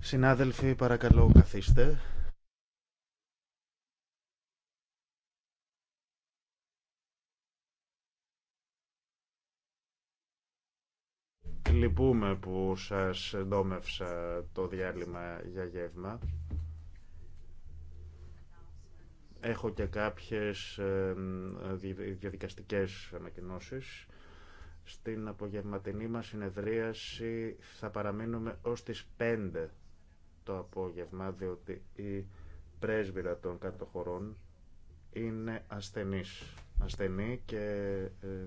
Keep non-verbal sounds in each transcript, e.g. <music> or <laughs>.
Συνάδελφοι, παρακαλώ καθίστε. Λυπούμε που σας δόμευσα το διάλειμμα για γεύμα. Έχω και κάποιες ε, διαδικαστικές ανακοινώσεις. Στην απογευματινή μας συνεδρίαση θα παραμείνουμε ως τις 5 το απόγευμα, διότι η πρέσβυρα των κάτω χωρών είναι ασθενής. Ασθενή και ε,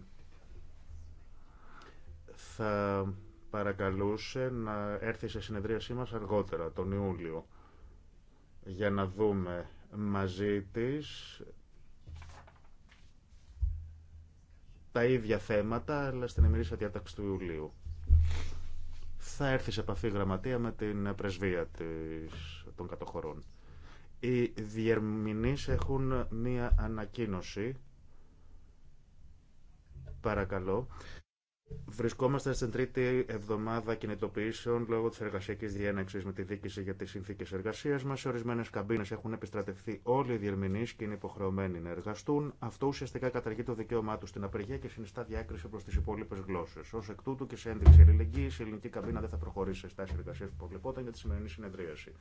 θα παρακαλούσε να έρθει σε συνεδρίασή μας αργότερα, τον Ιούλιο, για να δούμε μαζί της τα ίδια θέματα, αλλά στην ημερήσια διάταξη του Ιουλίου. Θα έρθει σε επαφή γραμματεία με την πρεσβεία της, των κατοχωρών. Οι διερμηνείς έχουν μία ανακοίνωση. Παρακαλώ. Βρισκόμαστε στην τρίτη εβδομάδα κινητοποιήσεων λόγω τη εργασιακή διέναξή με τη δίκηση για τι συνθήκε εργασία μα. Σε ορισμένε καμπίνε έχουν επιστρατευτεί όλοι οι διερμηνεί και είναι υποχρεωμένοι να εργαστούν. Αυτό ουσιαστικά καταργεί το δικαίωμά του στην απεργία και συνιστά διάκριση προ τι υπόλοιπε γλώσσε. Ω εκ τούτου και σε ένδειξη ελληνική, η ελληνική καμπίνα δεν θα προχωρήσει σε στάσει εργασία που προβλεπόταν για τη σημερινή συνεδρίαση.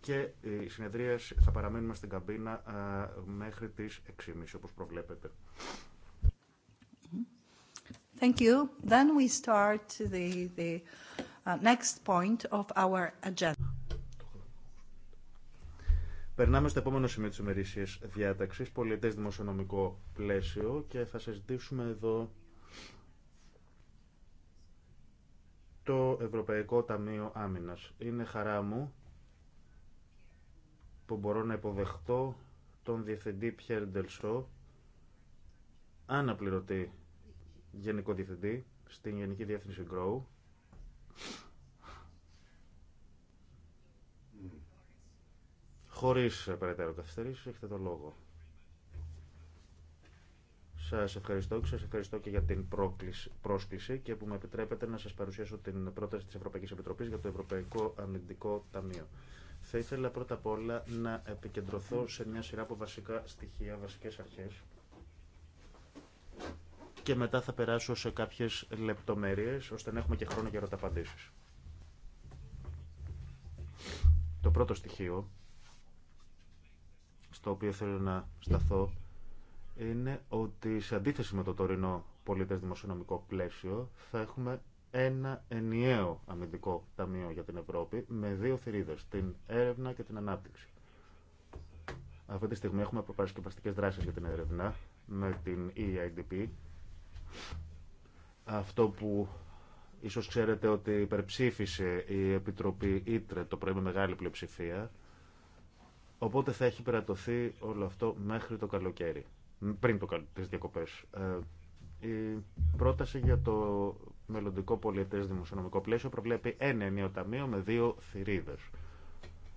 Και η συνεδρία θα παραμείνουμε στην καμπίνα μέχρι τι 6.30 όπω προβλέπετε. Thank you. we start uh, of our agenda. Περνάμε στο επόμενο σημείο της ημερήσιας διάταξης, πολιτές δημοσιονομικό πλαίσιο και θα συζητήσουμε εδώ το Ευρωπαϊκό Ταμείο Άμυνας. Είναι χαρά μου που μπορώ να υποδεχτώ τον Διευθυντή Πιέρ Ντελσό, αναπληρωτή Γενικό Διευθυντή στην Γενική Διεύθυνση Grow. Χωρίς ε, περαιτέρω καθυστερήσεις, έχετε το λόγο. Σας ευχαριστώ και σας ευχαριστώ και για την πρόσκληση και που με επιτρέπετε να σας παρουσιάσω την πρόταση της Ευρωπαϊκής Επιτροπής για το Ευρωπαϊκό Αμυντικό Ταμείο. Θα ήθελα πρώτα απ' όλα να επικεντρωθώ σε μια σειρά από βασικά στοιχεία, βασικές αρχές και μετά θα περάσω σε κάποιες λεπτομέρειες, ώστε να έχουμε και χρόνο για ρωταπαντήσεις. Το πρώτο στοιχείο, στο οποίο θέλω να σταθώ, είναι ότι σε αντίθεση με το τωρινό πολίτες δημοσιονομικό πλαίσιο, θα έχουμε ένα ενιαίο αμυντικό ταμείο για την Ευρώπη με δύο θηρίδες, την έρευνα και την ανάπτυξη. Αυτή τη στιγμή έχουμε προπαρασκευαστικές δράσεις για την έρευνα με την EIDP αυτό που ίσως ξέρετε ότι υπερψήφισε η Επιτροπή Ήτρε το πρωί με μεγάλη πλειοψηφία. Οπότε θα έχει περατωθεί όλο αυτό μέχρι το καλοκαίρι, πριν το, τις διακοπές. Ε, η πρόταση για το μελλοντικό πολιετές δημοσιονομικό πλαίσιο προβλέπει ένα ενίο ταμείο με δύο θηρίδες.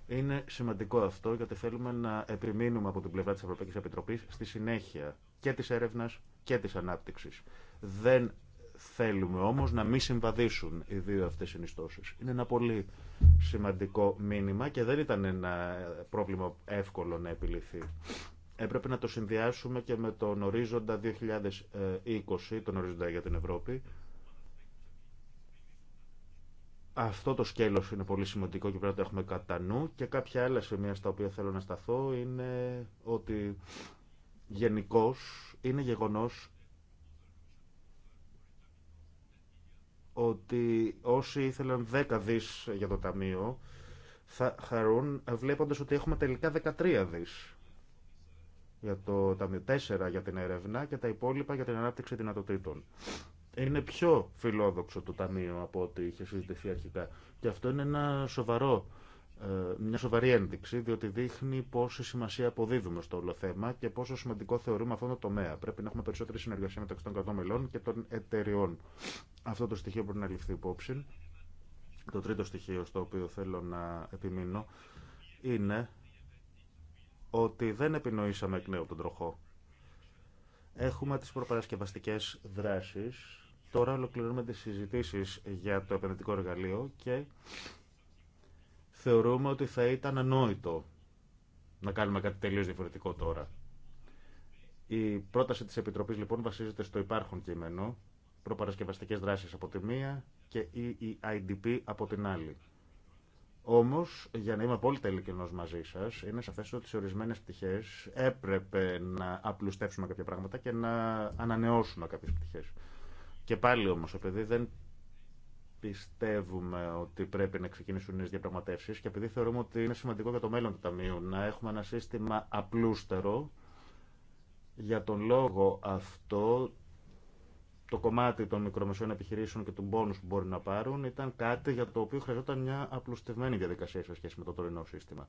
Είναι σημαντικό αυτό γιατί θέλουμε να επιμείνουμε από την πλευρά της Ευρωπαϊκής Επιτροπής στη συνέχεια και της έρευνας και της ανάπτυξης. Δεν θέλουμε όμως να μην συμβαδίσουν οι δύο αυτές συνιστώσεις. Είναι ένα πολύ σημαντικό μήνυμα και δεν ήταν ένα πρόβλημα εύκολο να επιληθεί. Έπρεπε να το συνδυάσουμε και με τον ορίζοντα 2020, τον ορίζοντα για την Ευρώπη. Αυτό το σκέλος είναι πολύ σημαντικό και πρέπει να το έχουμε κατά νου και κάποια άλλα σημεία στα οποία θέλω να σταθώ είναι ότι γενικώ είναι γεγονός ότι όσοι ήθελαν 10 δι για το Ταμείο θα χαρούν βλέποντας ότι έχουμε τελικά 13 δις για το Ταμείο, 4 για την έρευνα και τα υπόλοιπα για την ανάπτυξη δυνατοτήτων. Είναι πιο φιλόδοξο το Ταμείο από ό,τι είχε συζητηθεί αρχικά. Και αυτό είναι ένα σοβαρό ε, μια σοβαρή ένδειξη, διότι δείχνει πόση σημασία αποδίδουμε στο όλο θέμα και πόσο σημαντικό θεωρούμε αυτό το τομέα. Πρέπει να έχουμε περισσότερη συνεργασία μεταξύ των κρατών μελών και των εταιριών. Αυτό το στοιχείο μπορεί να ληφθεί υπόψη. Το τρίτο στοιχείο στο οποίο θέλω να επιμείνω είναι ότι δεν επινοήσαμε εκ νέου τον τροχό. Έχουμε τις προπαρασκευαστικές δράσεις. Τώρα ολοκληρώνουμε τις συζητήσεις για το επενδυτικό εργαλείο και θεωρούμε ότι θα ήταν ανόητο να κάνουμε κάτι τελείως διαφορετικό τώρα. Η πρόταση της Επιτροπής λοιπόν βασίζεται στο υπάρχον κείμενο, προπαρασκευαστικές δράσεις από τη μία και η IDP από την άλλη. Όμω, για να είμαι απόλυτα ειλικρινό μαζί σα, είναι σαφέ ότι σε ορισμένε πτυχέ έπρεπε να απλουστεύσουμε κάποια πράγματα και να ανανεώσουμε κάποιε πτυχέ. Και πάλι όμω, επειδή δεν πιστεύουμε ότι πρέπει να ξεκινήσουν οι διαπραγματεύσει και επειδή θεωρούμε ότι είναι σημαντικό για το μέλλον του Ταμείου να έχουμε ένα σύστημα απλούστερο, για τον λόγο αυτό το κομμάτι των μικρομεσαίων επιχειρήσεων και του πόνου που μπορεί να πάρουν ήταν κάτι για το οποίο χρειαζόταν μια απλουστευμένη διαδικασία σε σχέση με το τωρινό σύστημα.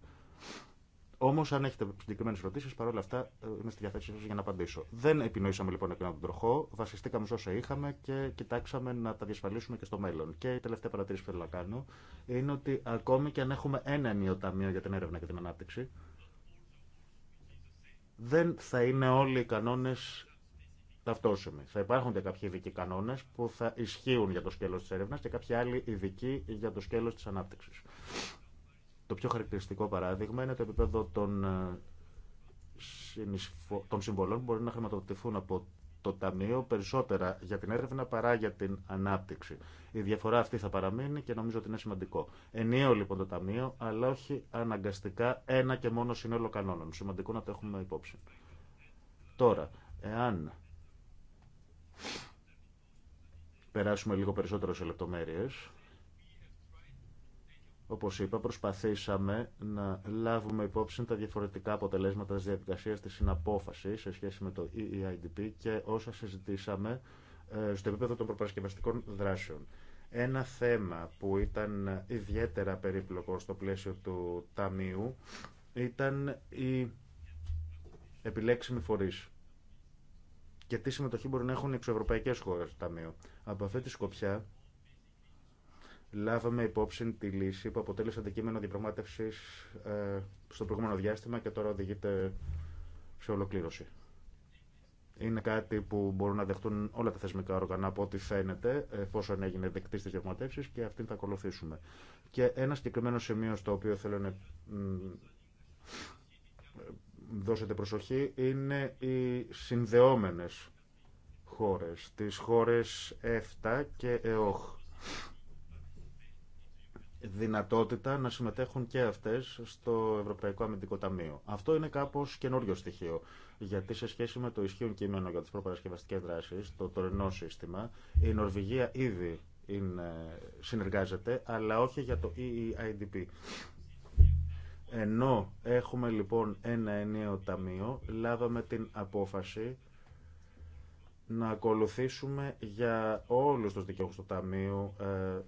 Όμω, αν έχετε συγκεκριμένε ερωτήσει, παρόλα αυτά ε, είμαι στη διαθέσή σα για να απαντήσω. Δεν επινοήσαμε λοιπόν εκείνον τον τροχό, βασιστήκαμε σε όσα είχαμε και κοιτάξαμε να τα διασφαλίσουμε και στο μέλλον. Και η τελευταία παρατήρηση που θέλω να κάνω είναι ότι ακόμη και αν έχουμε ένα ενίο ταμείο για την έρευνα και την ανάπτυξη, δεν θα είναι όλοι οι κανόνε ταυτόσιμοι. Θα υπάρχουν και κάποιοι ειδικοί κανόνε που θα ισχύουν για το σκέλο τη έρευνα και κάποιοι άλλοι ειδικοί για το σκέλο τη ανάπτυξη. Το πιο χαρακτηριστικό παράδειγμα είναι το επίπεδο των, ε, των συμβολών που μπορεί να χρηματοδοτηθούν από το Ταμείο περισσότερα για την έρευνα παρά για την ανάπτυξη. Η διαφορά αυτή θα παραμείνει και νομίζω ότι είναι σημαντικό. Ενιαίο λοιπόν το Ταμείο, αλλά όχι αναγκαστικά ένα και μόνο σύνολο κανόνων. Σημαντικό να το έχουμε υπόψη. Τώρα, εάν περάσουμε λίγο περισσότερο σε λεπτομέρειες, όπως είπα, προσπαθήσαμε να λάβουμε υπόψη τα διαφορετικά αποτελέσματα της διαδικασίας της συναπόφασης σε σχέση με το EIDP e και όσα συζητήσαμε ε, στο επίπεδο των προπαρασκευαστικών δράσεων. Ένα θέμα που ήταν ιδιαίτερα περίπλοκο στο πλαίσιο του Ταμείου ήταν η επιλέξιμη φορείς και τι συμμετοχή μπορεί να έχουν οι εξωευρωπαϊκές χώρες του Ταμείου. Από αυτή τη σκοπιά λάβαμε υπόψη τη λύση που αποτέλεσε αντικείμενο διαπραγμάτευση ε, στο προηγούμενο διάστημα και τώρα οδηγείται σε ολοκλήρωση. Είναι κάτι που μπορούν να δεχτούν όλα τα θεσμικά όργανα από ό,τι φαίνεται, εφόσον έγινε δεκτή τη διαπραγματεύσει και αυτήν θα ακολουθήσουμε. Και ένα συγκεκριμένο σημείο στο οποίο θέλω να δώσετε προσοχή είναι οι συνδεόμενες χώρες, τις χώρες ΕΦΤΑ και ΕΟΧ δυνατότητα να συμμετέχουν και αυτές στο Ευρωπαϊκό Αμυντικό Ταμείο. Αυτό είναι κάπως καινούριο στοιχείο, γιατί σε σχέση με το ισχύον κείμενο για τις προπαρασκευαστικές δράσεις, το τωρινό σύστημα, η Νορβηγία ήδη συνεργάζεται, αλλά όχι για το EEIDP. Ενώ έχουμε λοιπόν ένα ενιαίο ταμείο, λάβαμε την απόφαση να ακολουθήσουμε για όλους τους δικαιούχους του ταμείου ε,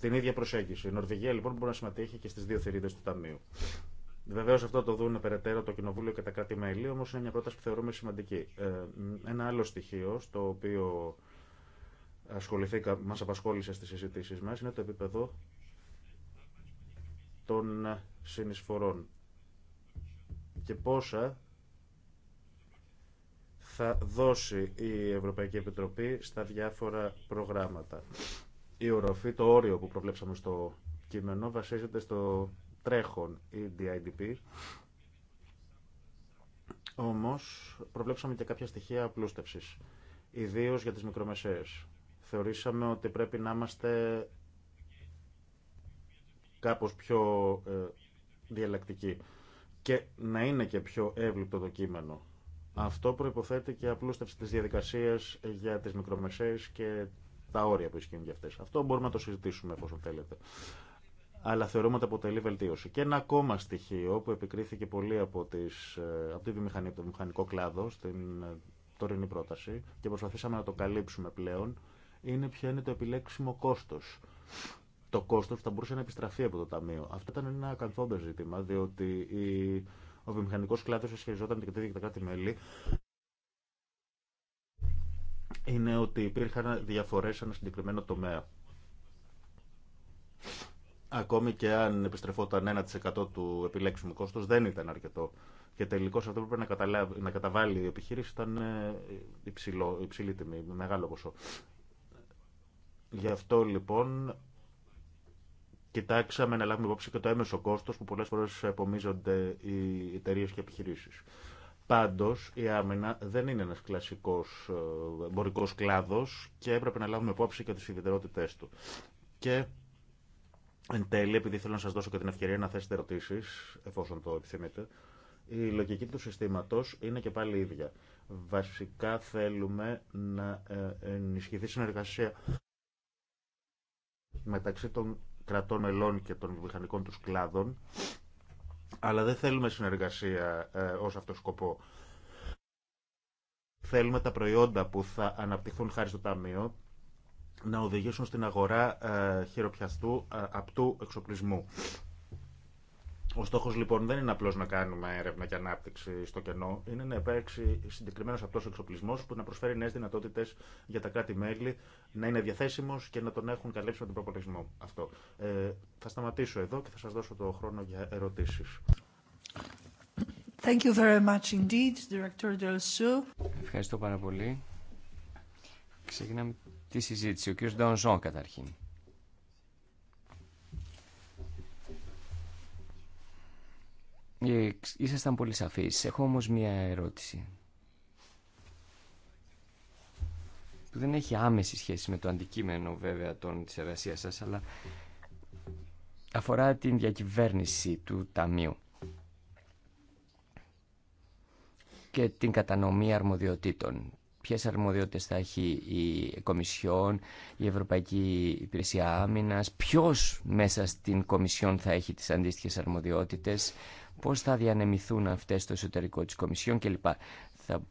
την ίδια προσέγγιση. Η Νορβηγία λοιπόν μπορεί να συμμετέχει και στι δύο θηρίδε του Ταμείου. Βεβαίω αυτό το δουν περαιτέρω το Κοινοβούλιο και τα κράτη-μέλη, όμω είναι μια πρόταση που θεωρούμε σημαντική. Ε, ένα άλλο στοιχείο στο οποίο μα απασχόλησε στι συζητήσει μα είναι το επίπεδο των συνεισφορών και πόσα θα δώσει η Ευρωπαϊκή Επιτροπή στα διάφορα προγράμματα. Η οροφή, το όριο που προβλέψαμε στο κείμενο βασίζεται στο τρέχον DIDP. Όμως προβλέψαμε και κάποια στοιχεία απλούστευσης, ιδίως για τις μικρομεσαίες. Θεωρήσαμε ότι πρέπει να είμαστε κάπως πιο ε, διαλλακτικοί και να είναι και πιο εύληπτο το κείμενο. Αυτό προϋποθέτει και απλούστευση της διαδικασίας για τις μικρομεσαίες και τα όρια που ισχύουν για αυτέ. Αυτό μπορούμε να το συζητήσουμε εφόσον θέλετε. Αλλά θεωρούμε ότι αποτελεί βελτίωση. Και ένα ακόμα στοιχείο που επικρίθηκε πολύ από, τις, ε, από τη βιομηχανία, από το βιομηχανικό κλάδο στην ε, τωρινή πρόταση και προσπαθήσαμε να το καλύψουμε πλέον, είναι ποιο είναι το επιλέξιμο κόστο. το κόστο θα μπορούσε να επιστραφεί από το Ταμείο. Αυτό ήταν ένα καθόλου ζήτημα, διότι η... ο βιομηχανικό κλάδο ισχυριζόταν και τα κράτη-μέλη είναι ότι υπήρχαν διαφορές σε ένα συγκεκριμένο τομέα. Ακόμη και αν επιστρεφόταν 1% του επιλέξιμου κόστος δεν ήταν αρκετό. Και τελικώς αυτό που πρέπει να, να καταβάλει η επιχείρηση ήταν ε, υψηλό, υψηλή τιμή, μεγάλο ποσό. Γι' αυτό λοιπόν κοιτάξαμε να λάβουμε υπόψη και το έμεσο κόστος που πολλές φορές επομίζονται οι εταιρείε και επιχειρήσεις. Πάντως η άμυνα δεν είναι ένας κλασικός ε, εμπορικός κλάδος και έπρεπε να λάβουμε υπόψη και τις ιδιαιτερότητές του. Και εν τέλει, επειδή θέλω να σας δώσω και την ευκαιρία να θέσετε ερωτήσεις, εφόσον το επιθυμείτε, η λογική του συστήματος είναι και πάλι ίδια. Βασικά θέλουμε να ε, ενισχυθεί συνεργασία μεταξύ των κρατών μελών και των μηχανικών τους κλάδων αλλά δεν θέλουμε συνεργασία ε, ως αυτό σκοπό. Θέλουμε τα προϊόντα που θα αναπτυχθούν χάρη στο Ταμείο να οδηγήσουν στην αγορά ε, χειροπιαστού ε, απτού εξοπλισμού. Ο στόχο λοιπόν δεν είναι απλώ να κάνουμε έρευνα και ανάπτυξη στο κενό, είναι να υπάρξει συγκεκριμένο αυτό εξοπλισμό που να προσφέρει νέε δυνατότητε για τα κράτη-μέλη να είναι διαθέσιμο και να τον έχουν καλύψει με τον προπολογισμό αυτό. Ε, θα σταματήσω εδώ και θα σα δώσω το χρόνο για ερωτήσει. Thank you very much indeed, Director Ευχαριστώ πάρα πολύ. Ξεκινάμε τη συζήτηση. Ο κ. Ντόνζον καταρχήν. Ε, ήσασταν πολύ σαφείς. Έχω όμως μία ερώτηση. Που δεν έχει άμεση σχέση με το αντικείμενο βέβαια των, της εργασίας σας, αλλά αφορά την διακυβέρνηση του Ταμείου και την κατανομή αρμοδιοτήτων. Ποιες αρμοδιότητες θα έχει η Κομισιόν, η Ευρωπαϊκή Υπηρεσία Άμυνας, ποιος μέσα στην Κομισιόν θα έχει τις αντίστοιχες αρμοδιότητες, Πώ θα διανεμηθούν αυτές στο εσωτερικό της Κομισιόν κλπ. Θα...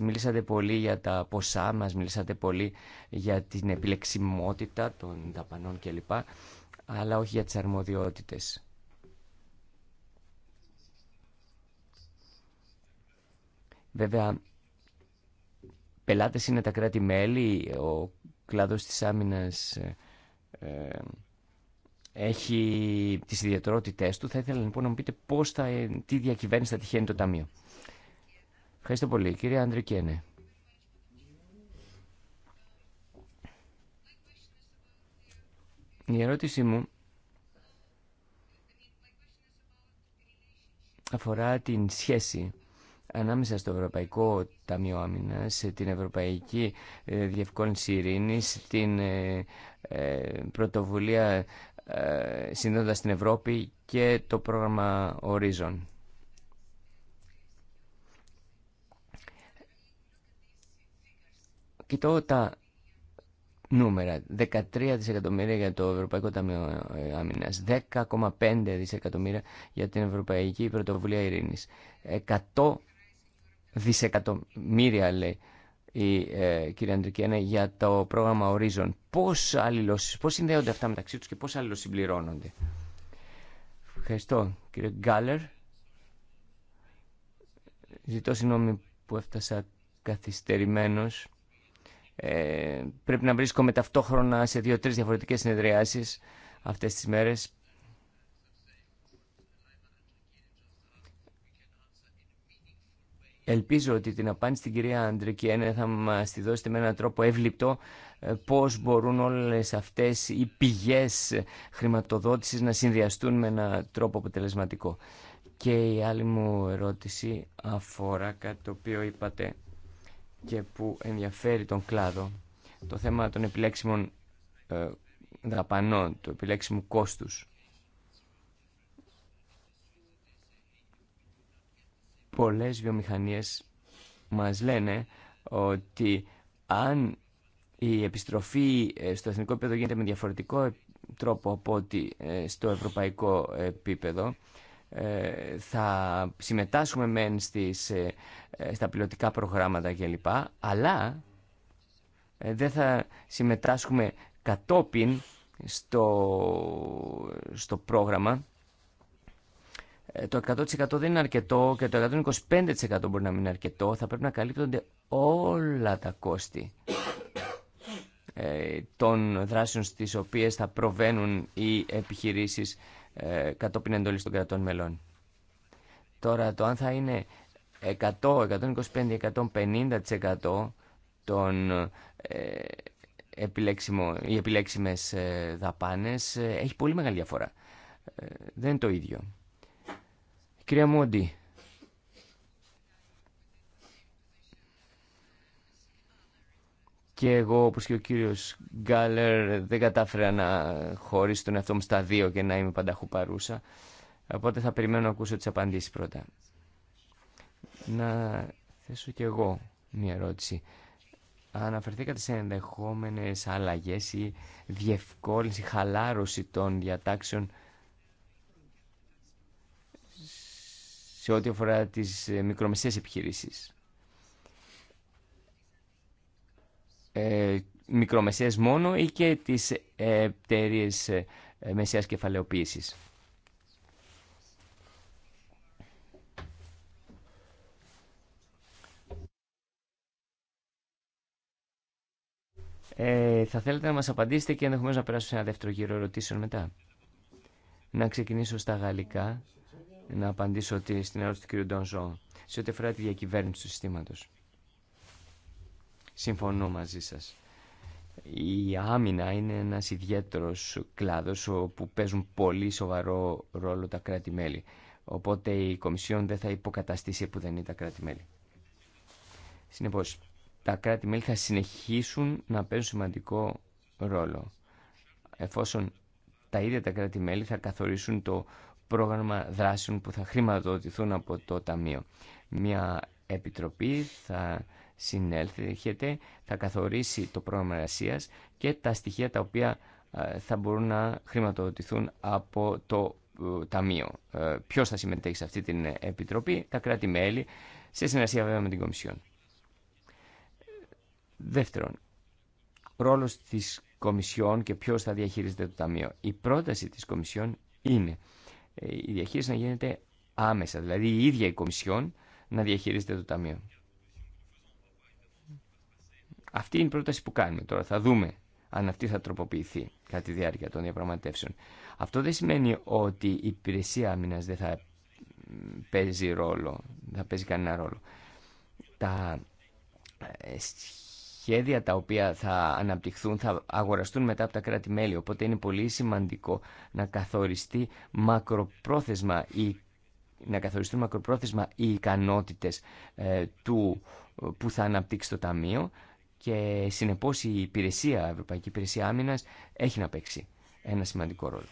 μιλήσατε πολύ για τα ποσά, μας μιλήσατε πολύ για την επιλεξιμότητα των δαπανών κλπ. Αλλά όχι για τι αρμοδιότητε. Βέβαια, πελάτες είναι τα κράτη-μέλη, ο κλάδος της άμυνας ε, ε, έχει τις ιδιαιτερότητές του. Θα ήθελα λοιπόν να μου πείτε πώς θα, τι διακυβέρνηση θα τυχαίνει το Ταμείο. Ευχαριστώ πολύ. Κύριε Ανδρικένε. Η ερώτησή μου αφορά την σχέση ανάμεσα στο Ευρωπαϊκό Ταμείο Άμυνα, την Ευρωπαϊκή ε, Διευκόλυνση Ειρήνης, την ε, ε, πρωτοβουλία ε, συνδέοντας την Ευρώπη και το πρόγραμμα Horizon. Κοιτώ τα νούμερα. 13 δισεκατομμύρια για το Ευρωπαϊκό Ταμείο ε, Άμυνας, 10,5 δισεκατομμύρια για την Ευρωπαϊκή Πρωτοβουλία Ειρήνης, 100 δισεκατομμύρια λέει η ε, κυρία Αντρικένα για το πρόγραμμα Horizon. Πώς, αλληλώς, πώς συνδέονται αυτά μεταξύ τους και πώς αλληλοσυμπληρώνονται. Ευχαριστώ κύριε Γκάλερ. Ζητώ συγγνώμη που έφτασα καθυστερημένος. Ε, πρέπει να βρίσκομαι ταυτόχρονα σε δύο-τρεις διαφορετικές συνεδριάσεις αυτές τις μέρες. Ελπίζω ότι την απάντηση στην κυρία Αντρικιένε θα μα τη δώσετε με έναν τρόπο εύληπτο ε, πώς μπορούν όλες αυτές οι πηγές χρηματοδότησης να συνδυαστούν με έναν τρόπο αποτελεσματικό. Και η άλλη μου ερώτηση αφορά κάτι το οποίο είπατε και που ενδιαφέρει τον κλάδο. Το θέμα των επιλέξιμων ε, δαπανών, του επιλέξιμου κόστους. πολλές βιομηχανίες μας λένε ότι αν η επιστροφή ε, στο εθνικό επίπεδο γίνεται με διαφορετικό τρόπο από ότι ε, στο ευρωπαϊκό επίπεδο, ε, θα συμμετάσχουμε μεν στις, στα πιλωτικά προγράμματα κλπ. Αλλά δεν θα συμμετάσχουμε κατόπιν στο, στο πρόγραμμα ε, το 100% δεν είναι αρκετό και το 125% μπορεί να μην είναι αρκετό. Θα πρέπει να καλύπτονται όλα τα κόστη ε, των δράσεων στις οποίες θα προβαίνουν οι επιχειρήσεις ε, κατόπιν εντολής των κρατών μελών. Τώρα το αν θα είναι 100, 125, 150% των ε, επιλέξιμο, οι επιλέξιμες δαπάνες έχει πολύ μεγάλη διαφορά. δεν είναι το ίδιο. Κυρία Μόντι. Και εγώ, όπω και ο κύριος Γκάλερ, δεν κατάφερα να χωρίσω τον εαυτό μου στα δύο και να είμαι πανταχού παρούσα. Οπότε θα περιμένω να ακούσω τι απαντήσει πρώτα. Να θέσω κι εγώ μια ερώτηση. Αναφερθήκατε σε ενδεχόμενες αλλαγέ ή διευκόλυνση, χαλάρωση των διατάξεων σε ό,τι αφορά τις ε, μικρομεσαίες επιχειρήσεις. Ε, μικρομεσαίες μόνο ή και τις εταιρείε ε, μεσαίας κεφαλαιοποίησης. Ε, θα θέλετε να μας απαντήσετε και ενδεχομένως να περάσω σε ένα δεύτερο γύρο ερωτήσεων μετά. Να ξεκινήσω στα γαλλικά να απαντήσω ότι στην ερώτηση του κ. Ντονζό σε ό,τι αφορά τη διακυβέρνηση του συστήματο. Συμφωνώ μαζί σας. Η άμυνα είναι ένας ιδιαίτερο κλάδος όπου παίζουν πολύ σοβαρό ρόλο τα κράτη-μέλη. Οπότε η Κομισιόν δεν θα υποκαταστήσει που δεν είναι τα κράτη-μέλη. Συνεπώς, τα κράτη-μέλη θα συνεχίσουν να παίζουν σημαντικό ρόλο. Εφόσον τα ίδια τα κράτη-μέλη θα καθορίσουν το πρόγραμμα δράσεων που θα χρηματοδοτηθούν από το Ταμείο. Μια επιτροπή θα συνέλθει, θα καθορίσει το πρόγραμμα εργασία και τα στοιχεία τα οποία ε, θα μπορούν να χρηματοδοτηθούν από το ε, Ταμείο. Ε, ποιος θα συμμετέχει σε αυτή την επιτροπή, τα κράτη-μέλη, σε συνεργασία βέβαια με την Κομισιόν. Δεύτερον, ρόλος της Κομισιόν και ποιος θα διαχειρίζεται το Ταμείο. Η πρόταση της Κομισιόν είναι ε, η διαχείριση να γίνεται άμεσα. Δηλαδή η ίδια η Κομισιόν να διαχειρίζεται το Ταμείο. Αυτή είναι η πρόταση που κάνουμε τώρα. Θα δούμε αν αυτή θα τροποποιηθεί κατά τη διάρκεια των διαπραγματεύσεων. Αυτό δεν σημαίνει ότι η υπηρεσία άμυνα δεν θα παίζει ρόλο, δεν θα παίζει κανένα ρόλο. Τα ε, σχέδια τα οποία θα αναπτυχθούν θα αγοραστούν μετά από τα κράτη-μέλη. Οπότε είναι πολύ σημαντικό να καθοριστεί μακροπρόθεσμα η να καθοριστούν μακροπρόθεσμα οι ικανότητες ε, του, που θα αναπτύξει το Ταμείο και συνεπώς η υπηρεσία, η Ευρωπαϊκή Υπηρεσία Άμυνας έχει να παίξει ένα σημαντικό ρόλο.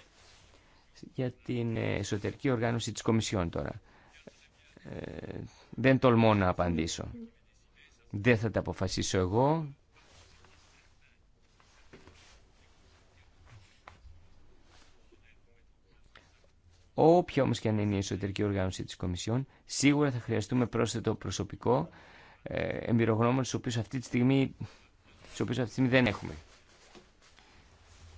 Για την εσωτερική οργάνωση της Κομισιόν τώρα. Ε, δεν τολμώ να απαντήσω. Δεν θα τα αποφασίσω εγώ. Όποια όμως και αν είναι η εσωτερική οργάνωση της Κομισιόν, σίγουρα θα χρειαστούμε πρόσθετο προσωπικό, ε, εμπειρογνώμων, στους οποίους αυτή τη στιγμή, αυτή τη στιγμή δεν έχουμε.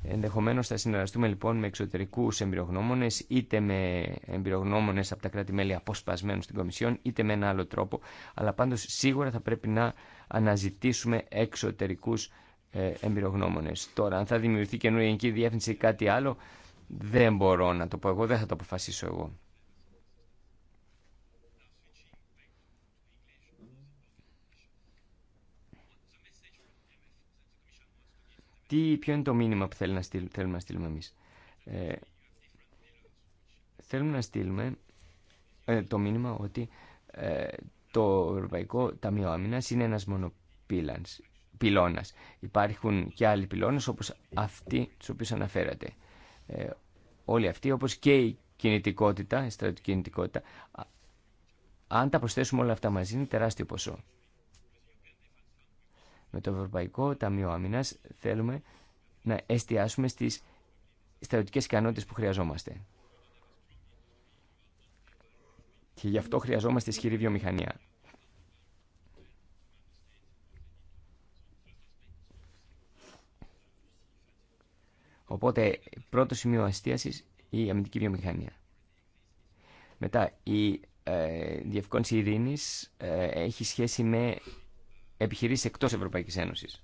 Ενδεχομένως θα συνεργαστούμε λοιπόν με εξωτερικούς εμπειρογνώμονες, είτε με εμπειρογνώμονες από τα κράτη-μέλη αποσπασμένους στην Κομισιόν, είτε με ένα άλλο τρόπο, αλλά πάντως σίγουρα θα πρέπει να αναζητήσουμε εξωτερικούς ε, εμπειρογνώμονες. Τώρα, αν θα δημιουργηθεί καινούργια γενική διεύθυνση ή κάτι άλλο, δεν μπορώ να το πω εγώ, δεν θα το αποφασίσω εγώ. τι, ποιο είναι το μήνυμα που θέλουμε να στείλουμε εμείς. Ε, θέλουμε να στείλουμε ε, το μήνυμα ότι ε, το Ευρωπαϊκό Ταμείο Άμυνας είναι ένας μονοπύλανς, πυλώνας. Υπάρχουν και άλλοι πυλώνες όπως αυτοί τους οποίους αναφέρατε. Ε, όλοι αυτοί όπως και η κινητικότητα, η κινητικότητα. Αν τα προσθέσουμε όλα αυτά μαζί είναι τεράστιο ποσό. Με το Ευρωπαϊκό Ταμείο Άμυνα θέλουμε να εστιάσουμε στις στρατιωτικέ ικανότητες που χρειαζόμαστε. Και γι' αυτό χρειαζόμαστε ισχυρή βιομηχανία. Οπότε, πρώτο σημείο αστίασης, η αμυντική βιομηχανία. Μετά, η ε, διευκόνηση ε, έχει σχέση με Επιχειρήσει εκτός Ευρωπαϊκής Ένωσης.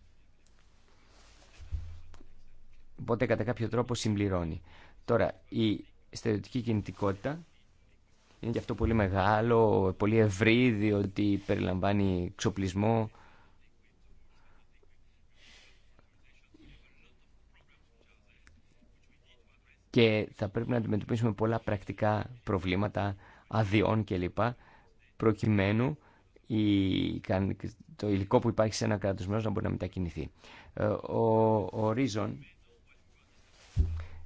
Οπότε κατά κάποιο τρόπο συμπληρώνει. Τώρα, η στερεωτική κινητικότητα είναι και αυτό πολύ μεγάλο, πολύ ευρύ, διότι περιλαμβάνει εξοπλισμό. Και θα πρέπει να αντιμετωπίσουμε πολλά πρακτικά προβλήματα αδειών κλπ. προκειμένου το υλικό που υπάρχει σε ένα κράτος να μπορεί να μετακινηθεί. Ε, ο ορίζον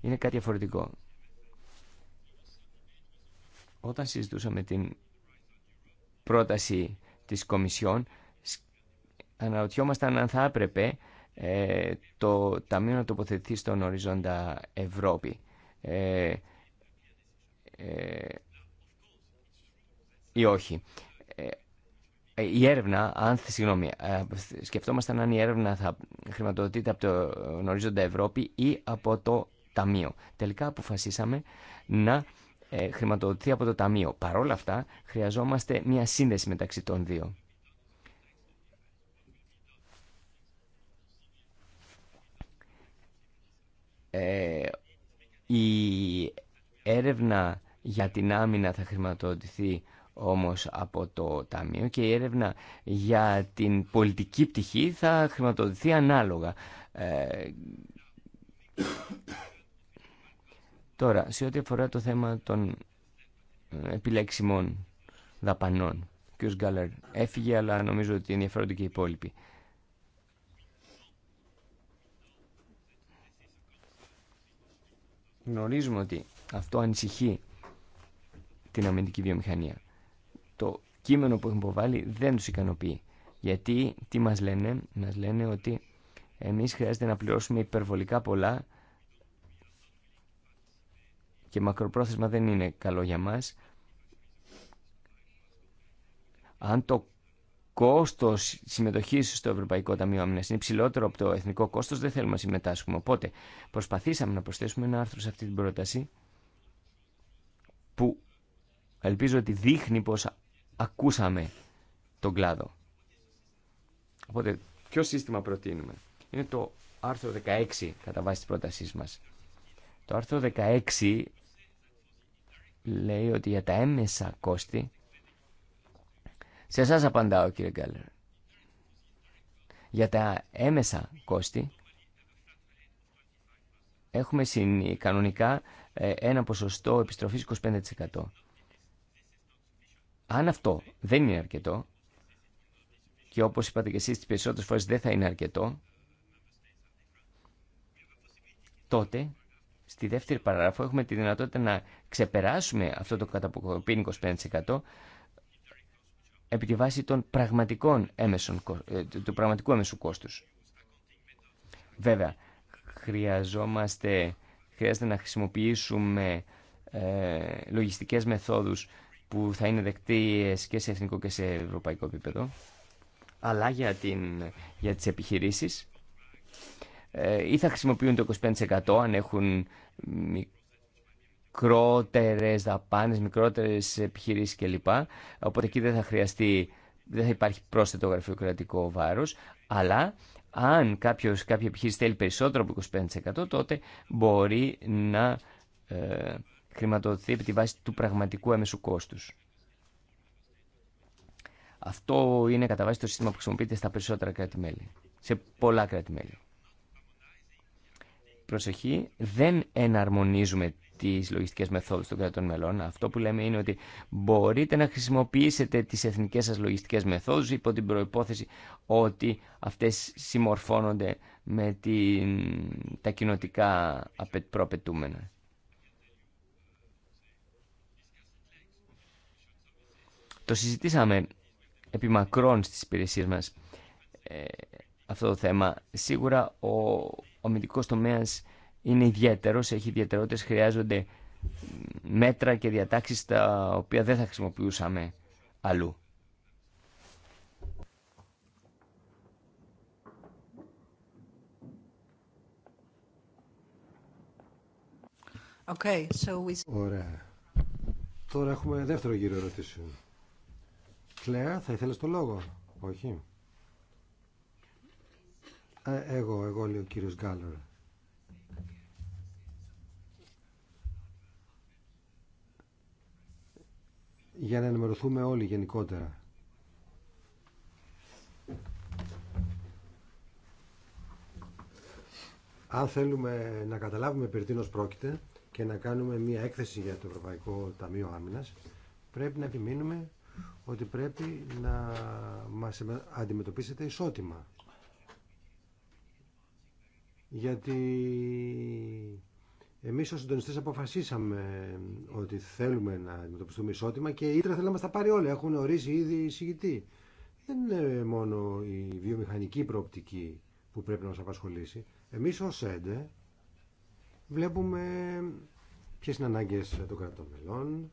είναι κάτι διαφορετικό. Όταν συζητούσαμε την πρόταση της Κομισιόν, αναρωτιόμασταν αν θα έπρεπε ε, το Ταμείο να τοποθετηθεί στον οριζόντα Ευρώπη. Ε, ε, ή όχι. Ε, η έρευνα, αν συγγνώμη, ε, σκεφτόμασταν αν η έρευνα θα χρηματοδοτείται από το ορίζοντα Ευρώπη ή από το Ταμείο. Τελικά αποφασίσαμε να ε, χρηματοδοτηθεί από το Ταμείο. Παρ' όλα αυτά, χρειαζόμαστε μια σύνδεση μεταξύ των δύο. η έρευνα για την άμυνα θα χρηματοδοτηθεί όμως από το Ταμείο και η έρευνα για την πολιτική πτυχή θα χρηματοδοτηθεί ανάλογα. Ε, τώρα, σε ό,τι αφορά το θέμα των ε, επιλέξιμων δαπανών, ο κ. Γκάλερ έφυγε, αλλά νομίζω ότι ενδιαφέρονται και οι υπόλοιποι. Γνωρίζουμε ότι αυτό ανησυχεί την αμυντική βιομηχανία το κείμενο που έχουν υποβάλει δεν τους ικανοποιεί. Γιατί, τι μας λένε, μας λένε ότι εμείς χρειάζεται να πληρώσουμε υπερβολικά πολλά και μακροπρόθεσμα δεν είναι καλό για μας. Αν το κόστος συμμετοχής στο Ευρωπαϊκό Ταμείο Άμυνα είναι ψηλότερο από το εθνικό κόστος, δεν θέλουμε να συμμετάσχουμε. Οπότε προσπαθήσαμε να προσθέσουμε ένα άρθρο σε αυτή την πρόταση που ελπίζω ότι δείχνει πώ ακούσαμε τον κλάδο. Οπότε, ποιο σύστημα προτείνουμε. Είναι το άρθρο 16 κατά βάση της πρότασής μας. Το άρθρο 16 λέει ότι για τα έμεσα κόστη σε εσά απαντάω κύριε Γκάλερ. Για τα έμεσα κόστη έχουμε κανονικά ε, ένα ποσοστό επιστροφής 25%. Αν αυτό δεν είναι αρκετό, και όπως είπατε και εσείς τις περισσότερες φορές δεν θα είναι αρκετό, τότε στη δεύτερη παράγραφο έχουμε τη δυνατότητα να ξεπεράσουμε αυτό το καταποκοπήν 25% επί τη βάση των πραγματικών έμεσων, ε, του πραγματικού έμεσου κόστους. Βέβαια, χρειαζόμαστε, χρειάζεται να χρησιμοποιήσουμε ε, λογιστικές μεθόδους που θα είναι δεκτή και σε εθνικό και σε ευρωπαϊκό επίπεδο, αλλά για, την, για τις επιχειρήσεις ε, ή θα χρησιμοποιούν το 25% αν έχουν μικρότερες δαπάνες, μικρότερες επιχειρήσεις κλπ. Οπότε εκεί δεν θα χρειαστεί, δεν θα υπάρχει πρόσθετο γραφειοκρατικό βάρος, αλλά αν κάποιος, κάποια επιχείρηση θέλει περισσότερο από 25% τότε μπορεί να ε, χρηματοδοτηθεί επί τη βάση του πραγματικού έμεσου κόστους. Αυτό είναι κατά βάση το σύστημα που χρησιμοποιείται στα περισσότερα κράτη-μέλη. Σε πολλά κράτη-μέλη. Προσοχή, δεν εναρμονίζουμε τις λογιστικέ μεθόδου των κρατών μελών. Αυτό που λέμε είναι ότι μπορείτε να χρησιμοποιήσετε τις εθνικές σας λογιστικέ μεθόδου υπό την προπόθεση ότι αυτέ συμμορφώνονται με την, τα κοινοτικά προαπαιτούμενα. Το συζητήσαμε επί μακρόν στις υπηρεσίες μας ε, αυτό το θέμα. Σίγουρα ο αμυντικός τομέας είναι ιδιαίτερος, έχει ιδιαιτερότητες, χρειάζονται μέτρα και διατάξεις τα οποία δεν θα χρησιμοποιούσαμε αλλού. Okay, so we... Ωραία. Τώρα έχουμε δεύτερο γύρο ερωτήσεων. Κλέα, θα ήθελες το λόγο. Όχι. Ε, εγώ, εγώ λέω, ο κύριος Γκάλλορ. Για να ενημερωθούμε όλοι γενικότερα. Αν θέλουμε να καταλάβουμε περί τίνος πρόκειται και να κάνουμε μια έκθεση για το Ευρωπαϊκό Ταμείο Άμυνας, πρέπει να επιμείνουμε ότι πρέπει να μας αντιμετωπίσετε ισότιμα. Γιατί εμείς ως συντονιστές αποφασίσαμε ότι θέλουμε να αντιμετωπιστούμε ισότιμα και η Ήτρα θέλει να μας τα πάρει όλα. Έχουν ορίσει ήδη εισηγητή. Δεν είναι μόνο η βιομηχανική προοπτική που πρέπει να μας απασχολήσει. Εμείς ως ΕΝΤΕ βλέπουμε ποιες είναι ανάγκες των κρατών μελών,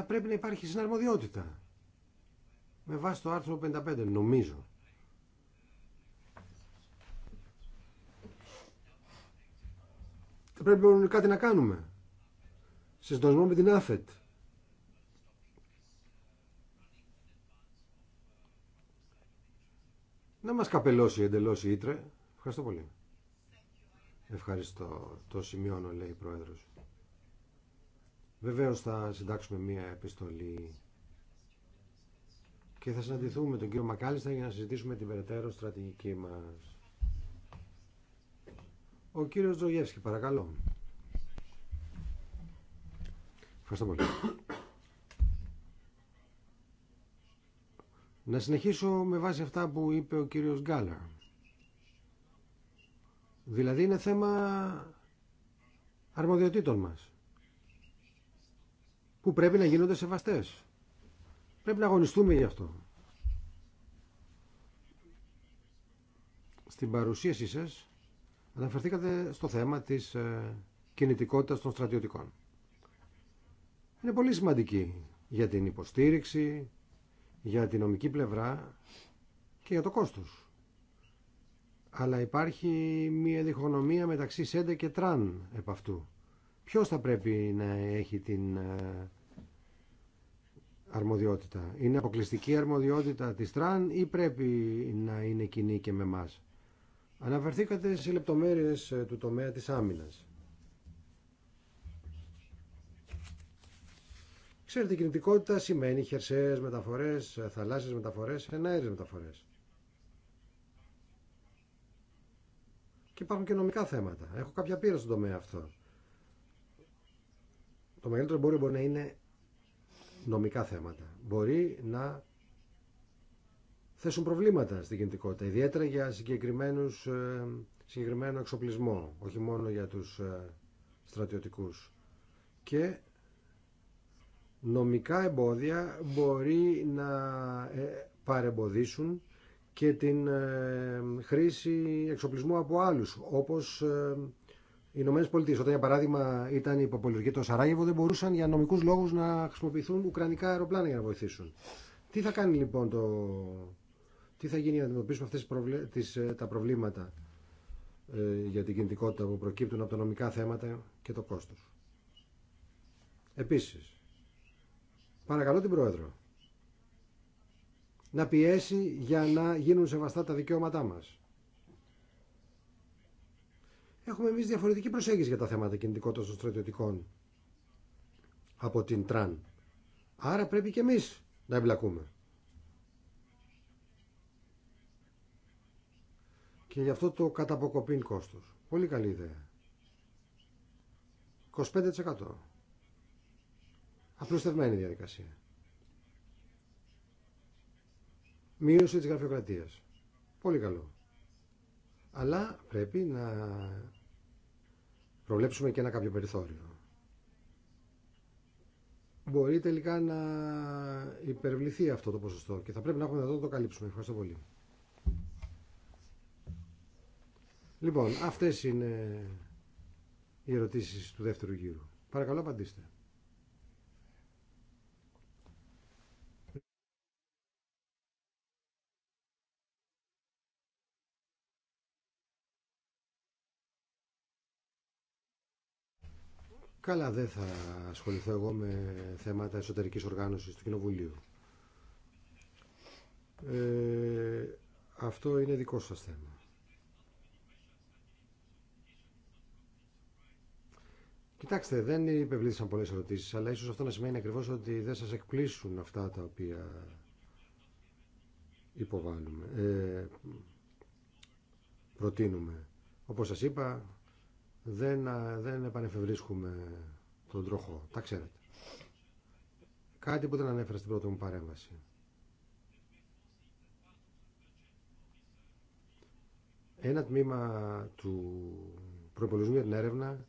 θα πρέπει να υπάρχει συναρμοδιότητα. Με βάση το άρθρο 55, νομίζω. Θα πρέπει κάτι να κάνουμε. Σε συντονισμό με την ΑΦΕΤ. Να μας καπελώσει εντελώς η Ήτρε. Ευχαριστώ πολύ. Ευχαριστώ. Το σημειώνω, λέει η Πρόεδρος. Βεβαίως θα συντάξουμε μία επιστολή και θα συναντηθούμε με τον κύριο Μακάλιστα για να συζητήσουμε την περαιτέρω στρατηγική μας. Ο κύριος Τζογεύσκη, παρακαλώ. Ευχαριστώ πολύ. Να συνεχίσω με βάση αυτά που είπε ο κύριος Γκάλα. Δηλαδή είναι θέμα αρμοδιοτήτων μας που πρέπει να γίνονται σεβαστές. Πρέπει να αγωνιστούμε γι' αυτό. Στην παρουσίασή σας αναφερθήκατε στο θέμα της ε, κινητικότητας των στρατιωτικών. Είναι πολύ σημαντική για την υποστήριξη, για την νομική πλευρά και για το κόστος. Αλλά υπάρχει μια διχονομία μεταξύ ΣΕΝΤΕ και ΤΡΑΝ επ' αυτού. Ποιος θα πρέπει να έχει την ε, αρμοδιότητα. Είναι αποκλειστική αρμοδιότητα της ΤΡΑΝ ή πρέπει να είναι κοινή και με μας. Αναφερθήκατε σε λεπτομέρειες ε, του τομέα της άμυνας. Ξέρετε, η κινητικότητα σημαίνει χερσαίες μεταφορές, ε, θαλάσσιες μεταφορές, εναέριες μεταφορές. Και υπάρχουν και νομικά θέματα. Έχω κάποια πείρα στον τομέα αυτό. Το μεγαλύτερο εμπόριο μπορεί να είναι νομικά θέματα. Μπορεί να θέσουν προβλήματα στην κινητικότητα, ιδιαίτερα για συγκεκριμένους, ε, συγκεκριμένο εξοπλισμό, όχι μόνο για τους ε, στρατιωτικούς. Και νομικά εμπόδια μπορεί να ε, παρεμποδίσουν και την χρήση εξοπλισμού από άλλους, όπως οι Ηνωμένε Πολιτείε, όταν για παράδειγμα ήταν υποπολιτική το Σαράγεβο, δεν μπορούσαν για νομικού λόγου να χρησιμοποιηθούν ουκρανικά αεροπλάνα για να βοηθήσουν. Τι θα κάνει λοιπόν το. Τι θα γίνει για να αντιμετωπίσουμε αυτές προβλε... Ε, τα προβλήματα ε, για την κινητικότητα που προκύπτουν από τα νομικά θέματα και το κόστο. Επίση, παρακαλώ την Πρόεδρο να πιέσει για να γίνουν σεβαστά τα δικαιώματά μας. Έχουμε εμεί διαφορετική προσέγγιση για τα θέματα κινητικότητα των στρατιωτικών από την Τραν. Άρα πρέπει και εμεί να εμπλακούμε. Και γι' αυτό το καταποκοπήν κόστος. Πολύ καλή ιδέα. 25%. Απλουστευμένη διαδικασία. Μείωση της γραφειοκρατίας. Πολύ καλό. Αλλά πρέπει να προβλέψουμε και ένα κάποιο περιθώριο. Μπορεί τελικά να υπερβληθεί αυτό το ποσοστό και θα πρέπει να έχουμε εδώ να το καλύψουμε. Ευχαριστώ πολύ. Λοιπόν, αυτές είναι οι ερωτήσεις του δεύτερου γύρου. Παρακαλώ απαντήστε. Καλά, δεν θα ασχοληθώ εγώ με θέματα εσωτερικής οργάνωσης του Κοινοβουλίου. Ε, αυτό είναι δικό σας θέμα. Κοιτάξτε, δεν υπευλήθησαν πολλές ερωτήσεις, αλλά ίσως αυτό να σημαίνει ακριβώς ότι δεν σας εκπλήσουν αυτά τα οποία υποβάλλουμε, ε, προτείνουμε. Όπως σας είπα, δεν, δεν επανεφευρίσκουμε τον τροχό. Τα ξέρετε. Κάτι που δεν ανέφερα στην πρώτη μου παρέμβαση. Ένα τμήμα του προπολογισμού για την έρευνα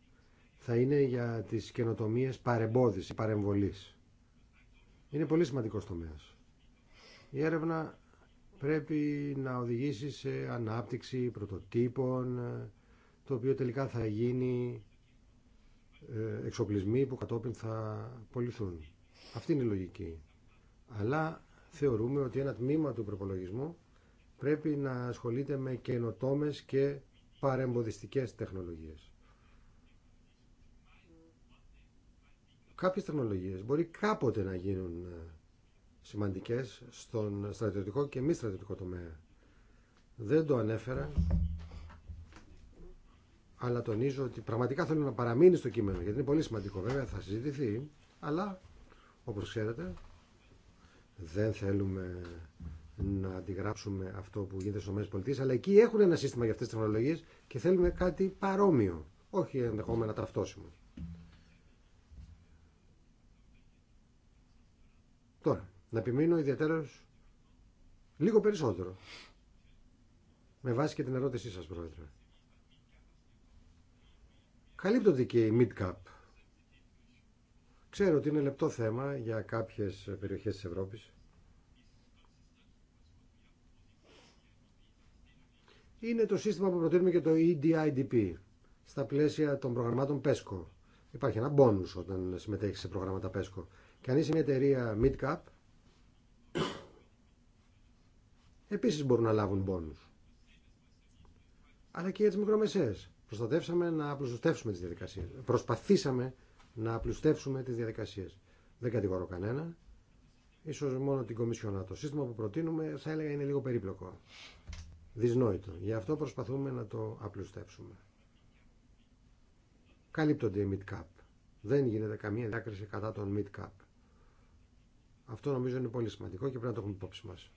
θα είναι για τις καινοτομίες παρεμπόδιση, παρεμβολής. Είναι πολύ σημαντικός τομέας. Η έρευνα πρέπει να οδηγήσει σε ανάπτυξη πρωτοτύπων, το οποίο τελικά θα γίνει ε, εξοπλισμοί που κατόπιν θα πολιθούν. Αυτή είναι η λογική. Αλλά θεωρούμε ότι ένα τμήμα του προπολογισμού πρέπει να ασχολείται με καινοτόμε και παρεμποδιστικές τεχνολογίες. Κάποιες τεχνολογίες μπορεί κάποτε να γίνουν ε, σημαντικές στον στρατιωτικό και μη στρατιωτικό τομέα. Δεν το ανέφερα αλλά τονίζω ότι πραγματικά θέλω να παραμείνει στο κείμενο, γιατί είναι πολύ σημαντικό βέβαια, θα συζητηθεί, αλλά όπως ξέρετε δεν θέλουμε να αντιγράψουμε αυτό που γίνεται στις ΗΠΑ, αλλά εκεί έχουν ένα σύστημα για αυτές τις τεχνολογίες και θέλουμε κάτι παρόμοιο, όχι ενδεχόμενα τραυτώσιμο. Τώρα, να επιμείνω ιδιαίτερα λίγο περισσότερο, με βάση και την ερώτησή σας, Πρόεδρε καλύπτονται και οι mid Ξέρω ότι είναι λεπτό θέμα για κάποιες περιοχές της Ευρώπης. Είναι το σύστημα που προτείνουμε και το EDIDP στα πλαίσια των προγραμμάτων PESCO. Υπάρχει ένα μπόνους όταν συμμετέχει σε προγράμματα PESCO. Και αν είσαι μια εταιρεία mid-cap, επίσης μπορούν να λάβουν μπόνους. Αλλά και για τις μικρομεσαίες προστατεύσαμε να απλουστεύσουμε τις διαδικασίες. Προσπαθήσαμε να απλουστεύσουμε τις διαδικασίες. Δεν κατηγορώ κανένα. Ίσως μόνο την Κομισιόνα. Το σύστημα που προτείνουμε θα έλεγα είναι λίγο περίπλοκο. Δυσνόητο. Γι' αυτό προσπαθούμε να το απλουστεύσουμε. Καλύπτονται οι mid-cap. Δεν γίνεται καμία διάκριση κατά των mid-cap. Αυτό νομίζω είναι πολύ σημαντικό και πρέπει να το έχουμε υπόψη μας.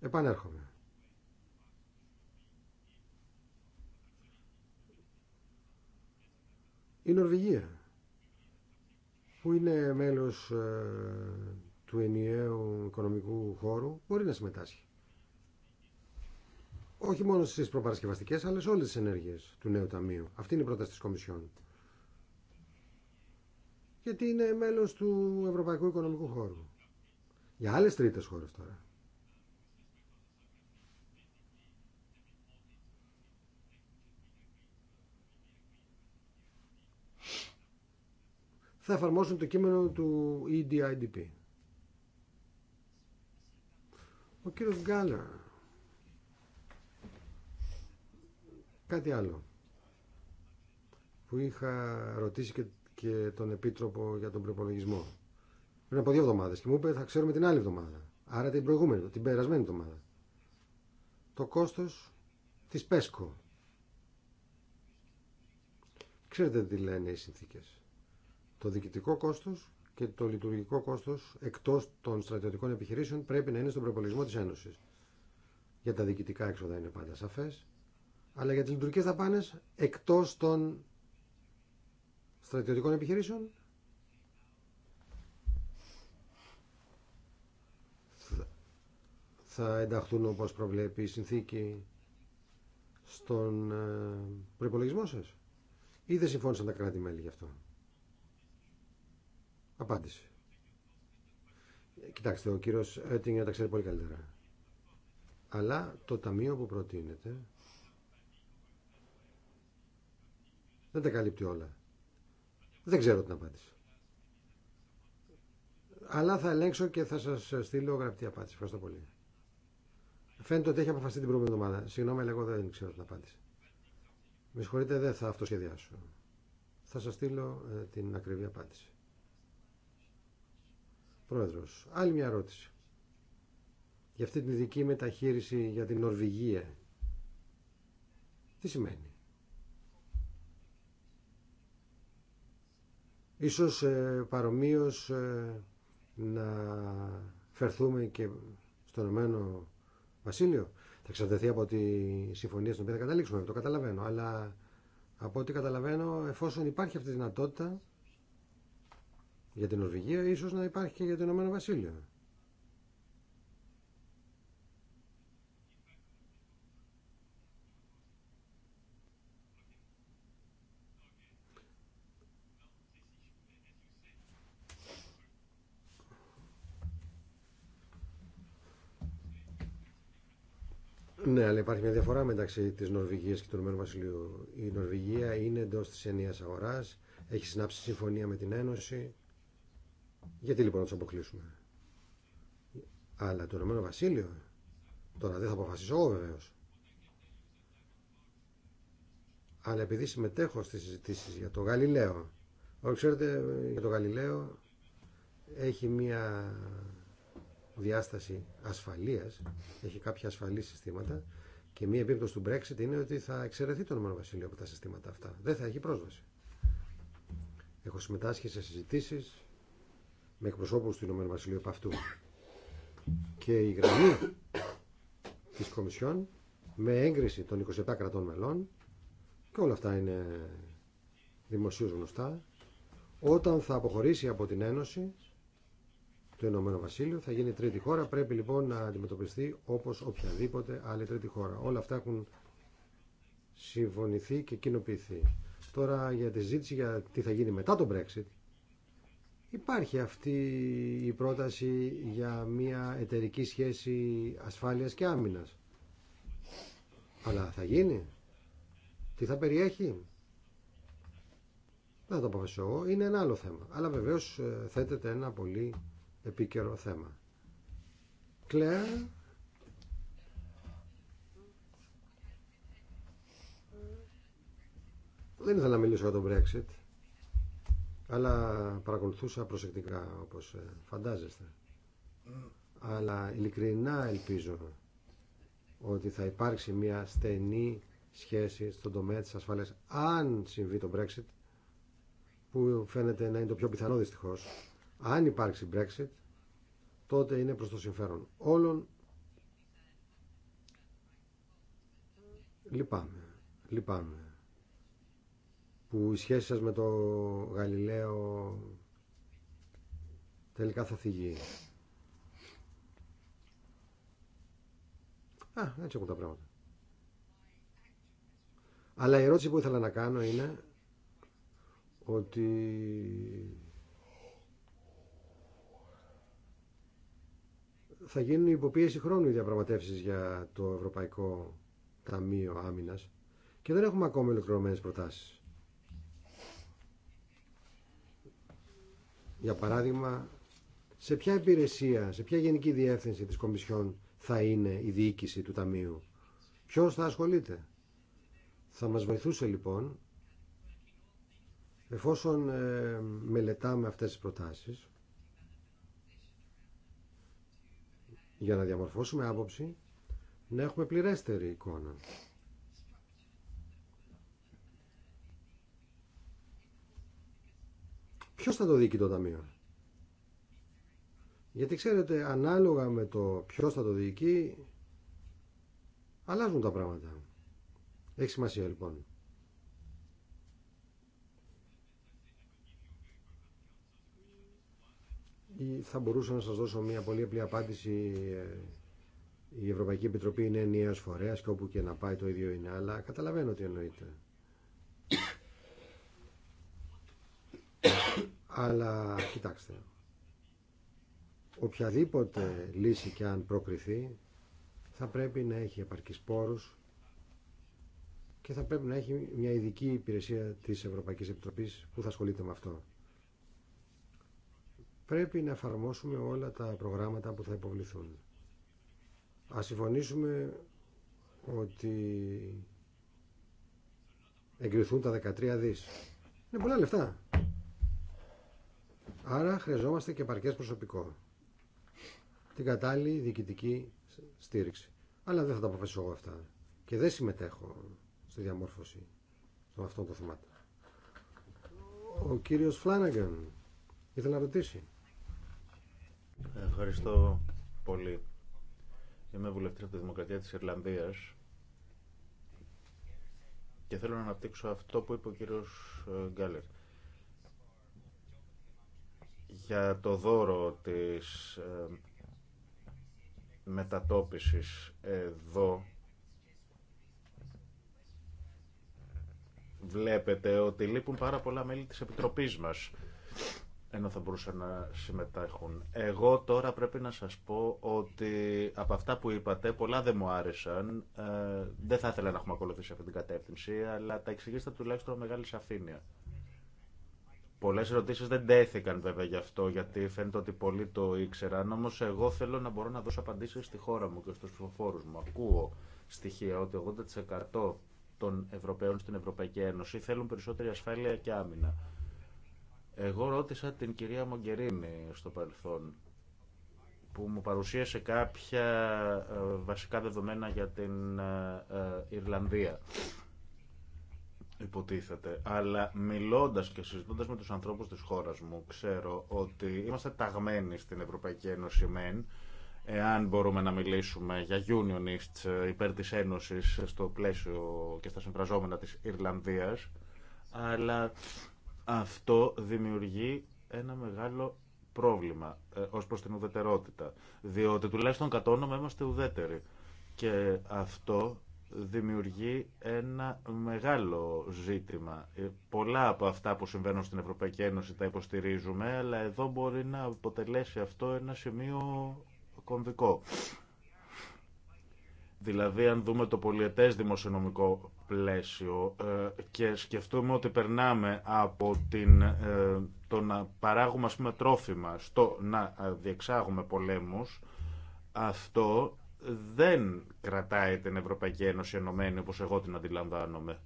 Επανέρχομαι. η Νορβηγία που είναι μέλος ε, του ενιαίου οικονομικού χώρου μπορεί να συμμετάσχει. Όχι μόνο στις προπαρασκευαστικές αλλά σε όλες τις ενέργειες του νέου ταμείου. Αυτή είναι η πρόταση της Κομισιόν. Γιατί είναι μέλος του Ευρωπαϊκού Οικονομικού Χώρου. Για άλλες τρίτες χώρες τώρα. θα εφαρμόσουν το κείμενο του EDIDP. Ο κύριος Γκάλα. Κάτι άλλο που είχα ρωτήσει και, τον Επίτροπο για τον προπολογισμό. Πριν από δύο εβδομάδες και μου είπε θα ξέρουμε την άλλη εβδομάδα. Άρα την προηγούμενη, την περασμένη εβδομάδα. Το κόστος της ΠΕΣΚΟ. Ξέρετε τι λένε οι συνθήκες. Το διοικητικό κόστος και το λειτουργικό κόστος εκτός των στρατιωτικών επιχειρήσεων πρέπει να είναι στον προπολογισμό της Ένωση. Για τα διοικητικά έξοδα είναι πάντα σαφέ, αλλά για τι λειτουργικέ δαπάνε εκτός των στρατιωτικών επιχειρήσεων θα ενταχθούν όπως προβλέπει η συνθήκη στον ε, προπολογισμό σας ή δεν συμφώνησαν τα κράτη-μέλη γι' αυτό. Απάντηση. Κοιτάξτε, ο κύριος Έτινγκ τα ξέρει πολύ καλύτερα. Αλλά το ταμείο που προτείνεται δεν τα καλύπτει όλα. Δεν ξέρω την απάντηση. Αλλά θα ελέγξω και θα σας στείλω γραπτή απάντηση. Ευχαριστώ πολύ. Φαίνεται ότι έχει αποφασίσει την προηγούμενη εβδομάδα. Συγγνώμη, αλλά εγώ δεν ξέρω την απάντηση. Με συγχωρείτε, δεν θα αυτοσχεδιάσω. Θα σας στείλω ε, την ακριβή απάντηση. Πρόεδρος, άλλη μια ερώτηση. Για αυτή την ειδική μεταχείριση για την Νορβηγία. Τι σημαίνει. Ίσως ε, παρομοίως ε, να φερθούμε και στον Ηνωμένο Βασίλειο. Θα εξαρτηθεί από τη συμφωνία στην οποία θα καταλήξουμε, το καταλαβαίνω. Αλλά από ό,τι καταλαβαίνω, εφόσον υπάρχει αυτή η δυνατότητα, για την Νορβηγία, ίσως να υπάρχει και για το Ηνωμένο Βασίλειο. Ναι, αλλά υπάρχει μια διαφορά μεταξύ της Νορβηγία και του Ηνωμένου Βασιλείου. Η Νορβηγία είναι εντό τη ενίας αγορά, έχει συνάψει συμφωνία με την Ένωση γιατί λοιπόν να του αποκλείσουμε. Αλλά το Ηνωμένο Βασίλειο, τώρα δεν θα αποφασίσω εγώ βεβαίω. Αλλά επειδή συμμετέχω στις συζητήσει για το Γαλιλαίο, όπως ξέρετε για το Γαλιλαίο έχει μια διάσταση ασφαλείας, έχει κάποια ασφαλή συστήματα και μία επίπτωση του Brexit είναι ότι θα εξαιρεθεί το Ηνωμένο Βασίλειο από τα συστήματα αυτά. Δεν θα έχει πρόσβαση. Έχω συμμετάσχει σε συζητήσεις με εκπροσώπους του Ηνωμένου Βασιλείου επ' αυτού. Και η γραμμή της Κομισιόν με έγκριση των 27 κρατών μελών και όλα αυτά είναι δημοσίως γνωστά όταν θα αποχωρήσει από την Ένωση το Ηνωμένο Βασίλειο θα γίνει τρίτη χώρα πρέπει λοιπόν να αντιμετωπιστεί όπως οποιαδήποτε άλλη τρίτη χώρα όλα αυτά έχουν συμφωνηθεί και κοινοποιηθεί τώρα για τη ζήτηση για τι θα γίνει μετά το Brexit Υπάρχει αυτή η πρόταση για μια εταιρική σχέση ασφάλειας και άμυνας. Αλλά θα γίνει. Τι θα περιέχει. Δεν θα το αποφασίσω εγώ. Είναι ένα άλλο θέμα. Αλλά βεβαίως ε, θέτεται ένα πολύ επίκαιρο θέμα. Κλέα. Δεν ήθελα να μιλήσω για τον Brexit αλλά παρακολουθούσα προσεκτικά όπως ε, φαντάζεστε. Αλλά ειλικρινά ελπίζω ότι θα υπάρξει μια στενή σχέση στον τομέα της ασφάλειας αν συμβεί το Brexit που φαίνεται να είναι το πιο πιθανό δυστυχώς αν υπάρξει Brexit τότε είναι προς το συμφέρον όλων λυπάμαι λυπάμαι που η σχέση σας με το Γαλιλαίο τελικά θα θυγεί. Α, έτσι έχουν τα πράγματα. Αλλά η ερώτηση που ήθελα να κάνω είναι ότι θα γίνουν υποπίεση χρόνου οι διαπραγματεύσεις για το Ευρωπαϊκό Ταμείο Άμυνας και δεν έχουμε ακόμα ολοκληρωμένες προτάσεις. Για παράδειγμα, σε ποια υπηρεσία, σε ποια γενική διεύθυνση της Κομισιόν θα είναι η διοίκηση του Ταμείου. Ποιος θα ασχολείται. Θα μας βοηθούσε λοιπόν, εφόσον ε, μελετάμε αυτές τις προτάσεις, για να διαμορφώσουμε άποψη, να έχουμε πληρέστερη εικόνα. Ποιος θα το διοικεί το ταμείο. Γιατί ξέρετε, ανάλογα με το ποιος θα το διοικεί, αλλάζουν τα πράγματα. Έχει σημασία λοιπόν. Θα μπορούσα να σας δώσω μια πολύ απλή απάντηση. Ε, η Ευρωπαϊκή Επιτροπή είναι ενιαίος φορέας και όπου και να πάει το ίδιο είναι, αλλά καταλαβαίνω τι εννοείται. Αλλά κοιτάξτε, οποιαδήποτε λύση και αν προκριθεί θα πρέπει να έχει επαρκείς πόρους και θα πρέπει να έχει μια ειδική υπηρεσία της Ευρωπαϊκής Επιτροπής που θα ασχολείται με αυτό. Πρέπει να εφαρμόσουμε όλα τα προγράμματα που θα υποβληθούν. Α συμφωνήσουμε ότι εγκριθούν τα 13 δις. Είναι πολλά λεφτά. Άρα χρειαζόμαστε και παρκές προσωπικό. Την κατάλληλη διοικητική στήριξη. Αλλά δεν θα τα αποφασίσω εγώ αυτά. Και δεν συμμετέχω στη διαμόρφωση των αυτών των θεμάτων. Ο κύριος Φλάναγκαν ήθελε να ρωτήσει. Ευχαριστώ πολύ. Είμαι βουλευτής από τη Δημοκρατία της Ιρλανδίας και θέλω να αναπτύξω αυτό που είπε ο κύριος ε, Γκάλερ για το δώρο της ε, μετατόπισης εδώ βλέπετε ότι λείπουν πάρα πολλά μέλη της Επιτροπής μας ενώ θα μπορούσαν να συμμετέχουν. Εγώ τώρα πρέπει να σας πω ότι από αυτά που είπατε πολλά δεν μου άρεσαν. Ε, δεν θα ήθελα να έχουμε ακολουθήσει αυτή την κατεύθυνση, αλλά τα εξηγήσατε τουλάχιστον μεγάλη σαφήνεια. Πολλές ερωτήσεις δεν τέθηκαν βέβαια γι' αυτό, γιατί φαίνεται ότι πολλοί το ήξεραν, όμως εγώ θέλω να μπορώ να δώσω απαντήσεις στη χώρα μου και στους ψηφοφόρους μου. Ακούω στοιχεία ότι 80% των Ευρωπαίων στην Ευρωπαϊκή Ένωση θέλουν περισσότερη ασφάλεια και άμυνα. Εγώ ρώτησα την κυρία Μογκερίνη στο παρελθόν, που μου παρουσίασε κάποια ε, βασικά δεδομένα για την ε, ε, Ιρλανδία υποτίθεται. Αλλά μιλώντας και συζητώντας με τους ανθρώπους της χώρας μου, ξέρω ότι είμαστε ταγμένοι στην Ευρωπαϊκή Ένωση μεν, εάν μπορούμε να μιλήσουμε για unionists ε, υπέρ της Ένωσης ε, στο πλαίσιο και στα συμφραζόμενα της Ιρλανδίας, αλλά αυτό δημιουργεί ένα μεγάλο πρόβλημα ε, ως προς την ουδετερότητα, διότι τουλάχιστον κατ' όνομα είμαστε ουδέτεροι. Και αυτό δημιουργεί ένα μεγάλο ζήτημα. Ε, πολλά από αυτά που συμβαίνουν στην Ευρωπαϊκή Ένωση τα υποστηρίζουμε, αλλά εδώ μπορεί να αποτελέσει αυτό ένα σημείο κομβικό. Δηλαδή, αν δούμε το πολιετές δημοσιονομικό πλαίσιο ε, και σκεφτούμε ότι περνάμε από την, ε, το να παράγουμε ας πούμε, τρόφιμα στο να διεξάγουμε πολέμους, αυτό δεν κρατάει την Ευρωπαϊκή Ένωση ενωμένη όπως εγώ την αντιλαμβάνομαι.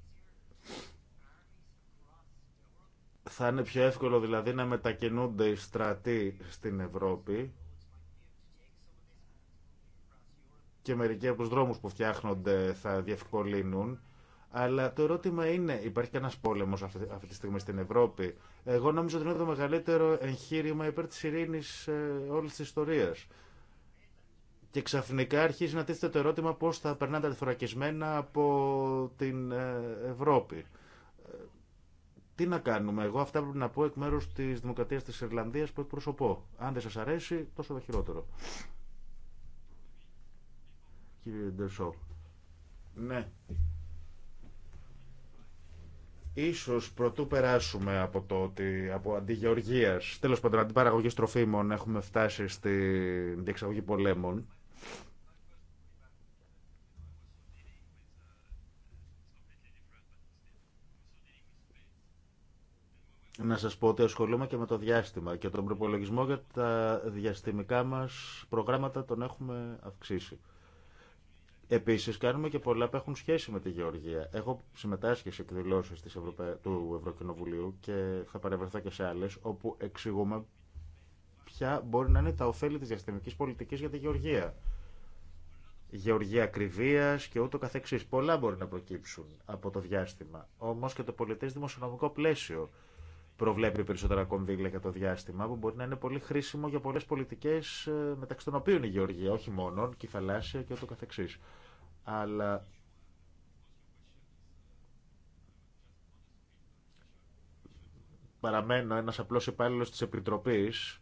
Θα είναι πιο εύκολο δηλαδή να μετακινούνται οι στρατοί στην Ευρώπη και μερικοί από τους δρόμους που φτιάχνονται θα διευκολύνουν. Αλλά το ερώτημα είναι, υπάρχει κανένα πόλεμο αυτή, αυτή τη στιγμή στην Ευρώπη. Εγώ νομίζω ότι είναι το μεγαλύτερο εγχείρημα υπέρ τη ειρήνη ε, όλη τη ιστορία. Και ξαφνικά αρχίζει να τίθεται το ερώτημα πώ θα περνάνε τα θωρακισμένα από την ε, Ευρώπη. Ε, τι να κάνουμε, εγώ αυτά πρέπει να πω εκ μέρους της Δημοκρατίας της Ιρλανδίας που εκπροσωπώ. Αν δεν σας αρέσει, τόσο το χειρότερο. Κύριε Ντεσό. Ναι. Ίσως πρωτού περάσουμε από το ότι από αντιγεωργίας, τέλος πάντων αντιπαραγωγής τροφίμων έχουμε φτάσει στην διεξαγωγή πολέμων. να σας πω ότι ασχολούμαι και με το διάστημα και τον προπολογισμό για τα διαστημικά μας προγράμματα τον έχουμε αυξήσει. Επίσης κάνουμε και πολλά που έχουν σχέση με τη Γεωργία. Έχω συμμετάσχει σε εκδηλώσεις της Ευρωπα... του Ευρωκοινοβουλίου και θα παρευρεθώ και σε άλλες όπου εξηγούμε ποια μπορεί να είναι τα ωφέλη της διαστημικής πολιτικής για τη Γεωργία. Γεωργία ακριβία και ούτω καθεξής. Πολλά μπορεί να προκύψουν από το διάστημα. Όμως και το πολιτές δημοσιονομικό πλαίσιο προβλέπει περισσότερα κονδύλια για το διάστημα, που μπορεί να είναι πολύ χρήσιμο για πολλέ πολιτικέ, ε, μεταξύ των οποίων η γεωργία, όχι μόνο, και η θαλάσσια και ούτω καθεξή. Αλλά παραμένω ένας απλός υπάλληλο της Επιτροπής,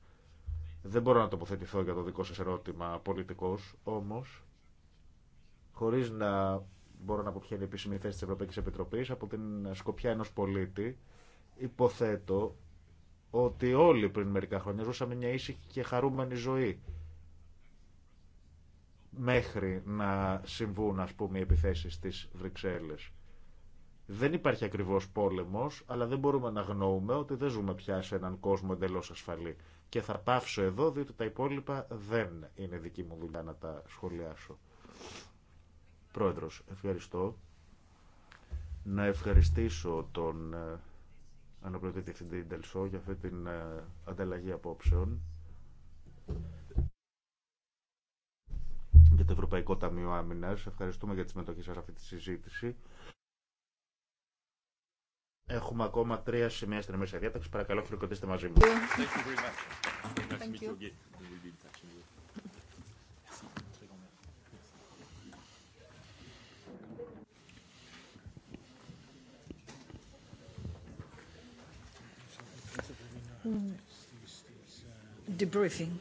δεν μπορώ να τοποθετηθώ για το δικό σας ερώτημα πολιτικός, όμως, χωρίς να μπορώ να την επίσημη θέση της Ευρωπαϊκής Επιτροπής, από την σκοπιά ενός πολίτη, Υποθέτω ότι όλοι πριν μερικά χρόνια ζούσαμε μια ήσυχη και χαρούμενη ζωή μέχρι να συμβούν ας πούμε οι επιθέσεις στις Βρυξέλλες. Δεν υπάρχει ακριβώς πόλεμος, αλλά δεν μπορούμε να γνώουμε ότι δεν ζούμε πια σε έναν κόσμο εντελώ ασφαλή. Και θα πάψω εδώ, διότι τα υπόλοιπα δεν είναι δική μου δουλειά να τα σχολιάσω. Πρόεδρος, ευχαριστώ. Να ευχαριστήσω τον ε, αναπληρωτή διευθυντή Ντελσό για αυτή την ε, ανταλλαγή απόψεων για το Ευρωπαϊκό Ταμείο Άμυνας. Ευχαριστούμε για τη συμμετοχή σας σε αυτή τη συζήτηση. Έχουμε ακόμα τρία σημεία στην ημέρα διάταξη. Παρακαλώ, χειροκροτήστε μαζί μου. Thank you. debriefing.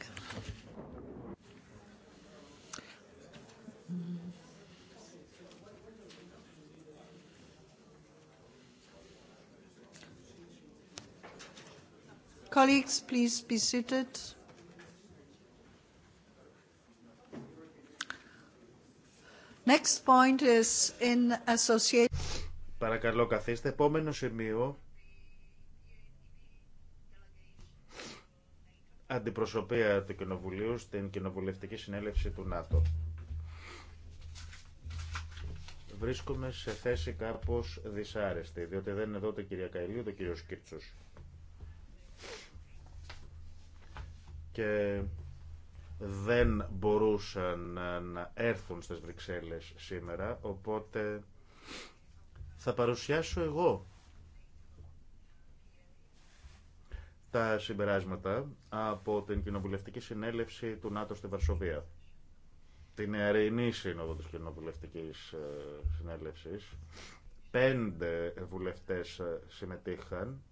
Colleagues, please be seated. Next point is in association. Παρακαλώ καθίστε. Επόμενο σημείο αντιπροσωπεία του Κοινοβουλίου στην Κοινοβουλευτική Συνέλευση του ΝΑΤΟ. Βρίσκομαι σε θέση κάπως δυσάρεστη, διότι δεν είναι εδώ το κυρία Καηλίου, το κύριο Κίρτσος. Και δεν μπορούσαν να έρθουν στις Βρυξέλλες σήμερα, οπότε θα παρουσιάσω εγώ τα συμπεράσματα από την κοινοβουλευτική συνέλευση του ΝΑΤΟ στη Βαρσοβία. Την αιρεινή σύνοδο της κοινοβουλευτικής ε, συνέλευσης. Πέντε βουλευτές ε, συμμετείχαν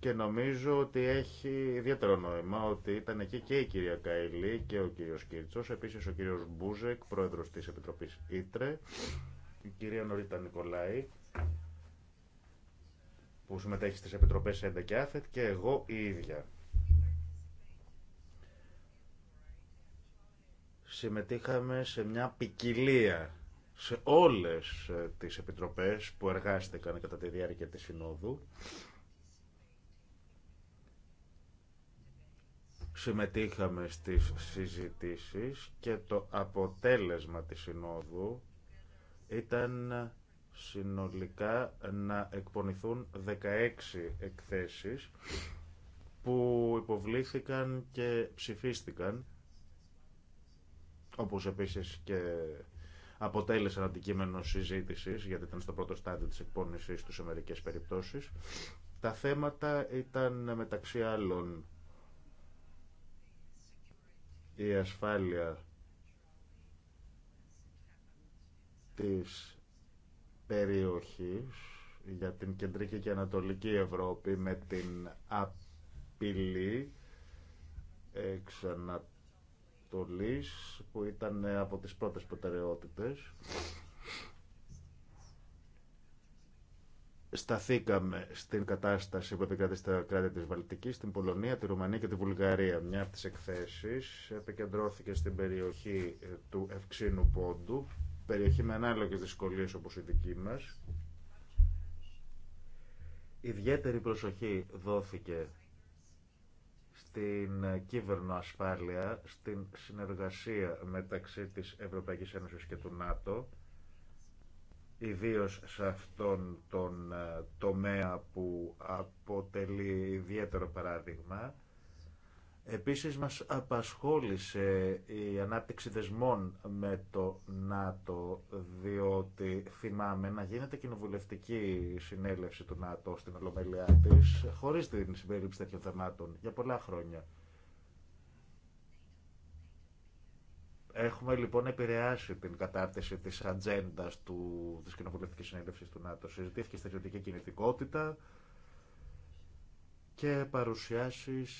και νομίζω ότι έχει ιδιαίτερο νόημα ότι ήταν εκεί και η κυρία Καηλή και ο κύριος Κίρτσος, επίσης ο κύριος Μπούζεκ, πρόεδρος της Επιτροπής Ήτρε, η κυρία Νορίτα Νικολάη που συμμετέχει στις Επιτροπές ΕΝΤΑ και ΑΦΕΤ και εγώ η ίδια. Συμμετείχαμε σε μια ποικιλία σε όλες ε, τις επιτροπές που εργάστηκαν κατά τη διάρκεια της Συνόδου. Συμμετείχαμε στις συζητήσεις και το αποτέλεσμα της Συνόδου ήταν συνολικά να εκπονηθούν 16 εκθέσεις που υποβλήθηκαν και ψηφίστηκαν όπως επίσης και αποτέλεσαν αντικείμενο συζήτησης γιατί ήταν στο πρώτο στάδιο της εκπόνησης του σε μερικές περιπτώσεις. Τα θέματα ήταν μεταξύ άλλων η ασφάλεια της περιοχής για την κεντρική και ανατολική Ευρώπη με την απειλή εξανατολής που ήταν από τις πρώτες προτεραιότητες σταθήκαμε στην κατάσταση που επικράτησε στα κράτη της Βαλτικής, την Πολωνία, τη Ρουμανία και τη Βουλγαρία. Μια από τις εκθέσεις επικεντρώθηκε στην περιοχή του Ευξήνου Πόντου περιοχή με ανάλογε δυσκολίε όπω η δική μα. Ιδιαίτερη προσοχή δόθηκε στην κύβερνο ασφάλεια, στην συνεργασία μεταξύ της Ευρωπαϊκής Ένωσης και του ΝΑΤΟ, ιδίως σε αυτόν τον ε, τομέα που αποτελεί ιδιαίτερο παράδειγμα Επίσης μας απασχόλησε η ανάπτυξη δεσμών με το ΝΑΤΟ, διότι θυμάμαι να γίνεται κοινοβουλευτική συνέλευση του ΝΑΤΟ στην Ολομέλειά της, χωρίς την συμπερίληψη τέτοιων θεμάτων, για πολλά χρόνια. Έχουμε λοιπόν επηρεάσει την κατάρτιση της ατζέντα του, της κοινοβουλευτικής συνέλευσης του ΝΑΤΟ. Συζητήθηκε στρατιωτική κινητικότητα και παρουσιάσεις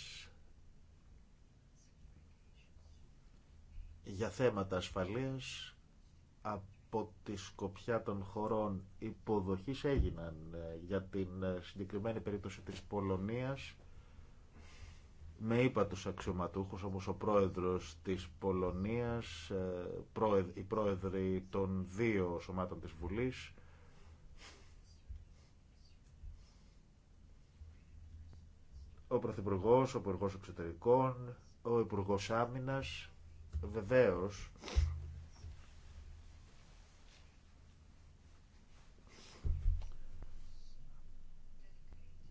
για θέματα ασφαλείας από τη σκοπιά των χωρών υποδοχής έγιναν ε, για την ε, συγκεκριμένη περίπτωση της Πολωνίας με είπα τους αξιωματούχους όπως ο πρόεδρος της Πολωνίας ε, οι πρόεδροι των δύο σωμάτων της Βουλής ο Πρωθυπουργός, ο Υπουργός Εξωτερικών ο Υπουργός Άμυνας Βεβαίω.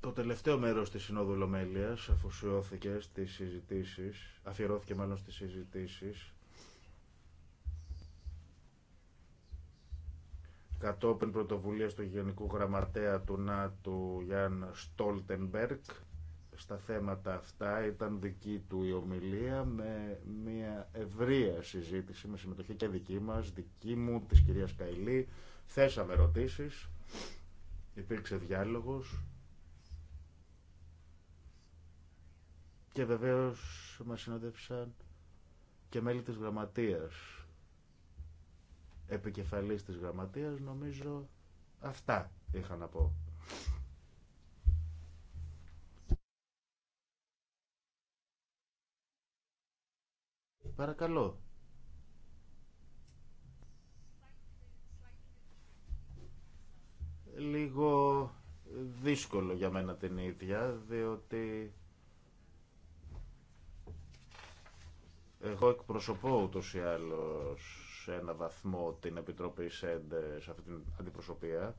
το τελευταίο μέρος της Συνόδου Λομέλειας αφοσιώθηκε στις συζητήσεις, αφιερώθηκε μάλλον στις συζητήσεις κατόπιν πρωτοβουλίας του Γενικού Γραμματέα του ΝΑΤΟ Γιάνν Στόλτενμπερκ στα θέματα αυτά. Ήταν δική του η ομιλία με μια ευρεία συζήτηση με συμμετοχή και δική μας, δική μου, της κυρίας Καϊλή Θέσαμε ερωτήσεις, υπήρξε διάλογος και βεβαίως μας συνόδευσαν και μέλη της γραμματείας. Επικεφαλής της γραμματείας νομίζω αυτά είχα να πω. Παρακαλώ. Λίγο δύσκολο για μένα την ίδια, διότι εγώ εκπροσωπώ ούτως ή άλλως σε ένα βαθμό την Επιτροπή ΣΕΝΤ σε αυτή την αντιπροσωπεία,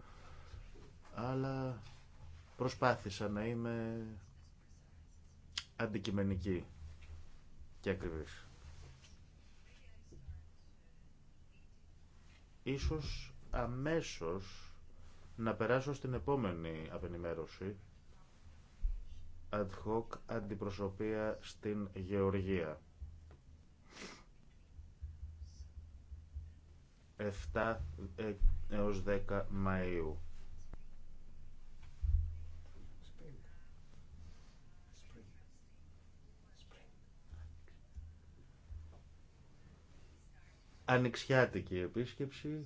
αλλά προσπάθησα να είμαι αντικειμενική και ακριβής. Ίσως αμέσως να περάσω στην επόμενη απενημέρωση ad hoc αντιπροσωπεία στην Γεωργία. 7 ε, έως 10 Μαΐου. ανοιξιάτικη επίσκεψη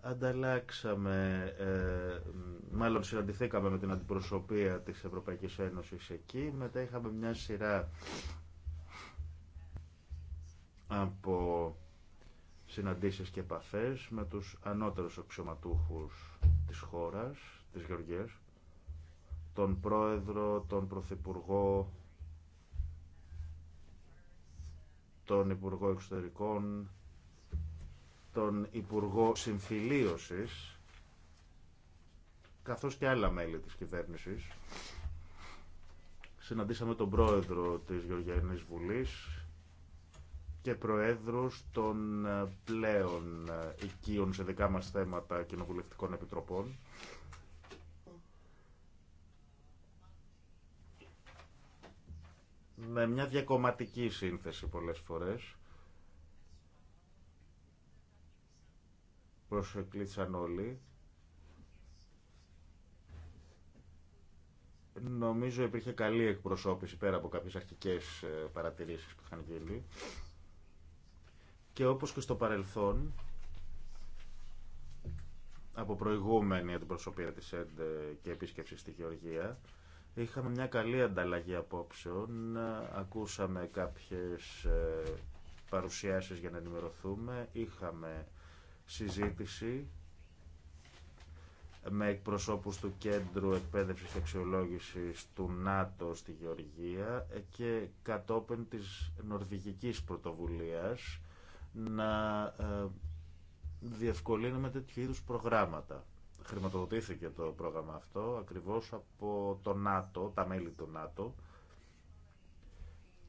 ανταλλάξαμε, ε, μάλλον συναντηθήκαμε με την αντιπροσωπεία της Ευρωπαϊκής Ένωσης εκεί, μετά είχαμε μια σειρά από συναντήσεις και επαφές με τους ανώτερους αξιωματούχους της χώρας, της Γεωργίας, τον πρόεδρο, τον πρωθυπουργό, τον Υπουργό Εξωτερικών, τον Υπουργό Συμφιλίωσης, καθώς και άλλα μέλη της κυβέρνησης. Συναντήσαμε τον πρόεδρο της Γεωργιανής Βουλής και προέδρους των ε, πλέον ε, οικείων σε δικά μας θέματα κοινοβουλευτικών επιτροπών. με μια διακομματική σύνθεση πολλές φορές. Προσεκλήθησαν όλοι. Νομίζω υπήρχε καλή εκπροσώπηση πέρα από κάποιες αρχικές ε, παρατηρήσεις που είχαν γίνει. Και όπως και στο παρελθόν, από προηγούμενη αντιπροσωπεία της ΕΝΤ ε, και επίσκεψη στη Γεωργία, Είχαμε μια καλή ανταλλαγή απόψεων, ακούσαμε κάποιες ε, παρουσιάσεις για να ενημερωθούμε, είχαμε συζήτηση με εκπροσώπους του Κέντρου Εκπαίδευσης και Αξιολόγησης του ΝΑΤΟ στη Γεωργία και κατόπιν της νορβηγικής πρωτοβουλίας να ε, διευκολύνουμε τέτοιου είδους προγράμματα χρηματοδοτήθηκε το πρόγραμμα αυτό ακριβώς από το ΝΑΤΟ, τα μέλη του ΝΑΤΟ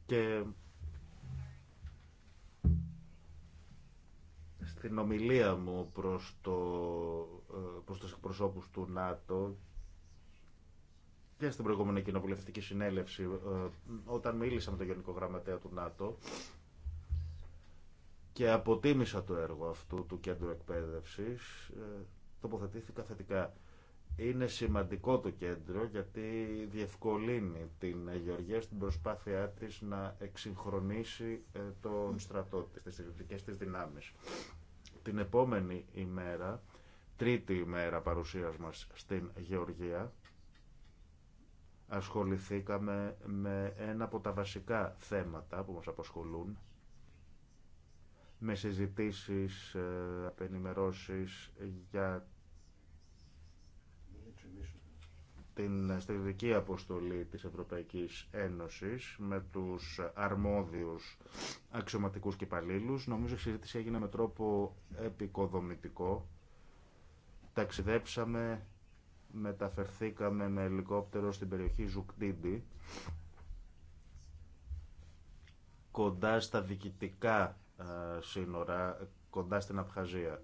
και στην ομιλία μου προς, το, ε, προς τους εκπροσώπους του ΝΑΤΟ και στην προηγούμενη κοινοβουλευτική συνέλευση ε, όταν μίλησα με τον Γενικό Γραμματέα του ΝΑΤΟ και αποτίμησα το έργο αυτού του κέντρου εκπαίδευσης ε, τοποθετήθηκα θετικά. Είναι σημαντικό το κέντρο γιατί διευκολύνει την Γεωργία στην προσπάθειά της να εξυγχρονίσει ε, τον στρατό της, τις ειδικές της δυνάμεις. Την επόμενη ημέρα, τρίτη ημέρα παρουσίας μας στην Γεωργία, ασχοληθήκαμε με ένα από τα βασικά θέματα που μας απασχολούν, με συζητήσεις, ε, απενημερώσεις για την στρατηγική αποστολή της Ευρωπαϊκής Ένωσης με τους αρμόδιους αξιωματικούς και υπαλλήλου. Νομίζω η συζήτηση έγινε με τρόπο επικοδομητικό. Ταξιδέψαμε, μεταφερθήκαμε με ελικόπτερο στην περιοχή Ζουκτίντι, κοντά στα διοικητικά ε, σύνορα, κοντά στην Απχαζία.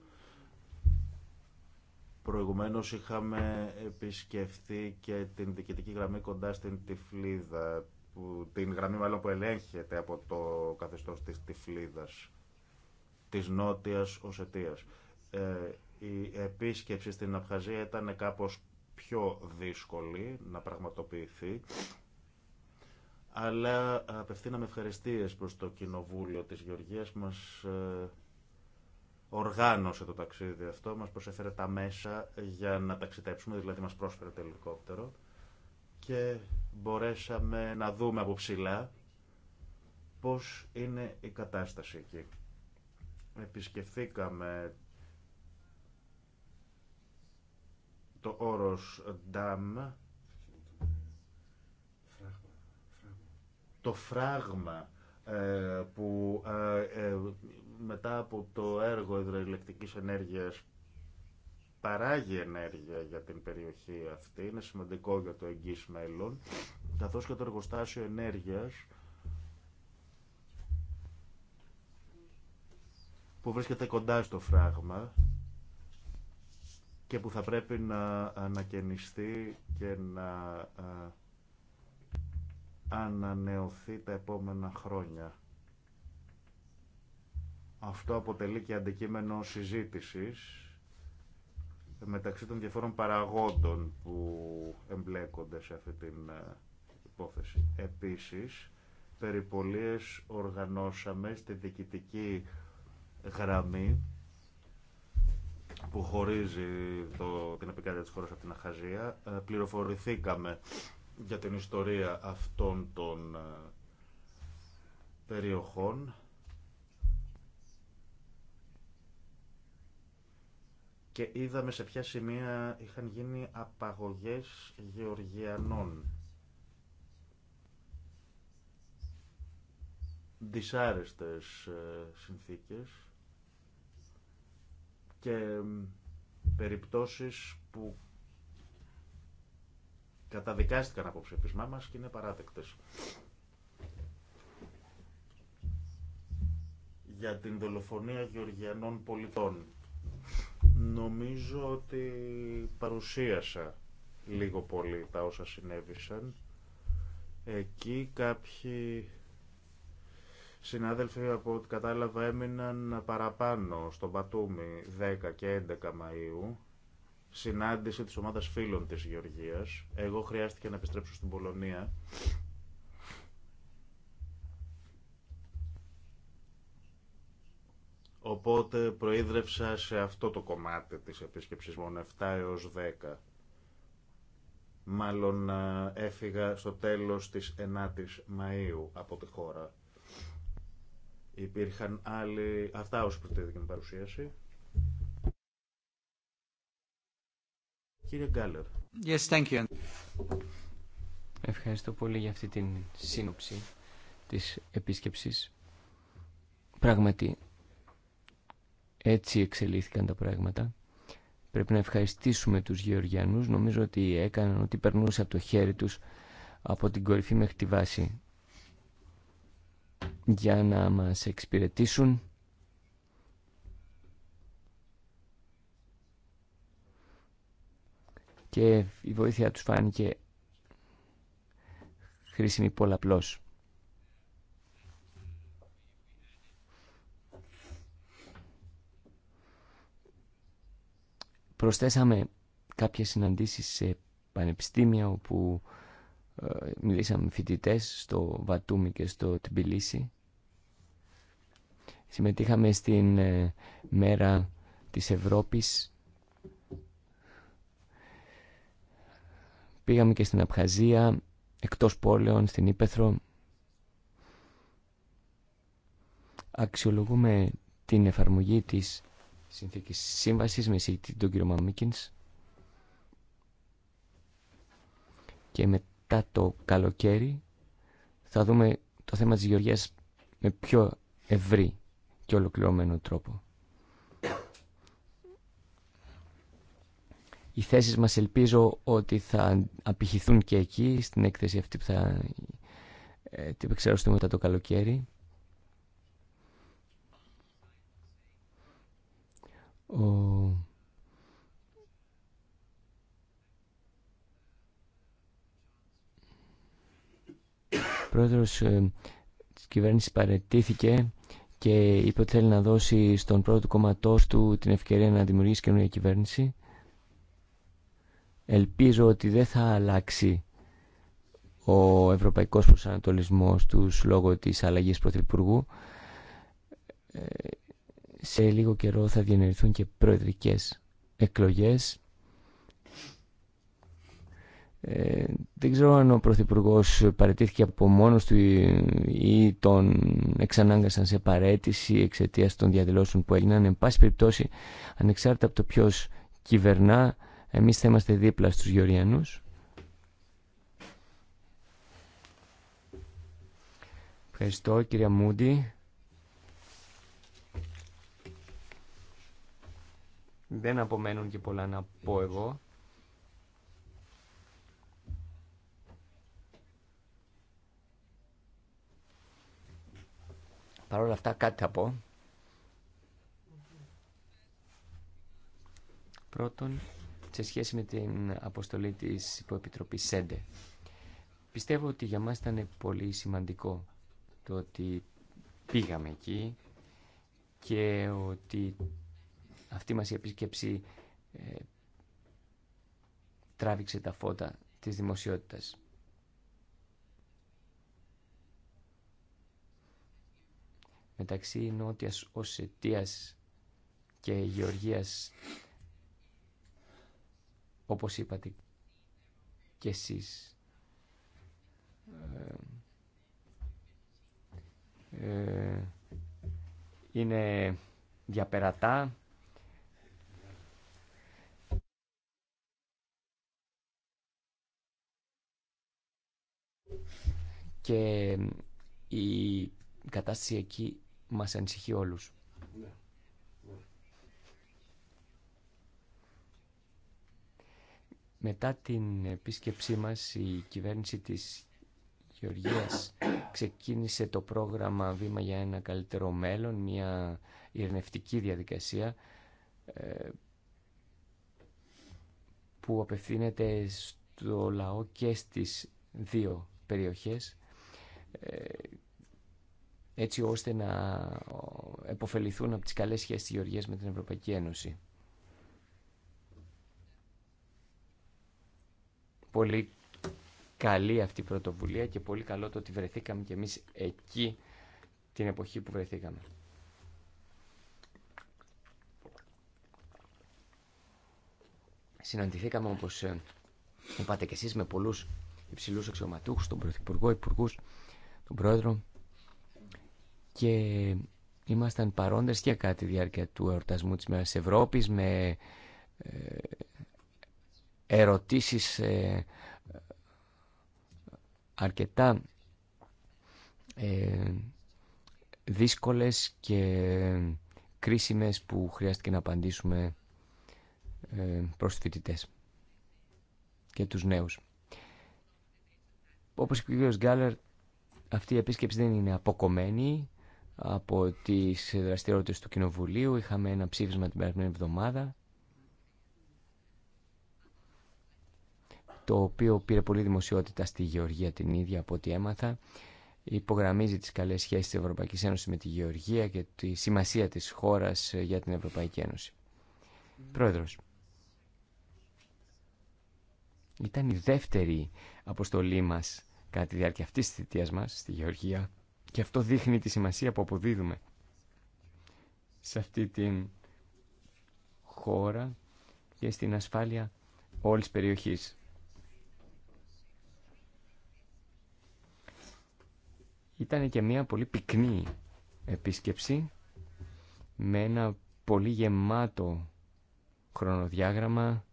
Προηγουμένως είχαμε επισκεφθεί και την διοικητική γραμμή κοντά στην Τυφλίδα, που, την γραμμή μάλλον που ελέγχεται από το καθεστώς της Τυφλίδας, της Νότιας ω Ε, η επίσκεψη στην Αφχαζία ήταν κάπως πιο δύσκολη να πραγματοποιηθεί, αλλά απευθύναμε ευχαριστίες προς το Κοινοβούλιο της Γεωργίας μας ε, οργάνωσε το ταξίδι αυτό, μας προσέφερε τα μέσα για να ταξιδέψουμε, δηλαδή μας πρόσφερε το ελικόπτερο και μπορέσαμε να δούμε από ψηλά πώς είναι η κατάσταση εκεί. Επισκεφθήκαμε το όρος Ντάμ, το φράγμα ε, που ε, ε, μετά από το έργο υδροελεκτικής ενέργειας παράγει ενέργεια για την περιοχή αυτή, είναι σημαντικό για το εγγύς μέλλον, καθώς και το εργοστάσιο ενέργειας που βρίσκεται κοντά στο φράγμα και που θα πρέπει να ανακαινιστεί και να ε, ανανεωθεί τα επόμενα χρόνια. Αυτό αποτελεί και αντικείμενο συζήτησης μεταξύ των διαφόρων παραγόντων που εμπλέκονται σε αυτή την ε, υπόθεση. Επίσης, περιπολίες οργανώσαμε στη διοικητική γραμμή που χωρίζει το, την επικράτεια της χώρας από την Αχαζία. Ε, πληροφορηθήκαμε για την ιστορία αυτών των ε, περιοχών και είδαμε σε ποια σημεία είχαν γίνει απαγωγές γεωργιανών. Δυσάρεστες ε, συνθήκες και περιπτώσεις που καταδικάστηκαν από ψηφισμά μας και είναι παράδεκτες. Για την δολοφονία γεωργιανών πολιτών Νομίζω ότι παρουσίασα λίγο πολύ τα όσα συνέβησαν. Εκεί κάποιοι συνάδελφοι από ό,τι κατάλαβα έμειναν παραπάνω στον Πατούμι 10 και 11 Μαΐου συνάντηση της ομάδας φίλων της Γεωργίας. Εγώ χρειάστηκε να επιστρέψω στην Πολωνία Οπότε προείδρευσα σε αυτό το κομμάτι της επίσκεψης μόνο 7 έως 10. Μάλλον ε, έφυγα στο τέλος της 9ης Μαΐου από τη χώρα. Υπήρχαν άλλοι... Αυτά ως προς παρουσίαση. Κύριε Γκάλερ. Yes, thank you. Ευχαριστώ πολύ για αυτή την σύνοψη της επίσκεψης. Πράγματι, έτσι εξελίχθηκαν τα πράγματα. Πρέπει να ευχαριστήσουμε τους Γεωργιανούς. Νομίζω ότι έκαναν ό,τι περνούσε από το χέρι τους από την κορυφή μέχρι τη βάση για να μας εξυπηρετήσουν και η βοήθεια τους φάνηκε χρήσιμη πολλαπλώς. Προσθέσαμε κάποιες συναντήσεις σε πανεπιστήμια όπου ε, μιλήσαμε με φοιτητές στο Βατούμι και στο Τμπιλίσι. Συμμετείχαμε στην ε, Μέρα της Ευρώπης. Πήγαμε και στην Απχαζία, εκτός πόλεων, στην Ήπεθρο. Αξιολογούμε την εφαρμογή της συνθήκη σύμβασης με εισηγητή τον κύριο Μαμίκινς και μετά το καλοκαίρι θα δούμε το θέμα της Γεωργίας με πιο ευρύ και ολοκληρωμένο τρόπο. Οι θέσεις μας ελπίζω ότι θα απηχηθούν και εκεί στην έκθεση αυτή που θα ε, την μετά το καλοκαίρι. ο πρόεδρος ε, της κυβέρνησης παρετήθηκε και είπε ότι θέλει να δώσει στον πρώτο του κόμματός του την ευκαιρία να δημιουργήσει καινούργια κυβέρνηση. Ελπίζω ότι δεν θα αλλάξει ο ευρωπαϊκός προσανατολισμός τους λόγω της αλλαγής πρωθυπουργού. Ε, σε λίγο καιρό θα διενεργηθούν και προεδρικές εκλογές. Ε, δεν ξέρω αν ο Πρωθυπουργό παρετήθηκε από μόνος του ή τον εξανάγκασαν σε παρέτηση εξαιτία των διαδηλώσεων που έγιναν. Εν πάση περιπτώσει, ανεξάρτητα από το ποιο κυβερνά, εμείς θα είμαστε δίπλα στους Γεωργιανούς. Ευχαριστώ κυρία Μούντι. Δεν απομένουν και πολλά να πω εγώ. Παρ' όλα αυτά κάτι θα πω. Πρώτον, σε σχέση με την αποστολή της Υποεπιτροπής ΣΕΝΤΕ. Πιστεύω ότι για μας ήταν πολύ σημαντικό το ότι πήγαμε εκεί και ότι αυτή μας η επισκέψη ε, τράβηξε τα φώτα της δημοσιότητας. Μεταξύ Νότιας Οσετίας και Γεωργίας, όπως είπατε και εσείς, ε, ε, είναι διαπερατά και η κατάσταση εκεί μας ανησυχεί όλους. Μετά την επίσκεψή μας, η κυβέρνηση της Γεωργίας ξεκίνησε το πρόγραμμα «Βήμα για ένα καλύτερο μέλλον», μια ειρνευτική διαδικασία ε, που απευθύνεται στο λαό και στις δύο περιοχές. Ε, έτσι ώστε να επωφεληθούν από τις καλές σχέσεις της Γεωργίας με την Ευρωπαϊκή Ένωση. Πολύ καλή αυτή η πρωτοβουλία και πολύ καλό το ότι βρεθήκαμε και εμείς εκεί την εποχή που βρεθήκαμε. Συναντηθήκαμε όπως ε, είπατε και εσείς με πολλούς υψηλούς αξιωματούχους, τον Πρωθυπουργό, υπουργούς, τον πρόεδρο και ήμασταν παρόντες και κάτι διάρκεια του εορτασμού της Μέρας Ευρώπης με ε, ερωτήσεις ε, αρκετά ε, δύσκολες και κρίσιμες που χρειάστηκε να απαντήσουμε προς τους και τους νέους. Όπως είπε ο κ. Γκάλερ, αυτή η επίσκεψη δεν είναι αποκομμένη από τις δραστηριότητες του Κοινοβουλίου. Είχαμε ένα ψήφισμα την περασμένη εβδομάδα, το οποίο πήρε πολύ δημοσιότητα στη Γεωργία την ίδια από ό,τι έμαθα. Υπογραμμίζει τις καλές σχέσεις της Ευρωπαϊκής Ένωσης με τη Γεωργία και τη σημασία της χώρας για την Ευρωπαϊκή Ένωση. Πρόεδρος. Ήταν η δεύτερη αποστολή μας κατά τη διάρκεια αυτής της θητείας μας στη Γεωργία και αυτό δείχνει τη σημασία που αποδίδουμε σε αυτή την χώρα και στην ασφάλεια όλης της περιοχής. Ήταν και μια πολύ πυκνή επίσκεψη με ένα πολύ γεμάτο χρονοδιάγραμμα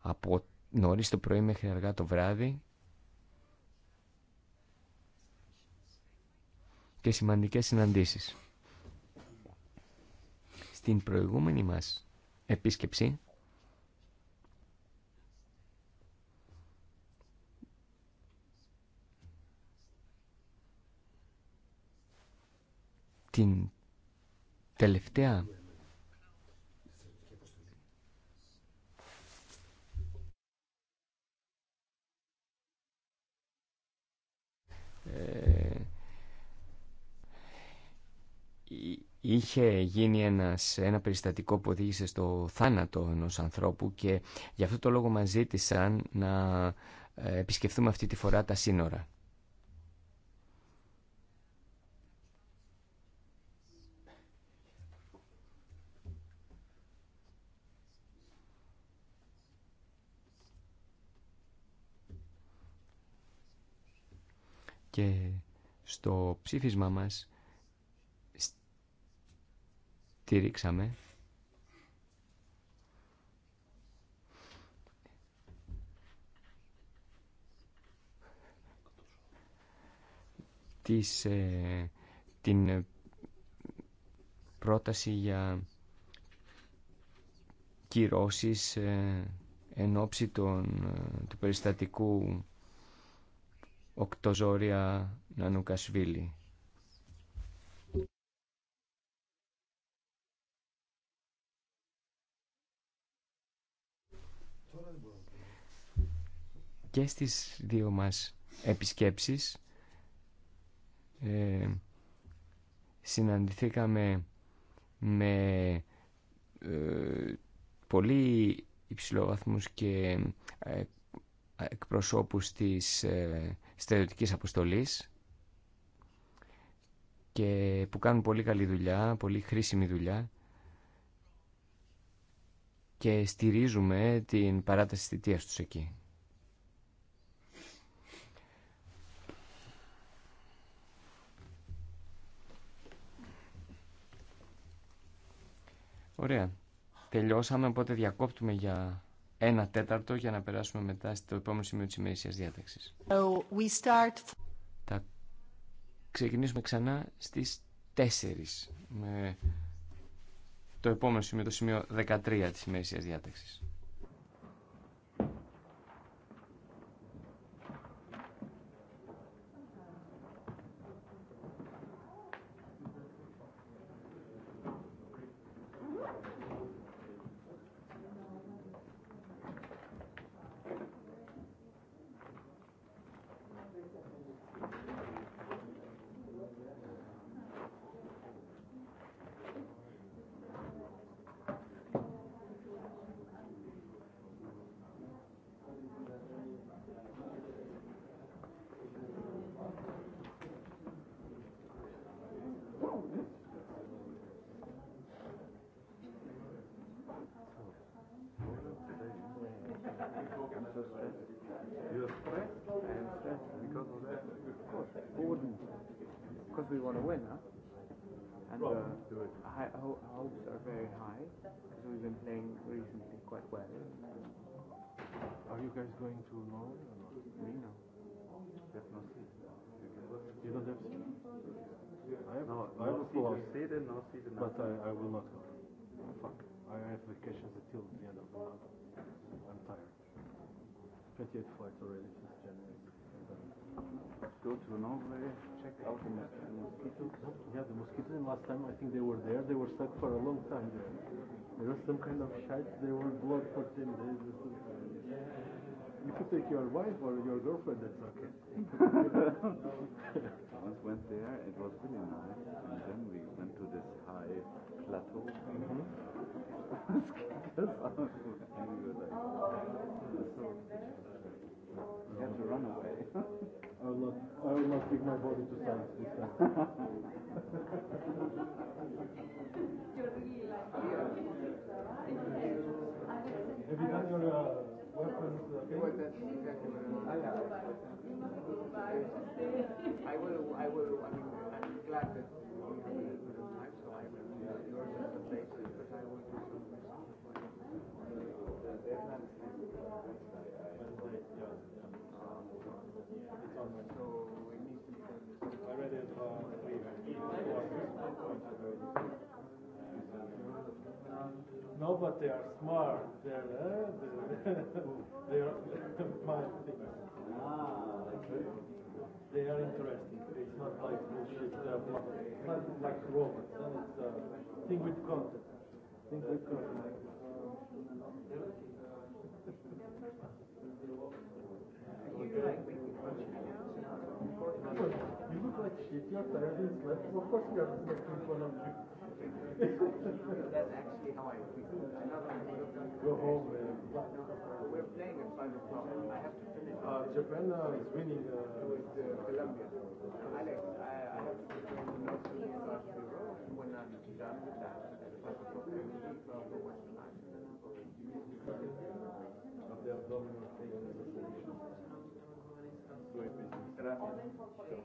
από νωρίς το πρωί μέχρι αργά το βράδυ και σημαντικές συναντήσεις. Στην προηγούμενη μας επίσκεψη την τελευταία είχε γίνει ένας, ένα περιστατικό που οδήγησε στο θάνατο ενός ανθρώπου και γι' αυτό το λόγο μας ζήτησαν να ε, επισκεφθούμε αυτή τη φορά τα σύνορα. Και στο ψήφισμα μας στηρίξαμε της, ε, την ε, πρόταση για κυρώσεις ε, εν ώψη ε, του περιστατικού οκτωζόρια Νανουκασβίλη. και στις δύο μας επισκέψεις ε, συναντηθήκαμε με ε, πολύ υψηλόβαθμους και ε, εκπροσώπους της ε, στρατιωτικής αποστολής και που κάνουν πολύ καλή δουλειά, πολύ χρήσιμη δουλειά και στηρίζουμε την παράταση θητείας τους εκεί. Ωραία. Τελειώσαμε, οπότε διακόπτουμε για ένα τέταρτο για να περάσουμε μετά στο επόμενο σημείο της ημερησίας διάταξης. Θα ξεκινήσουμε ξανά στις 4 με το επόμενο σημείο, το σημείο 13 της ημερησίας διάταξης. because we want to win, huh? And hopes are very high, because we've been playing recently quite well. Are you guys going to Norway or Me, no. You don't have I have no, I But I, I will not go. Fuck. I have vacations until the end of the month. 28 flights already Go to Norway, check out the mosquitoes. Yeah, the mosquitoes, last time I think they were there, they were stuck for a long time there. There was some kind of shite, they were blocked for 10 days. You could take your wife or your girlfriend, that's okay. Once went there, it was really nice, and then we went to this high plateau. and to run away. I will I will not my body to science this I I will, I will, I'm glad that No, but they are smart. They're, uh, they are They are interesting. It's not like bullshit, not like robots. It's uh, thing with content. Thing with content. Of course, he That's actually how I home, We're playing at 5 o'clock. I have to finish. Uh, Japan is winning. Uh, Colombia. Alex, I, I have to finish when I'm that,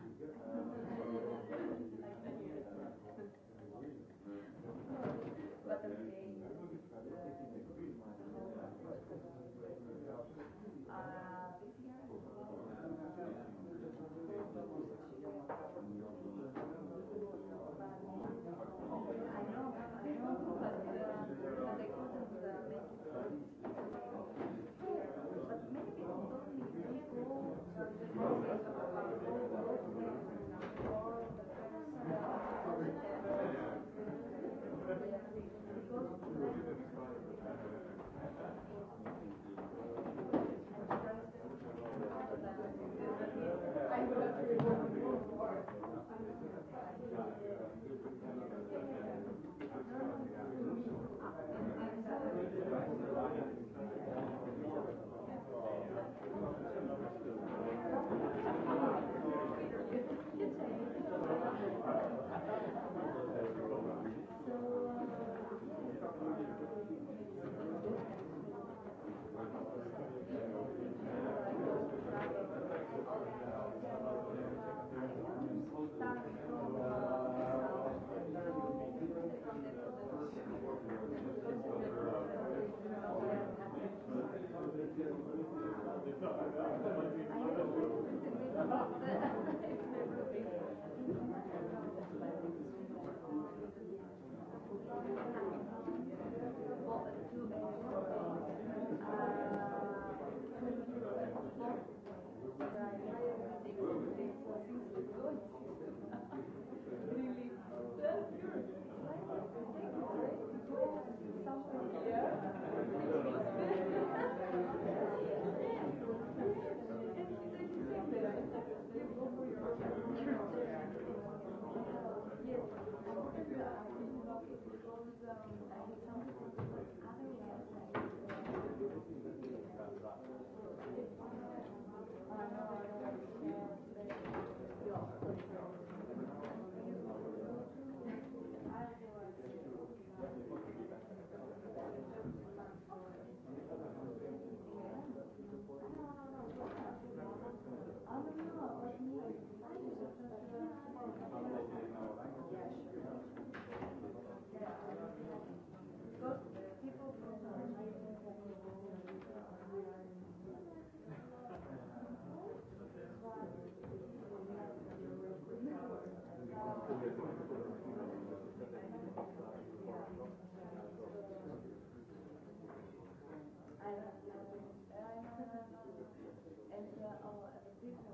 and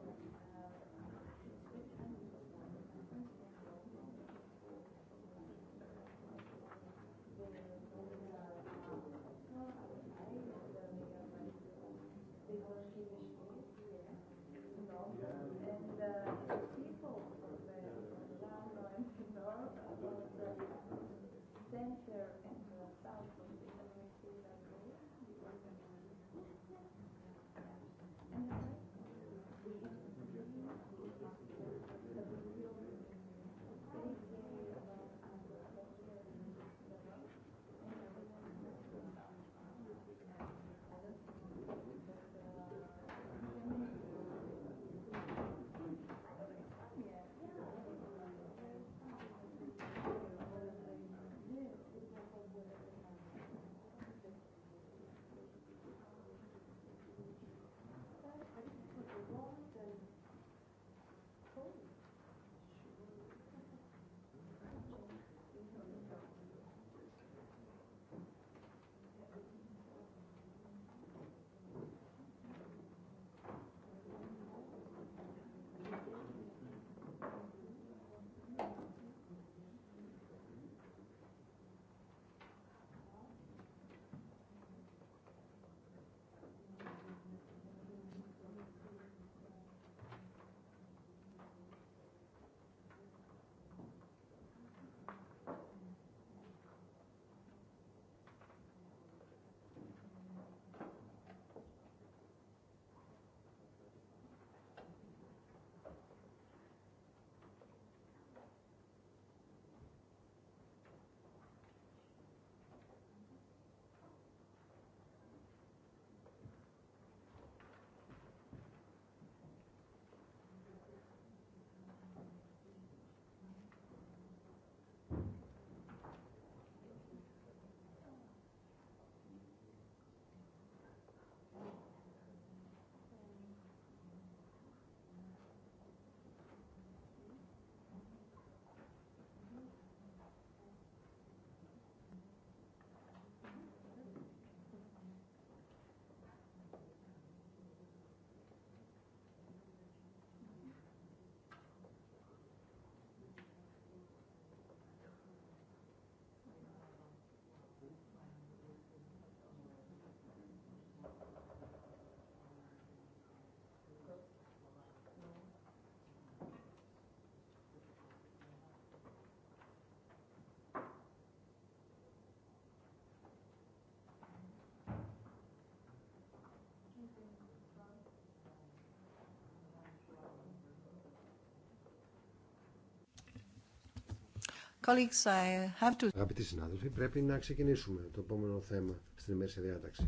Αγαπητοί συνάδελφοι, πρέπει να ξεκινήσουμε το επόμενο θέμα στην ημέρησια διάταξη,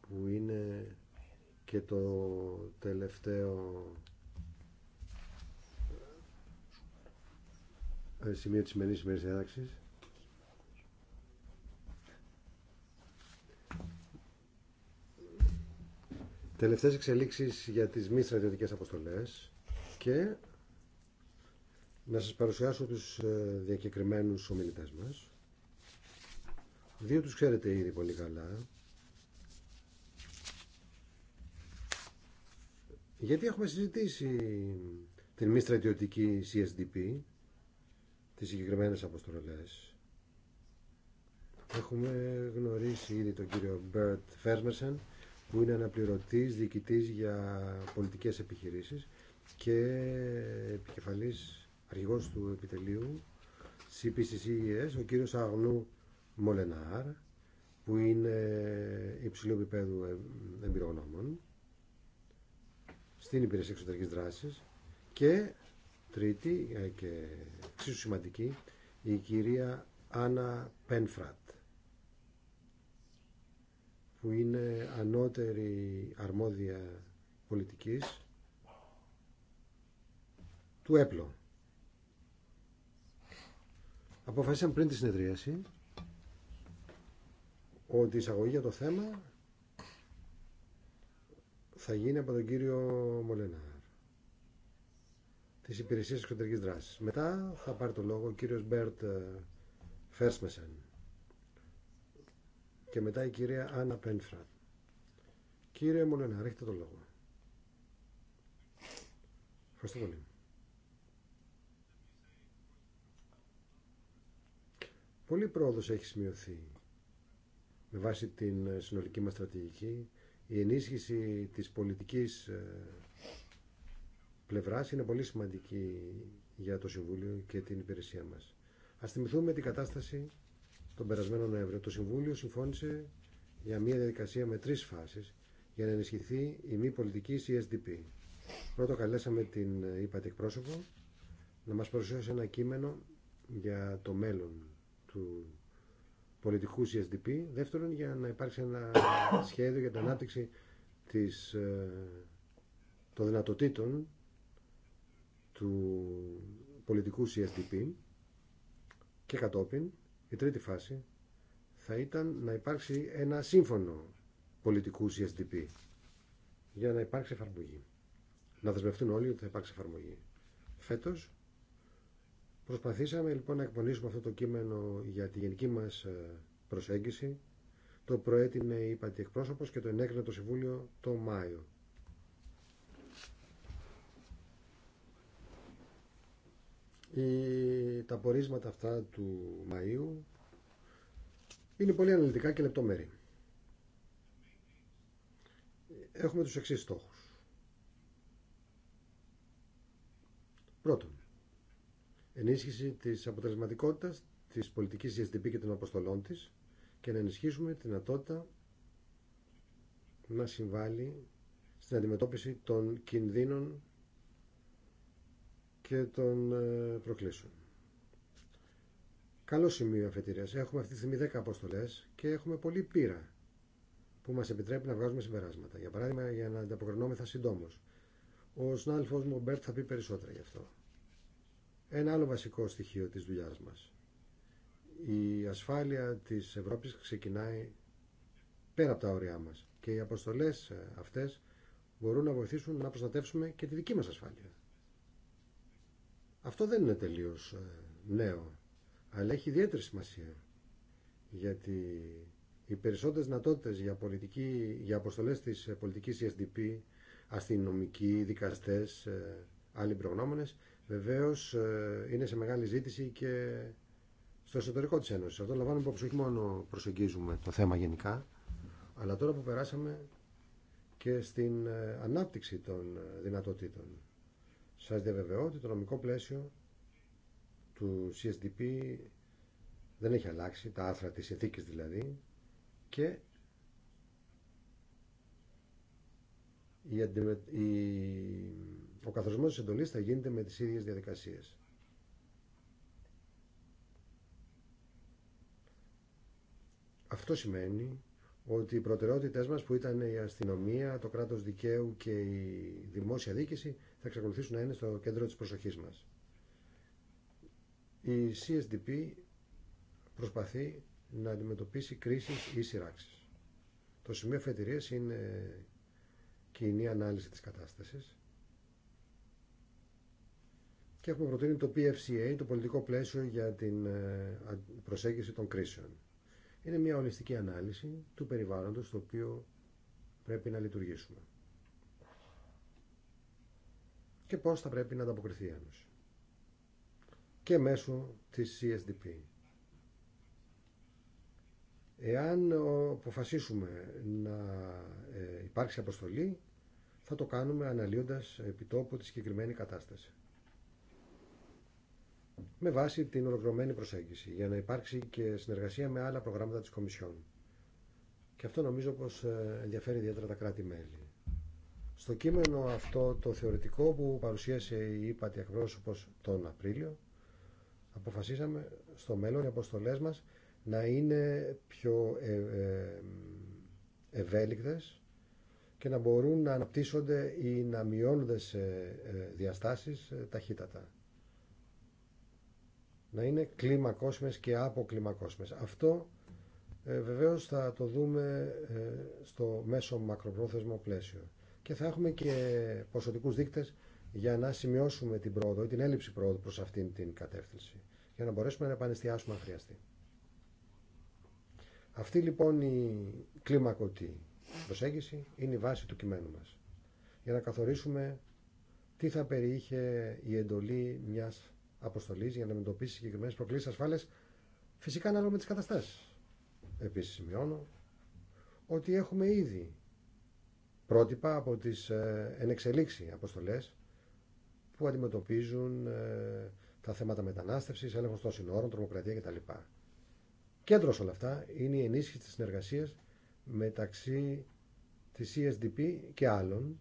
που, είναι και το τελευταίο ε, σημείο της σημερινής ημέρησιας διάταξης. Τελευταίες εξελίξεις για τις μη στρατιωτικές αποστολές και να σας παρουσιάσω τους ε, διακεκριμένους ομιλητές μας. Δύο τους ξέρετε ήδη πολύ καλά. Γιατί έχουμε συζητήσει την μη στρατιωτική CSDP, τις συγκεκριμένες αποστολές. Έχουμε γνωρίσει ήδη τον κύριο Μπέρτ Φέρμερσεν, που είναι αναπληρωτής, διοικητής για πολιτικές επιχειρήσεις και επικεφαλής αρχηγό του επιτελείου CPCCES, ο κύριο Αγνού Μολενάρ, που είναι υψηλού επίπεδου εμπειρογνώμων στην υπηρεσία εξωτερικής δράσης και τρίτη ε, και εξίσου σημαντική η κυρία Άννα Πένφρατ που είναι ανώτερη αρμόδια πολιτικής του έπλο αποφάσισαν πριν τη συνεδρίαση ότι η εισαγωγή για το θέμα θα γίνει από τον κύριο Μολενάρ της Υπηρεσίας Εξωτερικής Δράσης. Μετά θα πάρει το λόγο ο κύριος Μπέρτ ε, Φέρσμεσεν και μετά η κυρία Άννα Πένφρατ. Κύριε Μολενάρ, έχετε το λόγο. Ευχαριστώ πολύ. Πολύ πρόοδος έχει σημειωθεί με βάση την ε, συνολική μας στρατηγική. Η ενίσχυση της πολιτικής ε, πλευράς είναι πολύ σημαντική για το Συμβούλιο και την υπηρεσία μας. Ας θυμηθούμε την κατάσταση τον περασμένο Νοέμβριο. Το Συμβούλιο συμφώνησε για μια διαδικασία με τρεις φάσεις για να ενισχυθεί η μη πολιτική CSDP. Πρώτο καλέσαμε την ε, είπατε εκπρόσωπο να μας παρουσιάσει ένα κείμενο για το μέλλον του πολιτικού CSDP. Δεύτερον, για να υπάρξει ένα <coughs> σχέδιο για την ανάπτυξη της, ε, των δυνατοτήτων του πολιτικού CSDP και κατόπιν η τρίτη φάση θα ήταν να υπάρξει ένα σύμφωνο πολιτικού CSDP για να υπάρξει εφαρμογή. Να δεσμευτούν όλοι ότι θα υπάρξει εφαρμογή. Φέτος Προσπαθήσαμε λοιπόν να εκπονήσουμε αυτό το κείμενο για τη γενική μας ε, προσέγγιση. Το προέτεινε η Πατή Εκπρόσωπος και το ενέκρινε το Συμβούλιο το Μάιο. Η, τα πορίσματα αυτά του Μαΐου είναι πολύ αναλυτικά και λεπτομέρη. Έχουμε τους εξής στόχους. Πρώτον, ενίσχυση της αποτελεσματικότητα της πολιτικής ΙΣΤΠ και των αποστολών τη και να ενισχύσουμε τη δυνατότητα να συμβάλλει στην αντιμετώπιση των κινδύνων και των ε, προκλήσεων. Καλό σημείο αφετηρίας. Έχουμε αυτή τη στιγμή 10 αποστολές και έχουμε πολύ πείρα που μας επιτρέπει να βγάζουμε συμπεράσματα. Για παράδειγμα, για να ανταποκρινόμεθα συντόμως. Ο συνάδελφός μου, ο Μπέρτ, θα πει περισσότερα γι' αυτό. Ένα άλλο βασικό στοιχείο της δουλειάς μας. Η ασφάλεια της Ευρώπης ξεκινάει πέρα από τα όρια μας και οι αποστολές ε, αυτές μπορούν να βοηθήσουν να προστατεύσουμε και τη δική μας ασφάλεια. Αυτό δεν είναι τελείως ε, νέο, αλλά έχει ιδιαίτερη σημασία, γιατί οι περισσότερες δυνατότητε για, πολιτική, για αποστολές της ε, πολιτικής CSDP, αστυνομικοί, δικαστές, άλλοι προγνώμονες, βεβαίως ε, είναι σε μεγάλη ζήτηση και στο εσωτερικό της Ένωσης. Αυτό λαμβάνουμε υπόψη όχι μόνο προσεγγίζουμε το θέμα γενικά, αλλά τώρα που περάσαμε και στην ε, ανάπτυξη των ε, δυνατοτήτων. Σας διαβεβαιώ ότι το νομικό πλαίσιο του CSDP δεν έχει αλλάξει, τα άρθρα της ηθίκης δηλαδή, και η, ο καθορισμός της εντολής θα γίνεται με τις ίδιες διαδικασίες. Αυτό σημαίνει ότι οι προτεραιότητές μας που ήταν η αστυνομία, το κράτος δικαίου και η δημόσια δίκηση θα εξακολουθήσουν να είναι στο κέντρο της προσοχής μας. Η CSDP προσπαθεί να αντιμετωπίσει κρίσεις ή σειράξεις. Το σημείο φετηρίας είναι κοινή ανάλυση της κατάστασης και έχουμε προτείνει το PFCA, το πολιτικό πλαίσιο για την ε, προσέγγιση των κρίσεων. Είναι μια ολιστική ανάλυση του περιβάλλοντος το οποίο πρέπει να λειτουργήσουμε. Και πώς θα πρέπει να ανταποκριθεί η Και μέσω της CSDP. Εάν αποφασίσουμε να ε, υπάρξει αποστολή, θα το κάνουμε αναλύοντας επιτόπου τη συγκεκριμένη κατάσταση με βάση την ολοκληρωμένη προσέγγιση για να υπάρξει και συνεργασία με άλλα προγράμματα της Κομισιόν. Και αυτό νομίζω πως ε, ενδιαφέρει ιδιαίτερα τα κράτη-μέλη. Στο κείμενο αυτό το θεωρητικό που παρουσίασε η ΥΠΑΤΗ εκπρόσωπος τον Απρίλιο αποφασίσαμε στο μέλλον οι αποστολές μας να είναι πιο ε, ε και να μπορούν να αναπτύσσονται ή να μειώνονται σε ε, διαστάσεις ταχύτατα να είναι κλιμακόσμες και αποκλιμακόσμες. Αυτό ε, βεβαίως θα το δούμε ε, στο μέσο μακροπρόθεσμο πλαίσιο. Και θα έχουμε και ποσοτικούς δείκτες για να σημειώσουμε την πρόοδο ή την έλλειψη πρόοδου προς αυτήν την κατεύθυνση. Για να μπορέσουμε να επανεστιάσουμε αν χρειαστεί. Αυτή λοιπόν η κλιμακωτή προσέγγιση είναι η βάση του κειμένου μας. Για να καθορίσουμε τι θα περιείχε η εντολή μιας αποστολή για να αντιμετωπίσει συγκεκριμένε προκλήσει ασφάλεια, φυσικά ανάλογα με τι καταστάσει. Επίση, σημειώνω ότι έχουμε ήδη πρότυπα από τι ε, ενεξελίξει αποστολέ που αντιμετωπίζουν ε, τα θέματα μετανάστευση, έλεγχο των συνόρων, τρομοκρατία κτλ. Κέντρο όλα αυτά είναι η ενίσχυση τη συνεργασία μεταξύ της ESDP και άλλων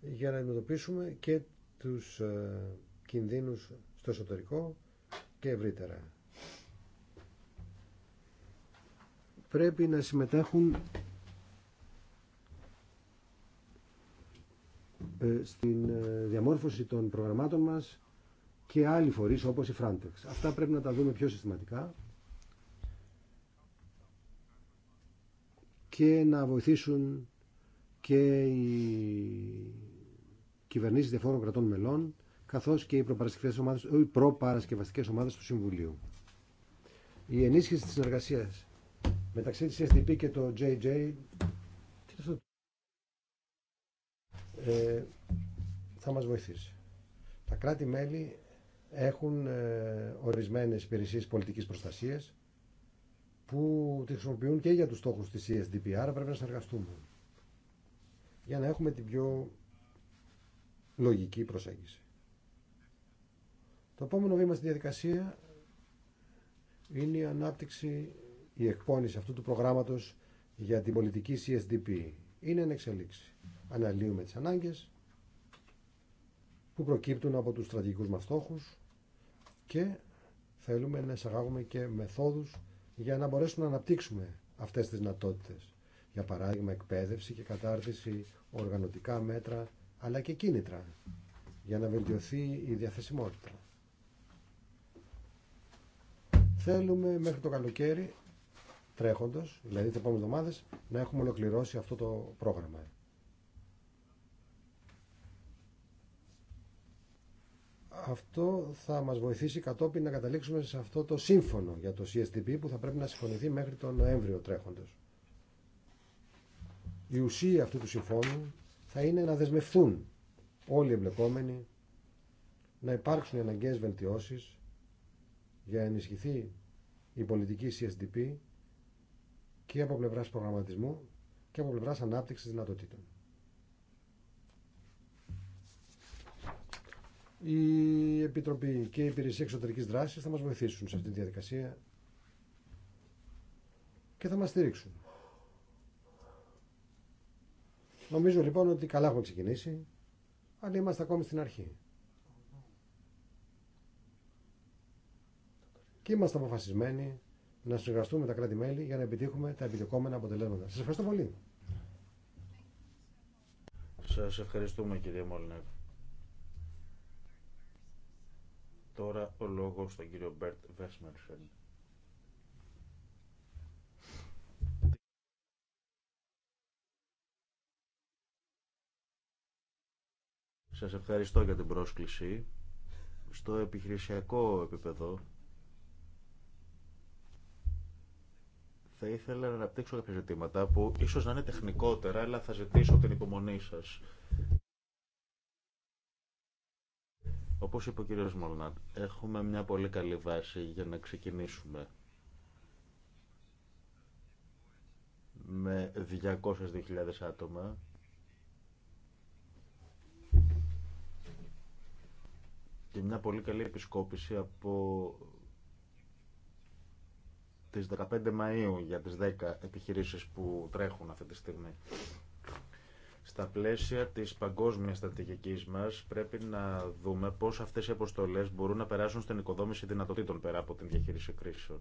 για να αντιμετωπίσουμε και τους ε, κινδύνους στο εσωτερικό και ευρύτερα. Πρέπει να συμμετέχουν ε, στην ε, διαμόρφωση των προγραμμάτων μας και άλλοι φορείς όπως η Frontex. Αυτά πρέπει να τα δούμε πιο συστηματικά και να βοηθήσουν και οι κυβερνήσει διαφόρων κρατών μελών, καθώ και οι προπαρασκευαστικέ ομάδε προπαρασκευαστικές ομάδες του Συμβουλίου. Η ενίσχυση τη συνεργασία μεταξύ τη SDP και το JJ ε, θα μας βοηθήσει. Τα κράτη-μέλη έχουν ε, ορισμένες υπηρεσίες πολιτικής προστασίας που τη χρησιμοποιούν και για τους στόχους της e Άρα πρέπει να συνεργαστούμε για να έχουμε την πιο λογική προσέγγιση. Το επόμενο βήμα στη διαδικασία είναι η ανάπτυξη, η εκπόνηση αυτού του προγράμματος για την πολιτική CSDP. Είναι εν εξελίξη. Αναλύουμε τις ανάγκες που προκύπτουν από τους στρατηγικούς μας στόχους και θέλουμε να εισαγάγουμε και μεθόδους για να μπορέσουμε να αναπτύξουμε αυτές τις δυνατότητε. Για παράδειγμα, εκπαίδευση και κατάρτιση, οργανωτικά μέτρα, αλλά και κίνητρα για να βελτιωθεί η διαθεσιμότητα. Θέλουμε μέχρι το καλοκαίρι τρέχοντος, δηλαδή τις επόμενες εβδομάδες, να έχουμε ολοκληρώσει αυτό το πρόγραμμα. Αυτό θα μας βοηθήσει κατόπιν να καταλήξουμε σε αυτό το σύμφωνο για το CSTP που θα πρέπει να συμφωνηθεί μέχρι τον Νοέμβριο τρέχοντος. Η ουσία αυτού του συμφώνου θα είναι να δεσμευθούν όλοι οι εμπλεκόμενοι να υπάρξουν οι αναγκαίες βελτιώσεις για να ενισχυθεί η πολιτική CSDP και από πλευράς προγραμματισμού και από πλευράς ανάπτυξης δυνατοτήτων. Η Επιτροπή και η Υπηρεσία εξωτερική Δράσης θα μας βοηθήσουν σε αυτή τη διαδικασία και θα μας στηρίξουν. Νομίζω λοιπόν ότι καλά έχουμε ξεκινήσει, αλλά είμαστε ακόμη στην αρχή. Και είμαστε αποφασισμένοι να συνεργαστούμε τα κράτη-μέλη για να επιτύχουμε τα επιτυχόμενα αποτελέσματα. Σας ευχαριστώ πολύ. Σας ευχαριστούμε κύριε Μόλνερ. Τώρα ο λόγος στον κύριο Μπέρτ Βέσμερσεν. Σας ευχαριστώ για την πρόσκληση. Στο επιχειρησιακό επίπεδο θα ήθελα να αναπτύξω κάποια ζητήματα που ίσως να είναι τεχνικότερα, αλλά θα ζητήσω την υπομονή σας. Όπως είπε ο κύριος Μολνάτ, έχουμε μια πολύ καλή βάση για να ξεκινήσουμε. Με 200.000 άτομα και μια πολύ καλή επισκόπηση από τις 15 Μαΐου για τις 10 επιχειρήσεις που τρέχουν αυτή τη στιγμή. Στα πλαίσια της παγκόσμιας στρατηγικής μας πρέπει να δούμε πώς αυτές οι αποστολές μπορούν να περάσουν στην οικοδόμηση δυνατοτήτων πέρα από την διαχείριση κρίσεων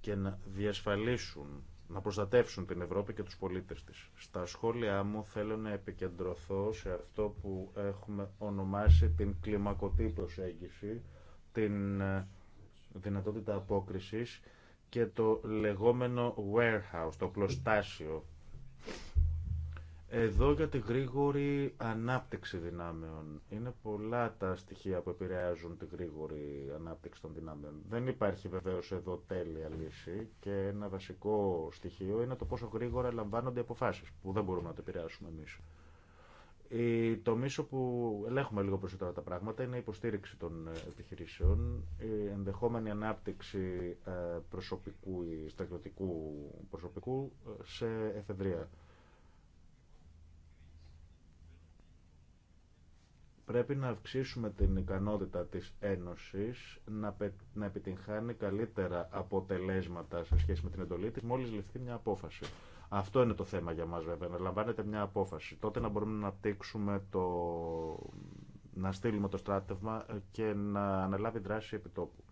και να διασφαλίσουν να προστατεύσουν την Ευρώπη και τους πολίτες της. Στα σχόλιά μου θέλω να επικεντρωθώ σε αυτό που έχουμε ονομάσει την κλιμακωτή προσέγγιση, την ε, δυνατότητα απόκρισης και το λεγόμενο warehouse, το πλωστάσιο εδώ για τη γρήγορη ανάπτυξη δυνάμεων. Είναι πολλά τα στοιχεία που επηρεάζουν τη γρήγορη ανάπτυξη των δυνάμεων. Δεν υπάρχει βεβαίω εδώ τέλεια λύση και ένα βασικό στοιχείο είναι το πόσο γρήγορα λαμβάνονται αποφάσει που δεν μπορούμε να το επηρεάσουμε εμεί. Το μίσο που ελέγχουμε λίγο περισσότερα τα πράγματα είναι η υποστήριξη των επιχειρήσεων, η ενδεχόμενη ανάπτυξη ε, προσωπικού ή στρατιωτικού προσωπικού ε, σε εφεδρεία Πρέπει να αυξήσουμε την ικανότητα της Ένωσης να επιτυγχάνει καλύτερα αποτελέσματα σε σχέση με την εντολή της μόλις ληφθεί μια απόφαση. Αυτό είναι το θέμα για μας βέβαια, να λαμβάνεται μια απόφαση. Τότε να μπορούμε να αναπτύξουμε το... να στείλουμε το στράτευμα και να αναλάβει δράση επιτόπου.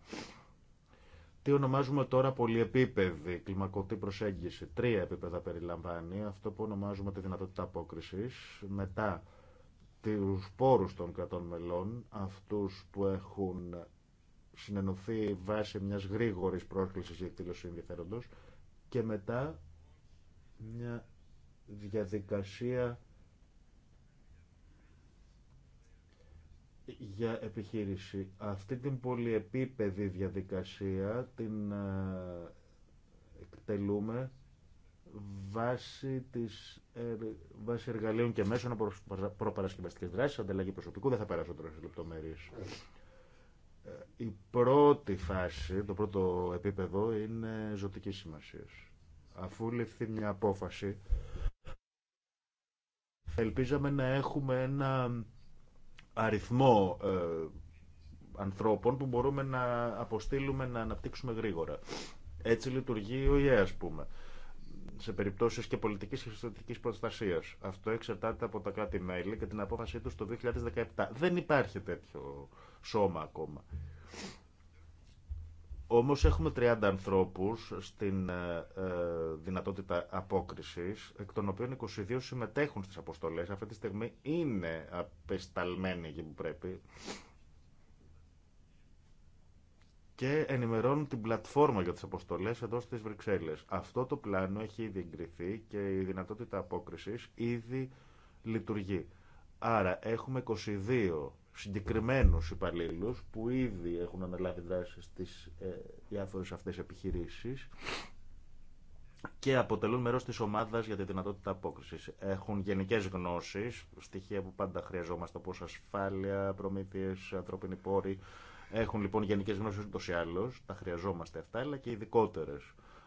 Τι ονομάζουμε τώρα πολυεπίπεδη κλιμακωτή προσέγγιση. Τρία επίπεδα περιλαμβάνει. Αυτό που ονομάζουμε τη δυνατότητα απόκρισης. Μετά τους πόρους των κρατών μελών, αυτούς που έχουν συνενωθεί βάσει μιας γρήγορης πρόσκλησης για εκδήλωση ενδιαφέροντος και μετά μια διαδικασία για επιχείρηση. Αυτή την πολυεπίπεδη διαδικασία την ε, εκτελούμε βάσει, της, βάσει εργαλείων και μέσων από προπαρασκευαστικές δράσεις, ανταλλαγή προσωπικού, δεν θα περάσω τώρα σε λεπτομέρειες. Ε, η πρώτη φάση, το πρώτο επίπεδο είναι ζωτική σημασία. Αφού ληφθεί μια απόφαση, ελπίζαμε να έχουμε ένα αριθμό ε, ανθρώπων που μπορούμε να αποστείλουμε να αναπτύξουμε γρήγορα. Έτσι λειτουργεί ο ΙΕ, ας πούμε σε περιπτώσεις και πολιτική και ιστορικής προστασία. Αυτό εξαρτάται από τα κράτη-μέλη και την απόφασή του το 2017. Δεν υπάρχει τέτοιο σώμα ακόμα. Όμως έχουμε 30 ανθρώπους στην ε, ε, δυνατότητα απόκριση, εκ των οποίων 22 συμμετέχουν στι αποστολέ. Αυτή τη στιγμή είναι απεσταλμένοι εκεί που πρέπει και ενημερώνουν την πλατφόρμα για τις αποστολές εδώ στις Βρυξέλλες. Αυτό το πλάνο έχει ήδη εγκριθεί και η δυνατότητα απόκρισης ήδη λειτουργεί. Άρα έχουμε 22 συγκεκριμένους υπαλλήλου που ήδη έχουν αναλάβει δράση στις ε, διάφορες αυτές επιχειρήσεις και αποτελούν μέρος της ομάδας για τη δυνατότητα απόκρισης. Έχουν γενικές γνώσεις, στοιχεία που πάντα χρειαζόμαστε, όπως ασφάλεια, προμήθειες, ανθρώπινη πόροι, έχουν λοιπόν γενικέ γνώσει ούτω ή άλλω, τα χρειαζόμαστε αυτά, αλλά και ειδικότερε.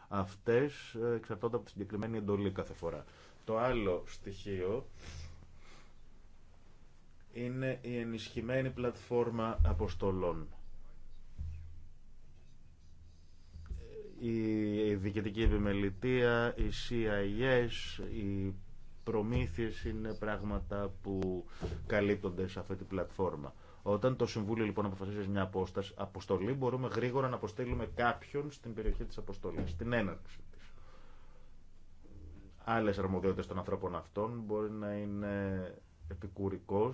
Αυτέ ε, εξαρτώνται από τη συγκεκριμένη εντολή κάθε φορά. Το άλλο στοιχείο είναι η ενισχυμένη πλατφόρμα αποστολών. Η διοικητική επιμελητία, η CIS, οι προμήθειες είναι πράγματα που καλύπτονται σε αυτή τη πλατφόρμα. Όταν το Συμβούλιο λοιπόν αποφασίζει μια απόσταση, αποστολή, μπορούμε γρήγορα να αποστείλουμε κάποιον στην περιοχή τη αποστολή, στην έναρξη τη. Άλλε αρμοδιότητε των ανθρώπων αυτών μπορεί να είναι επικουρικό,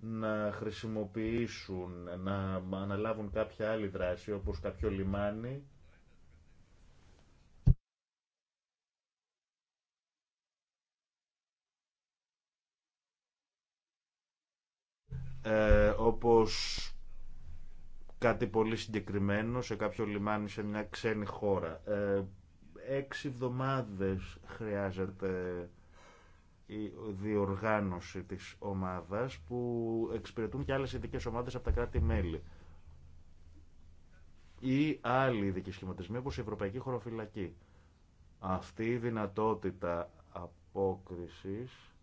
να χρησιμοποιήσουν, να αναλάβουν κάποια άλλη δράση, όπως κάποιο λιμάνι, ε, όπως κάτι πολύ συγκεκριμένο σε κάποιο λιμάνι σε μια ξένη χώρα. Ε, έξι εβδομάδες χρειάζεται η διοργάνωση της ομάδας που εξυπηρετούν και άλλες ειδικέ ομάδες από τα κράτη-μέλη ή άλλοι ειδικοί σχηματισμοί όπως η Ευρωπαϊκή Χωροφυλακή. Αυτή η δυνατότητα απόκρισης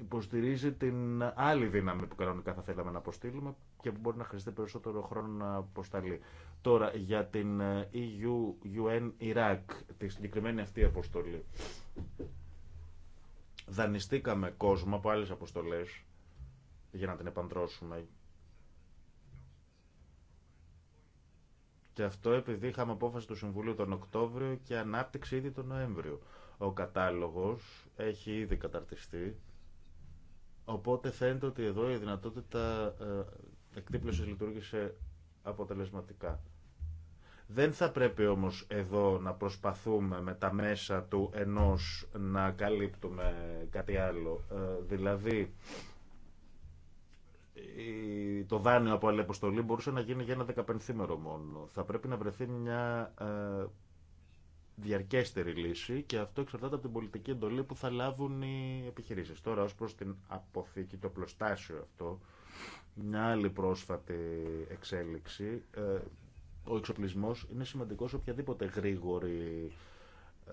υποστηρίζει την άλλη δύναμη που κανονικά θα θέλαμε να αποστείλουμε και που μπορεί να χρειαστεί περισσότερο χρόνο να αποσταλεί. Τώρα, για την ε, EU-UN iraq τη συγκεκριμένη αυτή αποστολή. Δανειστήκαμε κόσμο από άλλες αποστολές για να την επαντρώσουμε. Και αυτό επειδή είχαμε απόφαση του Συμβουλίου τον Οκτώβριο και ανάπτυξη ήδη τον Νοέμβριο. Ο κατάλογος έχει ήδη καταρτιστεί, οπότε φαίνεται ότι εδώ η δυνατότητα ε, εκτύπλωσης λειτουργήσε αποτελεσματικά. Δεν θα πρέπει όμως εδώ να προσπαθούμε με τα μέσα του ενός να καλύπτουμε κάτι άλλο. Ε, δηλαδή, το δάνειο από αλληλεποστολή μπορούσε να γίνει για ένα δεκαπενθήμερο μόνο. Θα πρέπει να βρεθεί μια ε, διαρκέστερη λύση και αυτό εξαρτάται από την πολιτική εντολή που θα λάβουν οι επιχειρήσεις. Τώρα ως προς την αποθήκη, το πλωστάσιο αυτό, μια άλλη πρόσφατη εξέλιξη, ε, ο εξοπλισμός είναι σημαντικός σε οποιαδήποτε γρήγορη ε,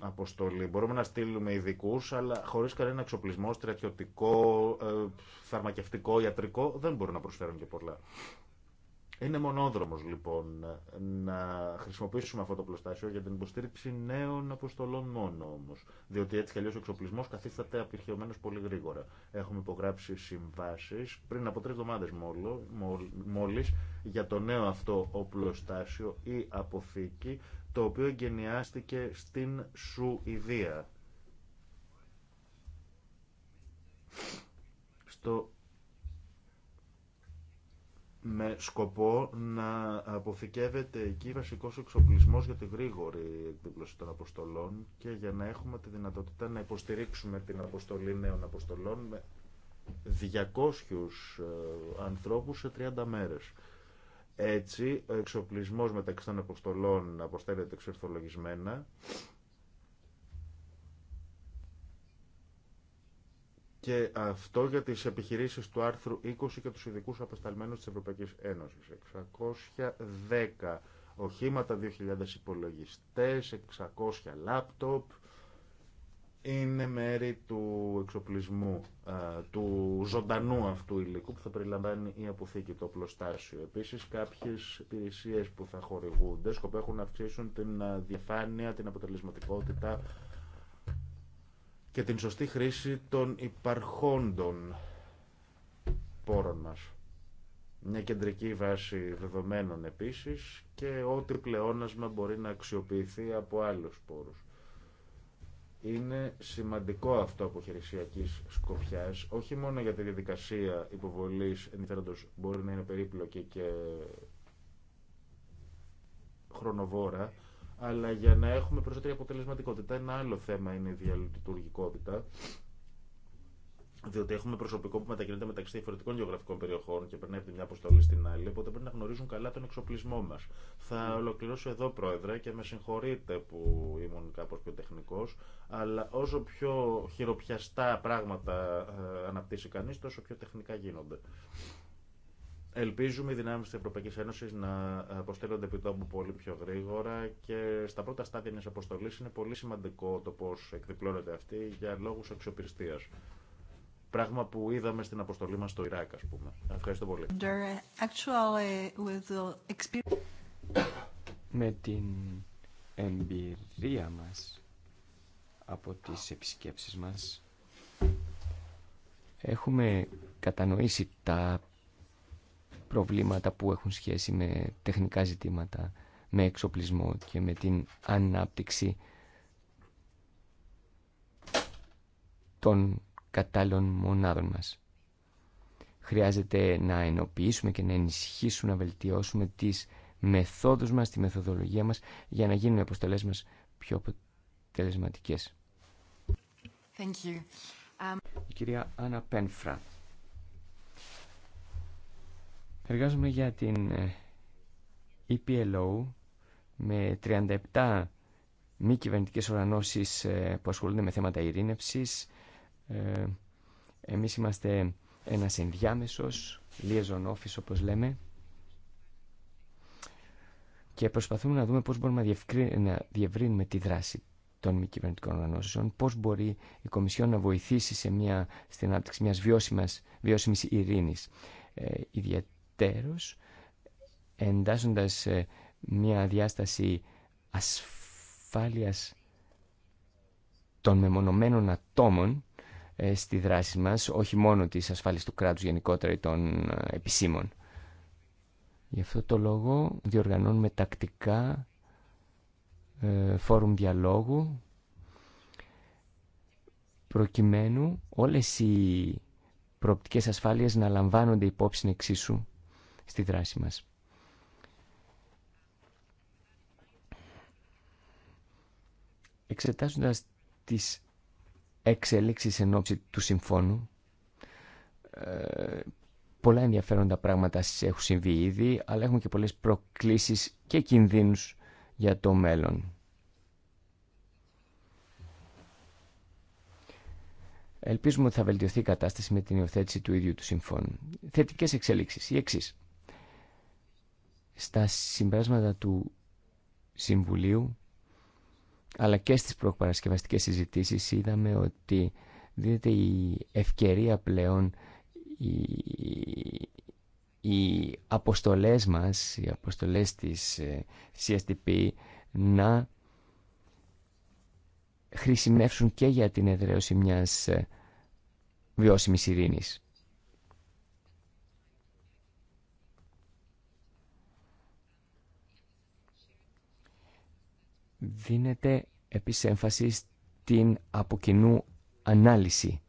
αποστολή. Μπορούμε να στείλουμε ειδικού, αλλά χωρίς κανένα εξοπλισμό, στρατιωτικό, ε, φαρμακευτικό, ιατρικό, δεν μπορούν να προσφέρουν και πολλά. Είναι μονόδρομος λοιπόν να χρησιμοποιήσουμε αυτό το πλωστάσιο για την υποστήριξη νέων αποστολών μόνο όμως. Διότι έτσι κι αλλιώ ο εξοπλισμό καθίσταται απειρχαιωμένο πολύ γρήγορα. Έχουμε υπογράψει συμβάσει πριν από τρεις εβδομάδε μόλις για το νέο αυτό οπλοστάσιο ή αποθήκη το οποίο εγκαινιάστηκε στην Σουηδία με σκοπό να αποθηκεύεται εκεί βασικός εξοπλισμός για τη γρήγορη εκδήλωση των αποστολών και για να έχουμε τη δυνατότητα να υποστηρίξουμε την αποστολή νέων αποστολών με 200 ε, ανθρώπους σε 30 μέρες. Έτσι, ο εξοπλισμός μεταξύ των αποστολών αποστέλλεται εξορθολογισμένα Και αυτό για τις επιχειρήσεις του άρθρου 20 και τους ειδικού απεσταλμένους της Ευρωπαϊκής Ένωσης. 610 οχήματα, 2.000 υπολογιστές, 600 λάπτοπ, είναι μέρη του εξοπλισμού, του ζωντανού αυτού υλικού που θα περιλαμβάνει η αποθήκη, το πλωστάσιο. Επίσης κάποιες υπηρεσίε που θα χορηγούνται σκοπεύουν να αυξήσουν την διαφάνεια, την αποτελεσματικότητα και την σωστή χρήση των υπαρχόντων πόρων μας. Μια κεντρική βάση δεδομένων επίσης και ό,τι πλεόνασμα μπορεί να αξιοποιηθεί από άλλους πόρους. Είναι σημαντικό αυτό από χειρισιακής σκοπιάς. όχι μόνο για τη διαδικασία υποβολής, ενδιαφέροντος μπορεί να είναι περίπλοκη και χρονοβόρα, αλλά για να έχουμε περισσότερη αποτελεσματικότητα. Ένα άλλο θέμα είναι η διαλειτουργικότητα, διότι έχουμε προσωπικό που μετακινείται μεταξύ διαφορετικών γεωγραφικών περιοχών και περνάει από τη μια αποστολή στην άλλη, οπότε πρέπει να γνωρίζουν καλά τον εξοπλισμό μα. Θα ολοκληρώσω εδώ, Πρόεδρε, και με συγχωρείτε που ήμουν κάπω πιο τεχνικό, αλλά όσο πιο χειροπιαστά πράγματα ε, αναπτύσσει κανεί, τόσο πιο τεχνικά γίνονται. Ελπίζουμε οι δυνάμει τη Ευρωπαϊκή Ένωση να ε, αποστέλλονται επί τόπου πολύ πιο γρήγορα και στα πρώτα στάδια μια αποστολή είναι πολύ σημαντικό το πώ εκδιπλώνεται αυτή για λόγου αξιοπιστία. Πράγμα που είδαμε στην αποστολή μα στο Ιράκ, α πούμε. Ευχαριστώ πολύ. Ε, Με την εμπειρία μας από τις επισκέψεις μας έχουμε κατανοήσει τα προβλήματα που έχουν σχέση με τεχνικά ζητήματα, με εξοπλισμό και με την ανάπτυξη των κατάλληλων μονάδων μας. Χρειάζεται να ενοποιήσουμε και να ενισχύσουμε, να βελτιώσουμε τις μεθόδους μας, τη μεθοδολογία μας για να γίνουν οι αποστολές μας πιο αποτελεσματικές. Thank Η κυρία Άννα Εργάζομαι για την ε, EPLO με 37 μη κυβερνητικές οργανώσεις ε, που ασχολούνται με θέματα ειρήνευσης. Ε, εμείς είμαστε ένας ενδιάμεσος, liaison office όπως λέμε, και προσπαθούμε να δούμε πώς μπορούμε να διευρύνουμε τη δράση των μη κυβερνητικών οργανώσεων, πώς μπορεί η Κομισιόν να βοηθήσει σε μια, στην ανάπτυξη μιας βιώσιμας, βιώσιμης ειρήνης. Ε, τέρους εντάσσοντας ε, μια διάσταση ασφάλειας των μεμονωμένων ατόμων ε, στη δράση μας, όχι μόνο της ασφάλειας του κράτους γενικότερα ή των ε, επισήμων. Γι' αυτό το λόγο διοργανώνουμε τακτικά φόρουμ διαλόγου προκειμένου όλες οι προοπτικές ασφάλειες να λαμβάνονται υπόψη εξίσου στη δράση μας. Εξετάζοντας τις εξελίξεις εν ώψη του συμφώνου, ε, πολλά ενδιαφέροντα πράγματα έχουν συμβεί ήδη, αλλά έχουμε και πολλές προκλήσεις και κινδύνους για το μέλλον. Ελπίζουμε ότι θα βελτιωθεί η κατάσταση με την υιοθέτηση του ίδιου του συμφώνου. Θετικές εξελίξεις. η εξής στα συμπεράσματα του Συμβουλίου αλλά και στις προπαρασκευαστικές συζητήσεις είδαμε ότι δίνεται η ευκαιρία πλέον οι, οι αποστολές μας, οι αποστολές της ε, CSTP να χρησιμεύσουν και για την εδραίωση μιας ε, βιώσιμης ειρήνης. δίνεται επίσης έμφαση στην αποκοινού ανάλυση.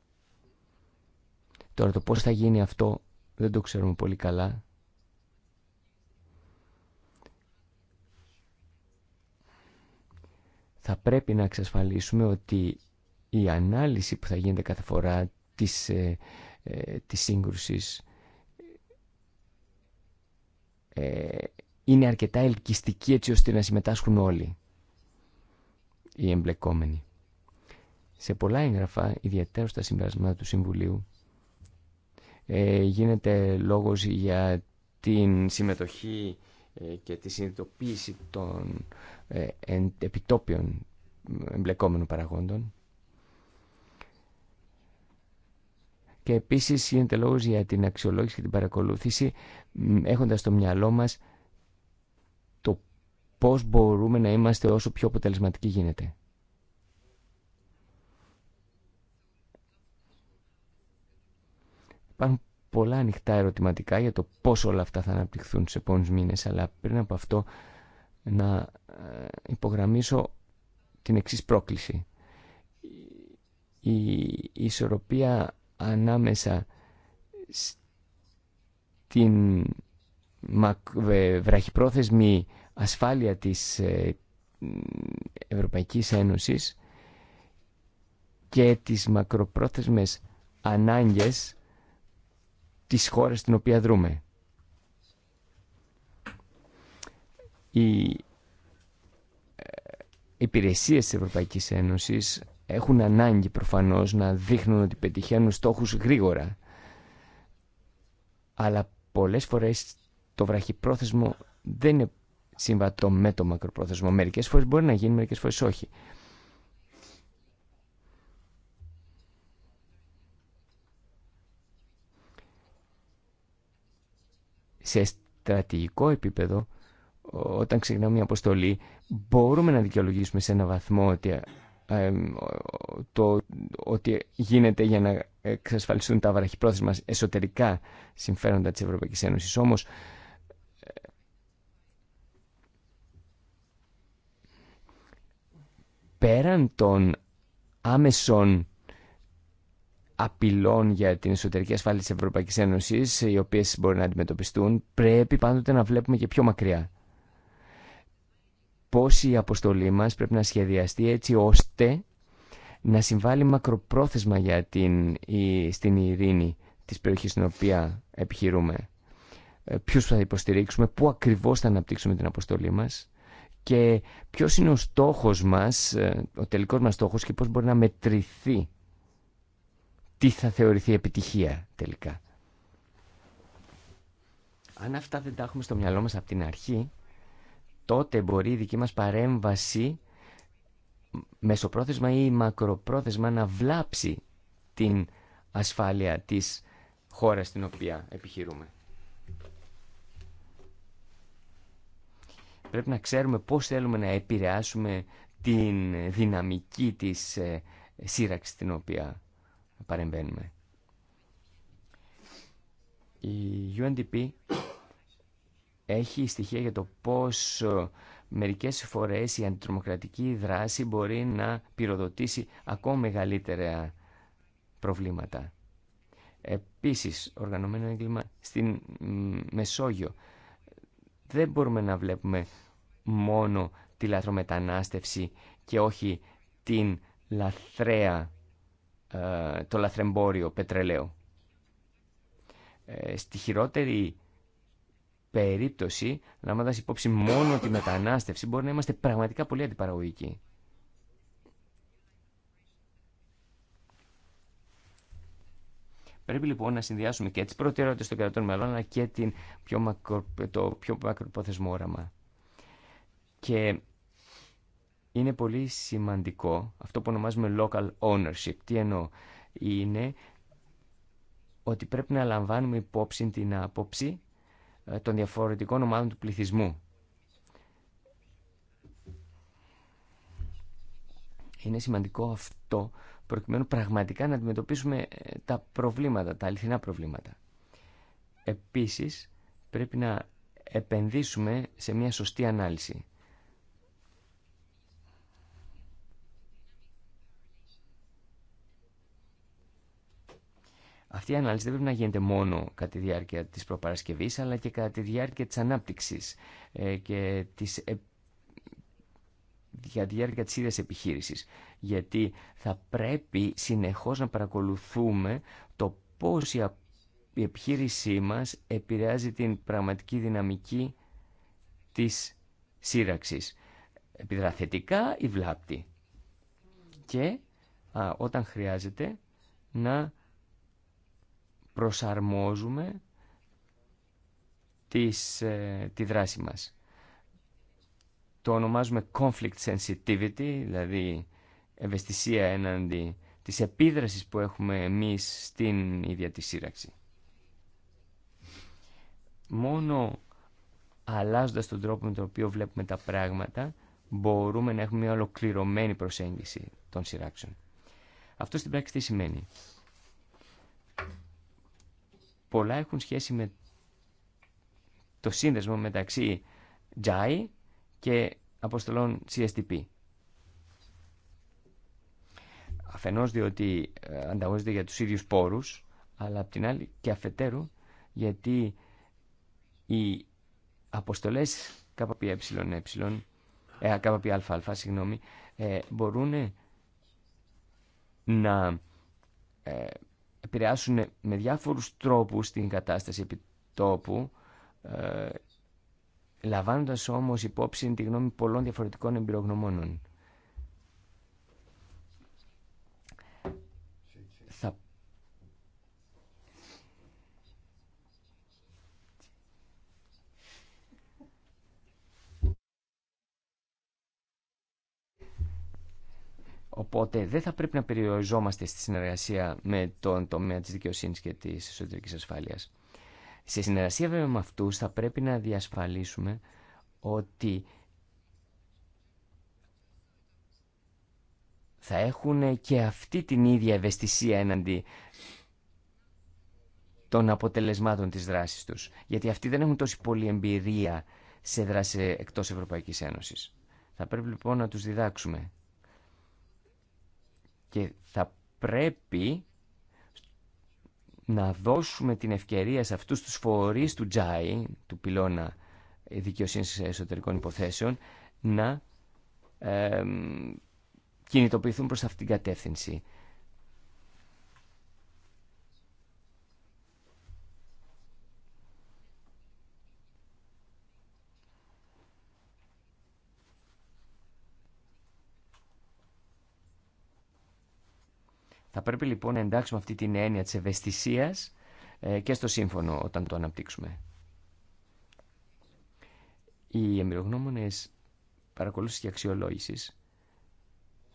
Τώρα το πώς θα γίνει αυτό δεν το ξέρουμε πολύ καλά. Θα πρέπει να εξασφαλίσουμε ότι η ανάλυση που θα γίνεται κάθε φορά της, ε, ε της σύγκρουσης ε, είναι αρκετά ελκυστική έτσι ώστε να συμμετάσχουν όλοι οι εμπλεκόμενοι. Σε πολλά έγγραφα, ιδιαίτερα στα συμπεράσματα του Συμβουλίου, ε, γίνεται λόγος για την συμμετοχή ε, και τη συνειδητοποίηση των ε, επιτόπιων εμπλεκόμενων παραγόντων. Και επίσης γίνεται λόγος για την αξιολόγηση και την παρακολούθηση έχοντας στο μυαλό μας πώς μπορούμε να είμαστε όσο πιο αποτελεσματικοί γίνεται. Υπάρχουν πολλά ανοιχτά ερωτηματικά για το πώς όλα αυτά θα αναπτυχθούν σε επόμενους μήνες, αλλά πριν από αυτό να ε, υπογραμμίσω την εξής πρόκληση. Η ισορροπία ανάμεσα στην βραχυπρόθεσμη ασφάλεια της ε, Ευρωπαϊκής Ένωσης και τις μακροπρόθεσμες ανάγκες της χώρας στην οποία δρούμε. Οι ε, υπηρεσίες της Ευρωπαϊκής Ένωσης έχουν ανάγκη προφανώς να δείχνουν ότι πετυχαίνουν στόχους γρήγορα. Αλλά πολλές φορές το βραχυπρόθεσμο δεν είναι συμβατό με το μακροπρόθεσμο. Μερικές φορές μπορεί να γίνει, μερικές φορές όχι. Σε στρατηγικό επίπεδο, όταν ξεκινάμε μια αποστολή, μπορούμε να δικαιολογήσουμε σε ένα βαθμό ότι, το, ότι γίνεται για να εξασφαλιστούν τα βαραχυπρόθεσμα εσωτερικά συμφέροντα της Ευρωπαϊκής Ένωσης. Όμως, πέραν των άμεσων απειλών για την εσωτερική ασφάλεια της Ευρωπαϊκής Ένωσης, οι οποίες μπορεί να αντιμετωπιστούν, πρέπει πάντοτε να βλέπουμε και πιο μακριά. Πώς η αποστολή μας πρέπει να σχεδιαστεί έτσι ώστε να συμβάλλει μακροπρόθεσμα για την, στην ειρήνη της περιοχής στην οποία επιχειρούμε. Ε, ποιους θα υποστηρίξουμε, πού ακριβώς θα αναπτύξουμε την αποστολή μας και ποιος είναι ο στόχος μας, ε, ο τελικός μας στόχος και πώς μπορεί να μετρηθεί τι θα θεωρηθεί επιτυχία τελικά. Αν αυτά δεν τα έχουμε στο μυαλό μας από την αρχή, τότε μπορεί η δική μας παρέμβαση μεσοπρόθεσμα ή μακροπρόθεσμα να βλάψει την ασφάλεια της χώρας στην οποία επιχειρούμε. Πρέπει να ξέρουμε πώς θέλουμε να επηρεάσουμε την δυναμική της ε, σύραξη στην οποία παρεμβαίνουμε. Η UNDP έχει στοιχεία για το πώς μερικές φορές η αντιτρομοκρατική δράση μπορεί να πυροδοτήσει ακόμα μεγαλύτερα προβλήματα. Επίσης, οργανωμένο έγκλημα στην Μεσόγειο. Δεν μπορούμε να βλέπουμε μόνο τη λαθρομετανάστευση και όχι την λαθρέα, ε, το λαθρεμπόριο πετρελαίου. Ε, στη χειρότερη περίπτωση, λαμβάνοντα υπόψη μόνο τη μετανάστευση, μπορεί να είμαστε πραγματικά πολύ αντιπαραγωγικοί. Πρέπει λοιπόν να συνδυάσουμε και τι προτεραιότητε των κρατών μελών, αλλά και την πιο μακρο, το πιο μακροπρόθεσμο όραμα. Και είναι πολύ σημαντικό αυτό που ονομάζουμε local ownership. Τι εννοώ, είναι ότι πρέπει να λαμβάνουμε υπόψη την άποψη ε, των διαφορετικών ομάδων του πληθυσμού. Είναι σημαντικό αυτό προκειμένου πραγματικά να αντιμετωπίσουμε ε, τα προβλήματα, τα αληθινά προβλήματα. Επίσης, πρέπει να επενδύσουμε σε μια σωστή ανάλυση. Αυτή η ανάλυση δεν πρέπει να γίνεται μόνο κατά τη διάρκεια της προπαρασκευής, αλλά και κατά τη διάρκεια της ανάπτυξης ε, και της για τη διάρκεια της ίδιας επιχείρησης. Γιατί θα πρέπει συνεχώς να παρακολουθούμε το πώς η επιχείρησή μας επηρεάζει την πραγματική δυναμική της σύραξης. Επιδραθετικά ή βλάπτη. Και όταν χρειάζεται να προσαρμόζουμε τις, ε, τη δράση μας το ονομάζουμε conflict sensitivity, δηλαδή ευαισθησία έναντι της επίδρασης που έχουμε εμείς στην ίδια τη σύραξη. Μόνο αλλάζοντας τον τρόπο με τον οποίο βλέπουμε τα πράγματα, μπορούμε να έχουμε μια ολοκληρωμένη προσέγγιση των σειράξεων. Αυτό στην πράξη τι σημαίνει. Πολλά έχουν σχέση με το σύνδεσμο μεταξύ Jai και αποστολών CSTP. Αφενός διότι ε, ανταγωνίζεται για τους ίδιους πόρους, αλλά απ' την άλλη και αφετέρου γιατί οι αποστολέ ΚΠΕ, ε, ΚΠΑ, συγγνώμη, ε, μπορούν να ε, επηρεάσουν με διάφορους τρόπους την κατάσταση επιτόπου ε, Λαμβάνοντα όμως υπόψη τη γνώμη πολλών διαφορετικών εμπειρογνωμόνων. Οπότε δεν θα πρέπει να περιοριζόμαστε στη συνεργασία με τον τομέα της δικαιοσύνης και της εσωτερικής ασφάλειας. Σε συνεργασία βέβαια με αυτούς θα πρέπει να διασφαλίσουμε ότι θα έχουν και αυτή την ίδια ευαισθησία έναντι των αποτελεσμάτων της δράσης τους. Γιατί αυτοί δεν έχουν τόση πολλή εμπειρία σε δράση εκτός Ευρωπαϊκής Ένωσης. Θα πρέπει λοιπόν να τους διδάξουμε. Και θα πρέπει να δώσουμε την ευκαιρία σε αυτούς τους φορείς του Τζάι, του πυλώνα δικαιοσύνης εσωτερικών υποθέσεων, να κινητοποιηθούν προς αυτήν την κατεύθυνση. Θα πρέπει λοιπόν να εντάξουμε αυτή την έννοια της ευαισθησίας ε, και στο σύμφωνο όταν το αναπτύξουμε. Οι εμπειρογνώμονες παρακολούθησης και αξιολόγησης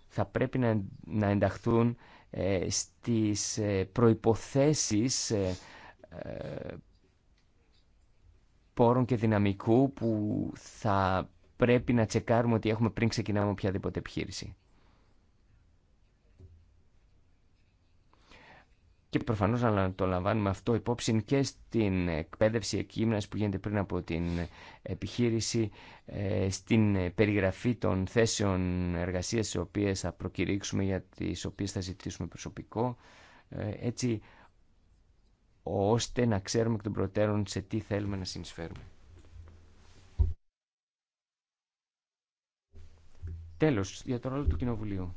θα πρέπει να ενταχθούν ε, στις ε, προϋποθέσεις πόρων και δυναμικού που θα πρέπει να τσεκάρουμε ότι έχουμε πριν ξεκινάμε οποιαδήποτε επιχείρηση. Και προφανώς να το λαμβάνουμε αυτό υπόψη και στην εκπαίδευση εκείμνας που γίνεται πριν από την επιχείρηση, ε, στην περιγραφή των θέσεων εργασίας τις οποίες θα προκηρύξουμε, για τις οποίες θα ζητήσουμε προσωπικό, ε, έτσι ώστε να ξέρουμε εκ των προτέρων σε τι θέλουμε να συνεισφέρουμε. Τέλος, για το ρόλο του Κοινοβουλίου.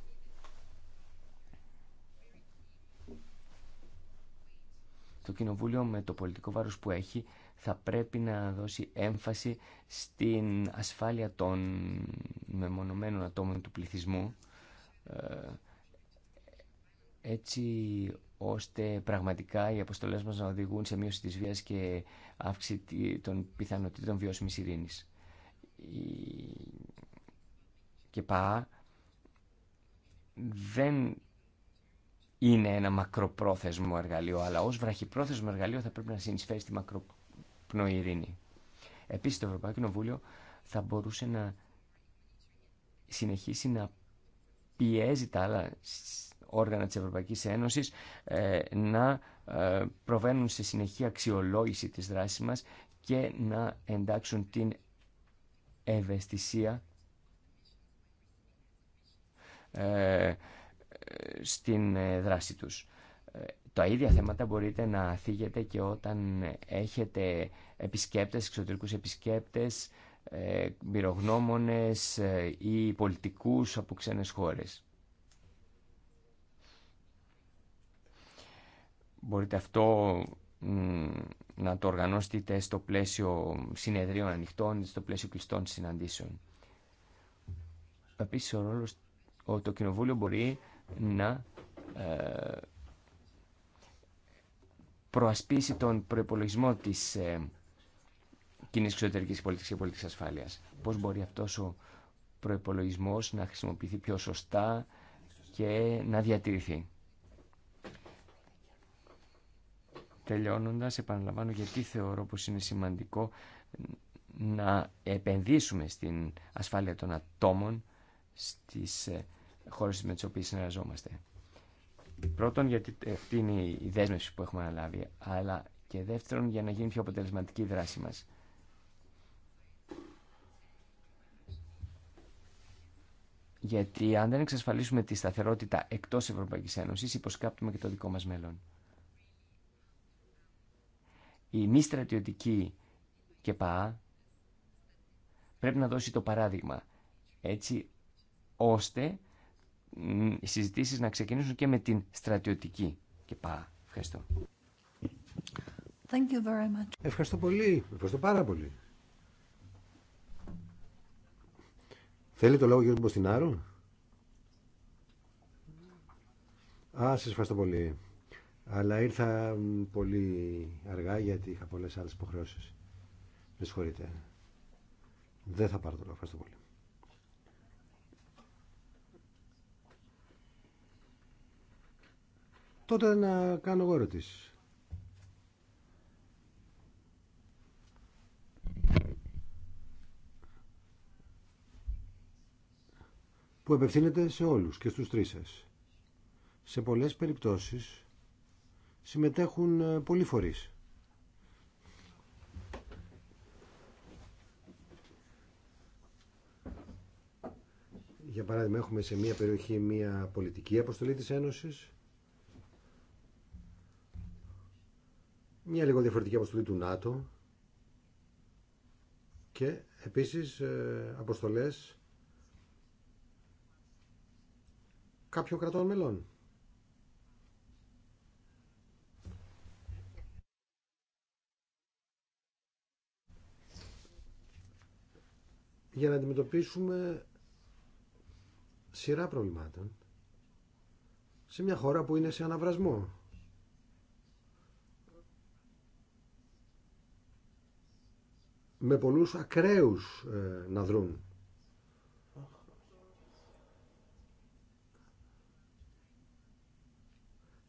Το Κοινοβούλιο με το πολιτικό βάρος που έχει θα πρέπει να δώσει έμφαση στην ασφάλεια των μεμονωμένων ατόμων του πληθυσμού ε, έτσι ώστε πραγματικά οι αποστολές μας να οδηγούν σε μείωση της βίας και αύξηση των πιθανότητων βιώσιμης ειρήνης. Και ΠΑΑ δεν είναι ένα μακροπρόθεσμο εργαλείο, αλλά ως βραχυπρόθεσμο εργαλείο θα πρέπει να συνεισφέρει στη μακροπνοηρήνη. Επίσης το Ευρωπαϊκό Κοινοβούλιο θα μπορούσε να συνεχίσει να πιέζει τα άλλα όργανα της Ευρωπαϊκής Ένωσης ε, να ε, προβαίνουν σε συνεχή αξιολόγηση της δράσης μας και να εντάξουν την ευαισθησία ε, στην ε, δράση τους. Ε, τα ίδια θέματα μπορείτε να θίγετε και όταν έχετε επισκέπτες, εξωτερικούς επισκέπτες, ε, πυρογνώμονες ή πολιτικούς από ξένες χώρες. Μπορείτε αυτό να το οργανώσετε στο πλαίσιο συνεδρίων ανοιχτών, στο πλαίσιο κλειστών συναντήσεων. Επίσης, ο το Κοινοβούλιο μπορεί να ε, προασπίσει τον προπολογισμό της ε, κοινή εξωτερική πολιτική και πολιτική ασφάλεια. Πώ μπορεί αυτό ο προπολογισμό να χρησιμοποιηθεί πιο σωστά και να διατηρηθεί. Τελειώνοντας, επαναλαμβάνω γιατί θεωρώ πως είναι σημαντικό να επενδύσουμε στην ασφάλεια των ατόμων στις ε, χώρες με τις οποίες συνεργαζόμαστε. Πρώτον, γιατί αυτή είναι η δέσμευση που έχουμε αναλάβει, αλλά και δεύτερον, για να γίνει πιο αποτελεσματική η δράση μας. Γιατί αν δεν εξασφαλίσουμε τη σταθερότητα εκτός Ευρωπαϊκής Ένωσης, υποσκάπτουμε και το δικό μας μέλλον. Η μη στρατιωτική και πρέπει να δώσει το παράδειγμα, έτσι ώστε οι συζητήσεις να ξεκινήσουν και με την στρατιωτική και Ευχαριστώ. Thank you very much. Ευχαριστώ πολύ. Ευχαριστώ πάρα πολύ. Θέλει το λόγο κύριε Μποστινάρου. Α, σας ευχαριστώ πολύ. Αλλά ήρθα πολύ αργά γιατί είχα πολλές άλλες υποχρεώσεις. Με συγχωρείτε. Δεν θα πάρω το λόγο. Ευχαριστώ πολύ. Τότε να κάνω εγώ ερωτήσεις. που απευθύνεται σε όλους και στους τρεις σας. Σε πολλές περιπτώσεις συμμετέχουν ε, πολλοί φορείς. Για παράδειγμα έχουμε σε μια περιοχή μια πολιτική αποστολή της Ένωσης μια λίγο διαφορετική αποστολή του ΝΑΤΟ και επίσης ε, αποστολές κάποιων κρατών μελών. για να αντιμετωπίσουμε σειρά προβλημάτων σε μια χώρα που είναι σε αναβρασμό. με πολλούς ακραίους ε, να δρουν.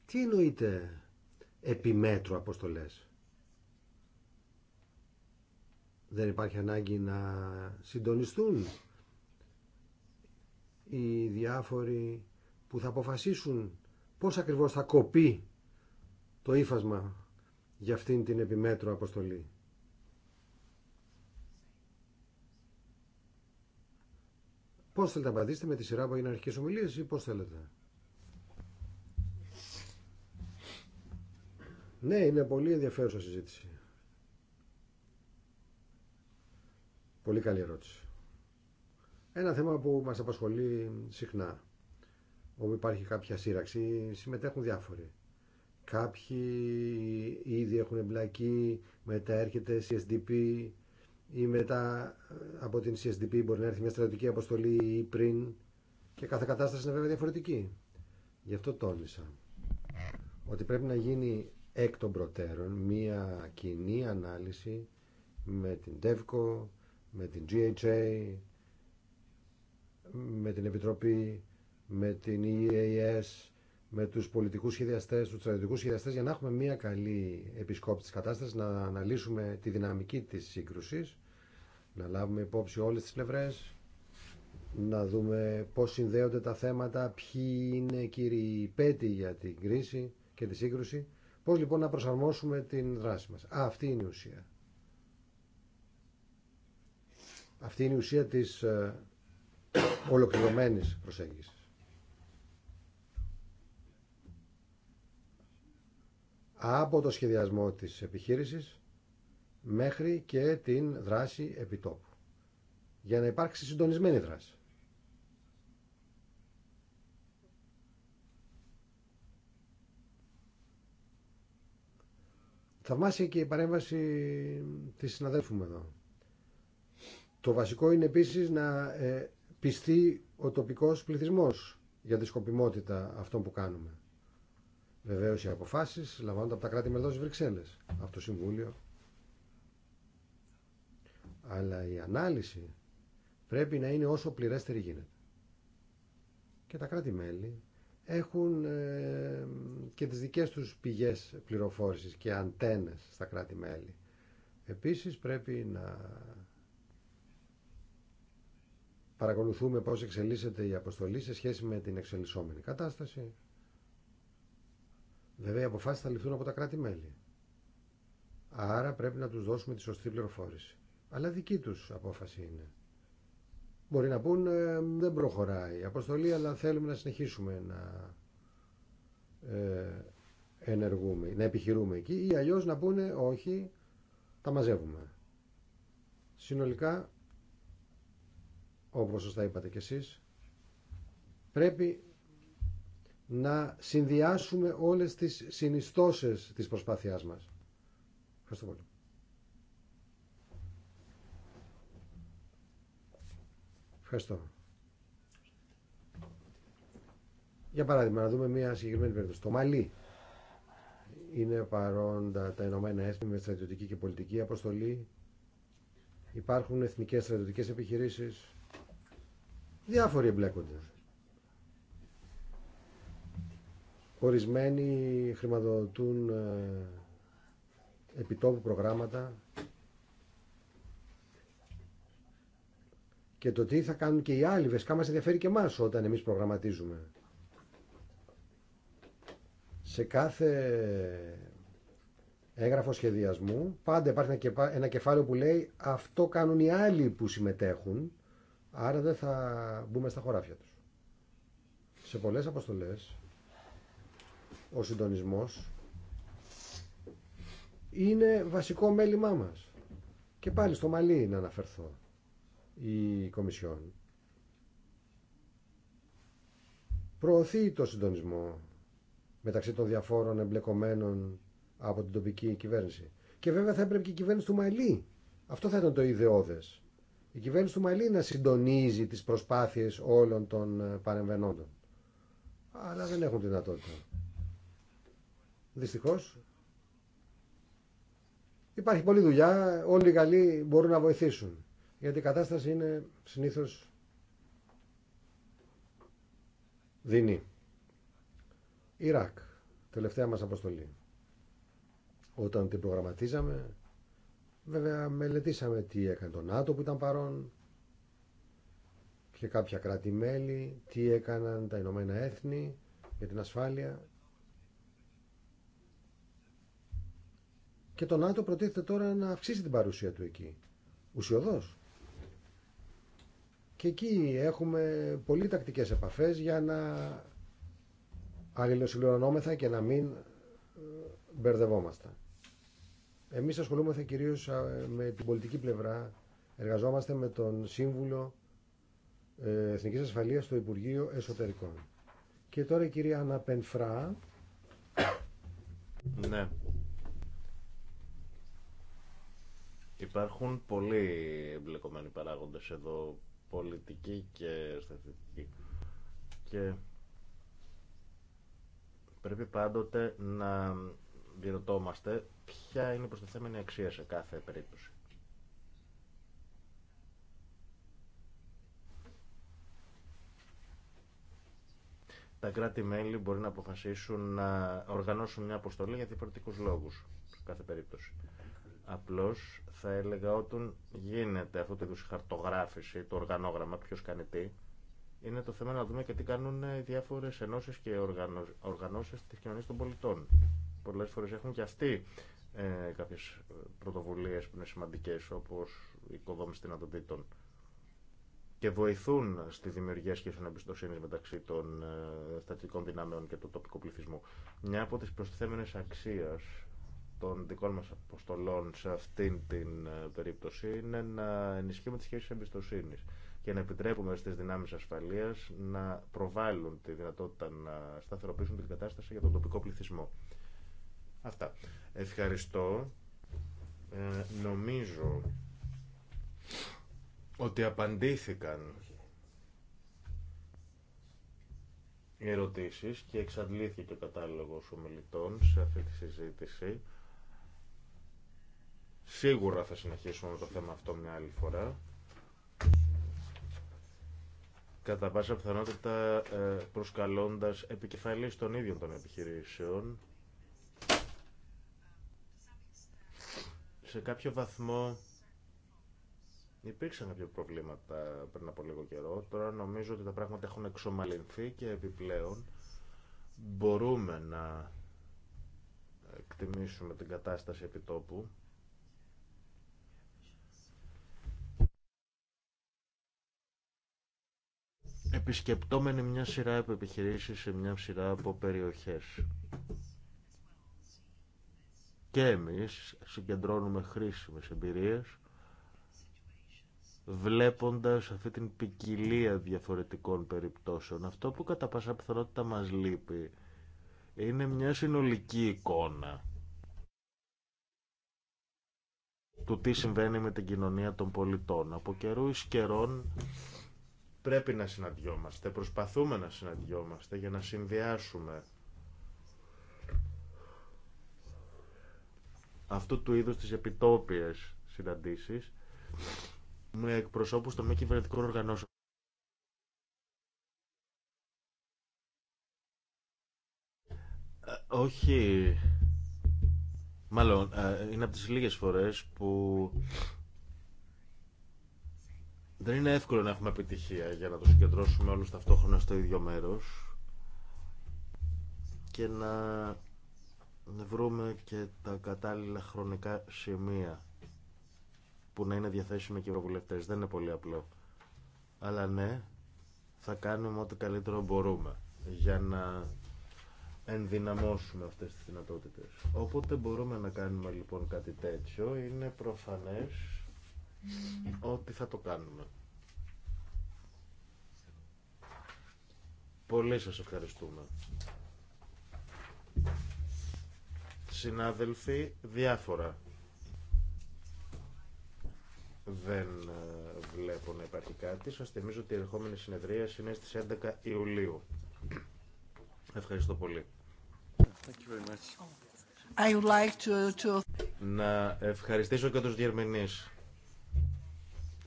Τι εννοείται επιμέτρου αποστολές. Δεν υπάρχει ανάγκη να συντονιστούν οι διάφοροι που θα αποφασίσουν πώς ακριβώς θα κοπεί το ύφασμα για αυτήν την επιμέτρου αποστολή. Πώς θέλετε να απαντήσετε με τη σειρά που είναι αρχικές ομιλίες αρχικέ ομιλίε ή πώς θέλετε. Ναι, είναι πολύ ενδιαφέρουσα συζήτηση. Πολύ καλή ερώτηση. Ένα θέμα που μας απασχολεί συχνά, όπου υπάρχει κάποια σύραξη, συμμετέχουν διάφοροι. Κάποιοι ήδη έχουν εμπλακεί, μετά έρχεται CSDP, ή μετά ε, από την CSDP μπορεί να έρθει μια στρατιωτική αποστολή ή πριν και κάθε κατάσταση είναι βέβαια διαφορετική. Γι' αυτό τόνισα ότι πρέπει να γίνει εκ των προτέρων μια κοινή ανάλυση με την DEVCO, με την GHA, με την Επιτροπή, με την EAS, με τους πολιτικούς σχεδιαστέ, τους στρατιωτικού σχεδιαστέ, για να έχουμε μια καλή επισκόπηση της κατάστασης, να αναλύσουμε τη δυναμική της σύγκρουσης, να λάβουμε υπόψη όλες τις πλευρέ. να δούμε πώς συνδέονται τα θέματα, ποιοι είναι κύριοι πέτοι για την κρίση και τη σύγκρουση, πώς λοιπόν να προσαρμόσουμε την δράση μα. αυτή είναι η ουσία. Αυτή είναι η ουσία της ε, ολοκληρωμένης προσέγγισης. από το σχεδιασμό της επιχείρησης μέχρι και την δράση επιτόπου για να υπάρξει συντονισμένη δράση. Θαυμάσια και η παρέμβαση της συναδέλφου μου εδώ. Το βασικό είναι επίσης να ε, πιστεί ο τοπικός πληθυσμός για τη σκοπιμότητα αυτών που κάνουμε. Βεβαίω οι αποφάσει λαμβάνονται από τα κράτη-μέλη εδώ στι Βρυξέλλε, από το Συμβούλιο. Αλλά η ανάλυση πρέπει να είναι όσο πληρέστερη γίνεται. Και τα κράτη-μέλη έχουν ε, και τις δικές τους πηγές πληροφόρησης και αντένες στα κράτη-μέλη. Επίσης πρέπει να παρακολουθούμε πώς εξελίσσεται η αποστολή σε σχέση με την εξελισσόμενη κατάσταση Βέβαια οι αποφάσεις θα ληφθούν από τα κράτη-μέλη. Άρα πρέπει να τους δώσουμε τη σωστή πληροφόρηση. Αλλά δική τους απόφαση είναι. Μπορεί να πούν ε, δεν προχωράει η αποστολή αλλά θέλουμε να συνεχίσουμε να ε, ενεργούμε, να επιχειρούμε εκεί ή αλλιώ να πούνε όχι, τα μαζεύουμε. Συνολικά, όπως σωστά είπατε κι εσείς, πρέπει να συνδυάσουμε όλες τις συνιστώσεις της προσπάθειάς μας. Ευχαριστώ πολύ. Ευχαριστώ. Για παράδειγμα, να δούμε μια συγκεκριμένη περίπτωση. Το Μαλί είναι παρόντα τα Ηνωμένα Έθνη με στρατιωτική και πολιτική αποστολή. Υπάρχουν εθνικές στρατιωτικές επιχειρήσεις. Διάφοροι εμπλέκονται. Ορισμένοι χρηματοδοτούν ε, επιτόπου προγράμματα και το τι θα κάνουν και οι άλλοι βεσκά μας ενδιαφέρει και εμάς όταν εμείς προγραμματίζουμε. Σε κάθε έγγραφο σχεδιασμού πάντα υπάρχει ένα κεφάλαιο που λέει αυτό κάνουν οι άλλοι που συμμετέχουν άρα δεν θα μπούμε στα χωράφια τους. Σε πολλές αποστολές ο συντονισμός είναι βασικό μέλημά μας. Και πάλι στο Μαλή να αναφερθώ η Κομισιόν. Προωθεί το συντονισμό μεταξύ των διαφόρων εμπλεκομένων από την τοπική κυβέρνηση. Και βέβαια θα έπρεπε και η κυβέρνηση του Μαλή. Αυτό θα ήταν το ιδεώδες. Η κυβέρνηση του Μαλή να συντονίζει τις προσπάθειες όλων των ε, παρεμβαινόντων Αλλά δεν έχουν δυνατότητα δυστυχώς. Υπάρχει πολλή δουλειά, όλοι οι Γαλλοί μπορούν να βοηθήσουν. Γιατί η κατάσταση είναι συνήθως δεινή. Ιράκ, τελευταία μας αποστολή. Όταν την προγραμματίζαμε, βέβαια μελετήσαμε τι έκανε το ΝΑΤΟ που ήταν παρόν και κάποια κράτη-μέλη, τι έκαναν τα Ηνωμένα Έθνη για την ασφάλεια και το ΝΑΤΟ προτίθεται τώρα να αυξήσει την παρουσία του εκεί. Ουσιοδό. Και εκεί έχουμε πολύ τακτικέ επαφές για να αλληλοσυλλογωνόμεθα και να μην ε, μπερδευόμαστε. Εμείς ασχολούμαστε κυρίως με την πολιτική πλευρά. Εργαζόμαστε με τον Σύμβουλο ε, Εθνικής Ασφαλείας στο Υπουργείο Εσωτερικών. Και τώρα η κυρία Αναπενφρά. Ναι. Υπάρχουν πολλοί εμπλεκομένοι παράγοντες εδώ, πολιτικοί και στρατιωτικοί. Και πρέπει πάντοτε να διερωτόμαστε ποια είναι η προστιθέμενη αξία σε κάθε περίπτωση. Τα κράτη-μέλη μπορεί να αποφασίσουν να οργανώσουν μια αποστολή για διαφορετικού λόγους σε κάθε περίπτωση. Απλώς θα έλεγα όταν γίνεται αυτό το χαρτογράφηση, το οργανόγραμμα, ποιο κάνει τι, είναι το θέμα να δούμε και τι κάνουν οι διάφορες ενώσεις και οργανώσεις της κοινωνία των πολιτών. Πολλές φορές έχουν και αυτοί ε, κάποιες ε, πρωτοβουλίες που είναι σημαντικές, όπως η οικοδόμηση δυνατοτήτων και βοηθούν στη δημιουργία σχέσεων εμπιστοσύνη μεταξύ των ε, στατικών δυνάμεων και του τοπικού πληθυσμού. Μια από τι προστιθέμενε αξίε των δικών μας αποστολών σε αυτήν την ε, περίπτωση είναι να ενισχύουμε τις σχέσεις εμπιστοσύνης και να επιτρέπουμε στις δυνάμεις ασφαλείας να προβάλλουν τη δυνατότητα να σταθεροποιήσουν την κατάσταση για τον τοπικό πληθυσμό. Αυτά. Ευχαριστώ. Ε, νομίζω ότι απαντήθηκαν οι ερωτήσεις και εξαντλήθηκε ο κατάλογος ομιλητών σε αυτή τη συζήτηση. Σίγουρα θα συνεχίσουμε το θέμα αυτό μια άλλη φορά. Κατά πάσα πιθανότητα ε, προσκαλώντας επικεφαλής των ίδιων των επιχειρήσεων. Σε κάποιο βαθμό υπήρξαν κάποια προβλήματα πριν από λίγο καιρό. Τώρα νομίζω ότι τα πράγματα έχουν εξομαλυνθεί και επιπλέον μπορούμε να εκτιμήσουμε την κατάσταση επιτόπου. επισκεπτόμενοι μια σειρά από επιχειρήσει σε μια σειρά από περιοχέ. Και εμεί συγκεντρώνουμε χρήσιμε εμπειρίε, βλέποντας αυτή την ποικιλία διαφορετικών περιπτώσεων. Αυτό που κατά πάσα πιθανότητα μας λείπει είναι μια συνολική εικόνα του τι συμβαίνει με την κοινωνία των πολιτών. Από καιρού εις καιρών Πρέπει να συναντιόμαστε, προσπαθούμε να συναντιόμαστε για να συνδυάσουμε αυτού του είδους τις επιτόπιες συναντήσεις με εκπροσώπους των μη κυβερνητικών οργανώσεων. Ε, όχι, μάλλον ε, είναι από τις λίγες φορές που δεν είναι εύκολο να έχουμε επιτυχία για να το συγκεντρώσουμε όλους ταυτόχρονα στο ίδιο μέρος και να βρούμε και τα κατάλληλα χρονικά σημεία που να είναι διαθέσιμα και οι Δεν είναι πολύ απλό. Αλλά ναι, θα κάνουμε ό,τι καλύτερο μπορούμε για να ενδυναμώσουμε αυτές τις δυνατότητες. Όποτε μπορούμε να κάνουμε λοιπόν κάτι τέτοιο, είναι προφανές ότι θα το κάνουμε. Πολύ σας ευχαριστούμε. Συνάδελφοι, διάφορα. Δεν ε, βλέπω να υπάρχει κάτι. Σας θυμίζω ότι η ερχόμενη συνεδρία είναι στις 11 Ιουλίου. Ευχαριστώ πολύ. I would like to, to... Να ευχαριστήσω και τους διερμηνείς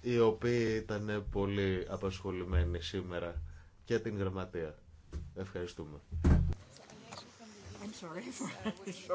οι οποίοι ήταν πολύ απασχολημένοι σήμερα και την γραμματεία. Ευχαριστούμε. <laughs>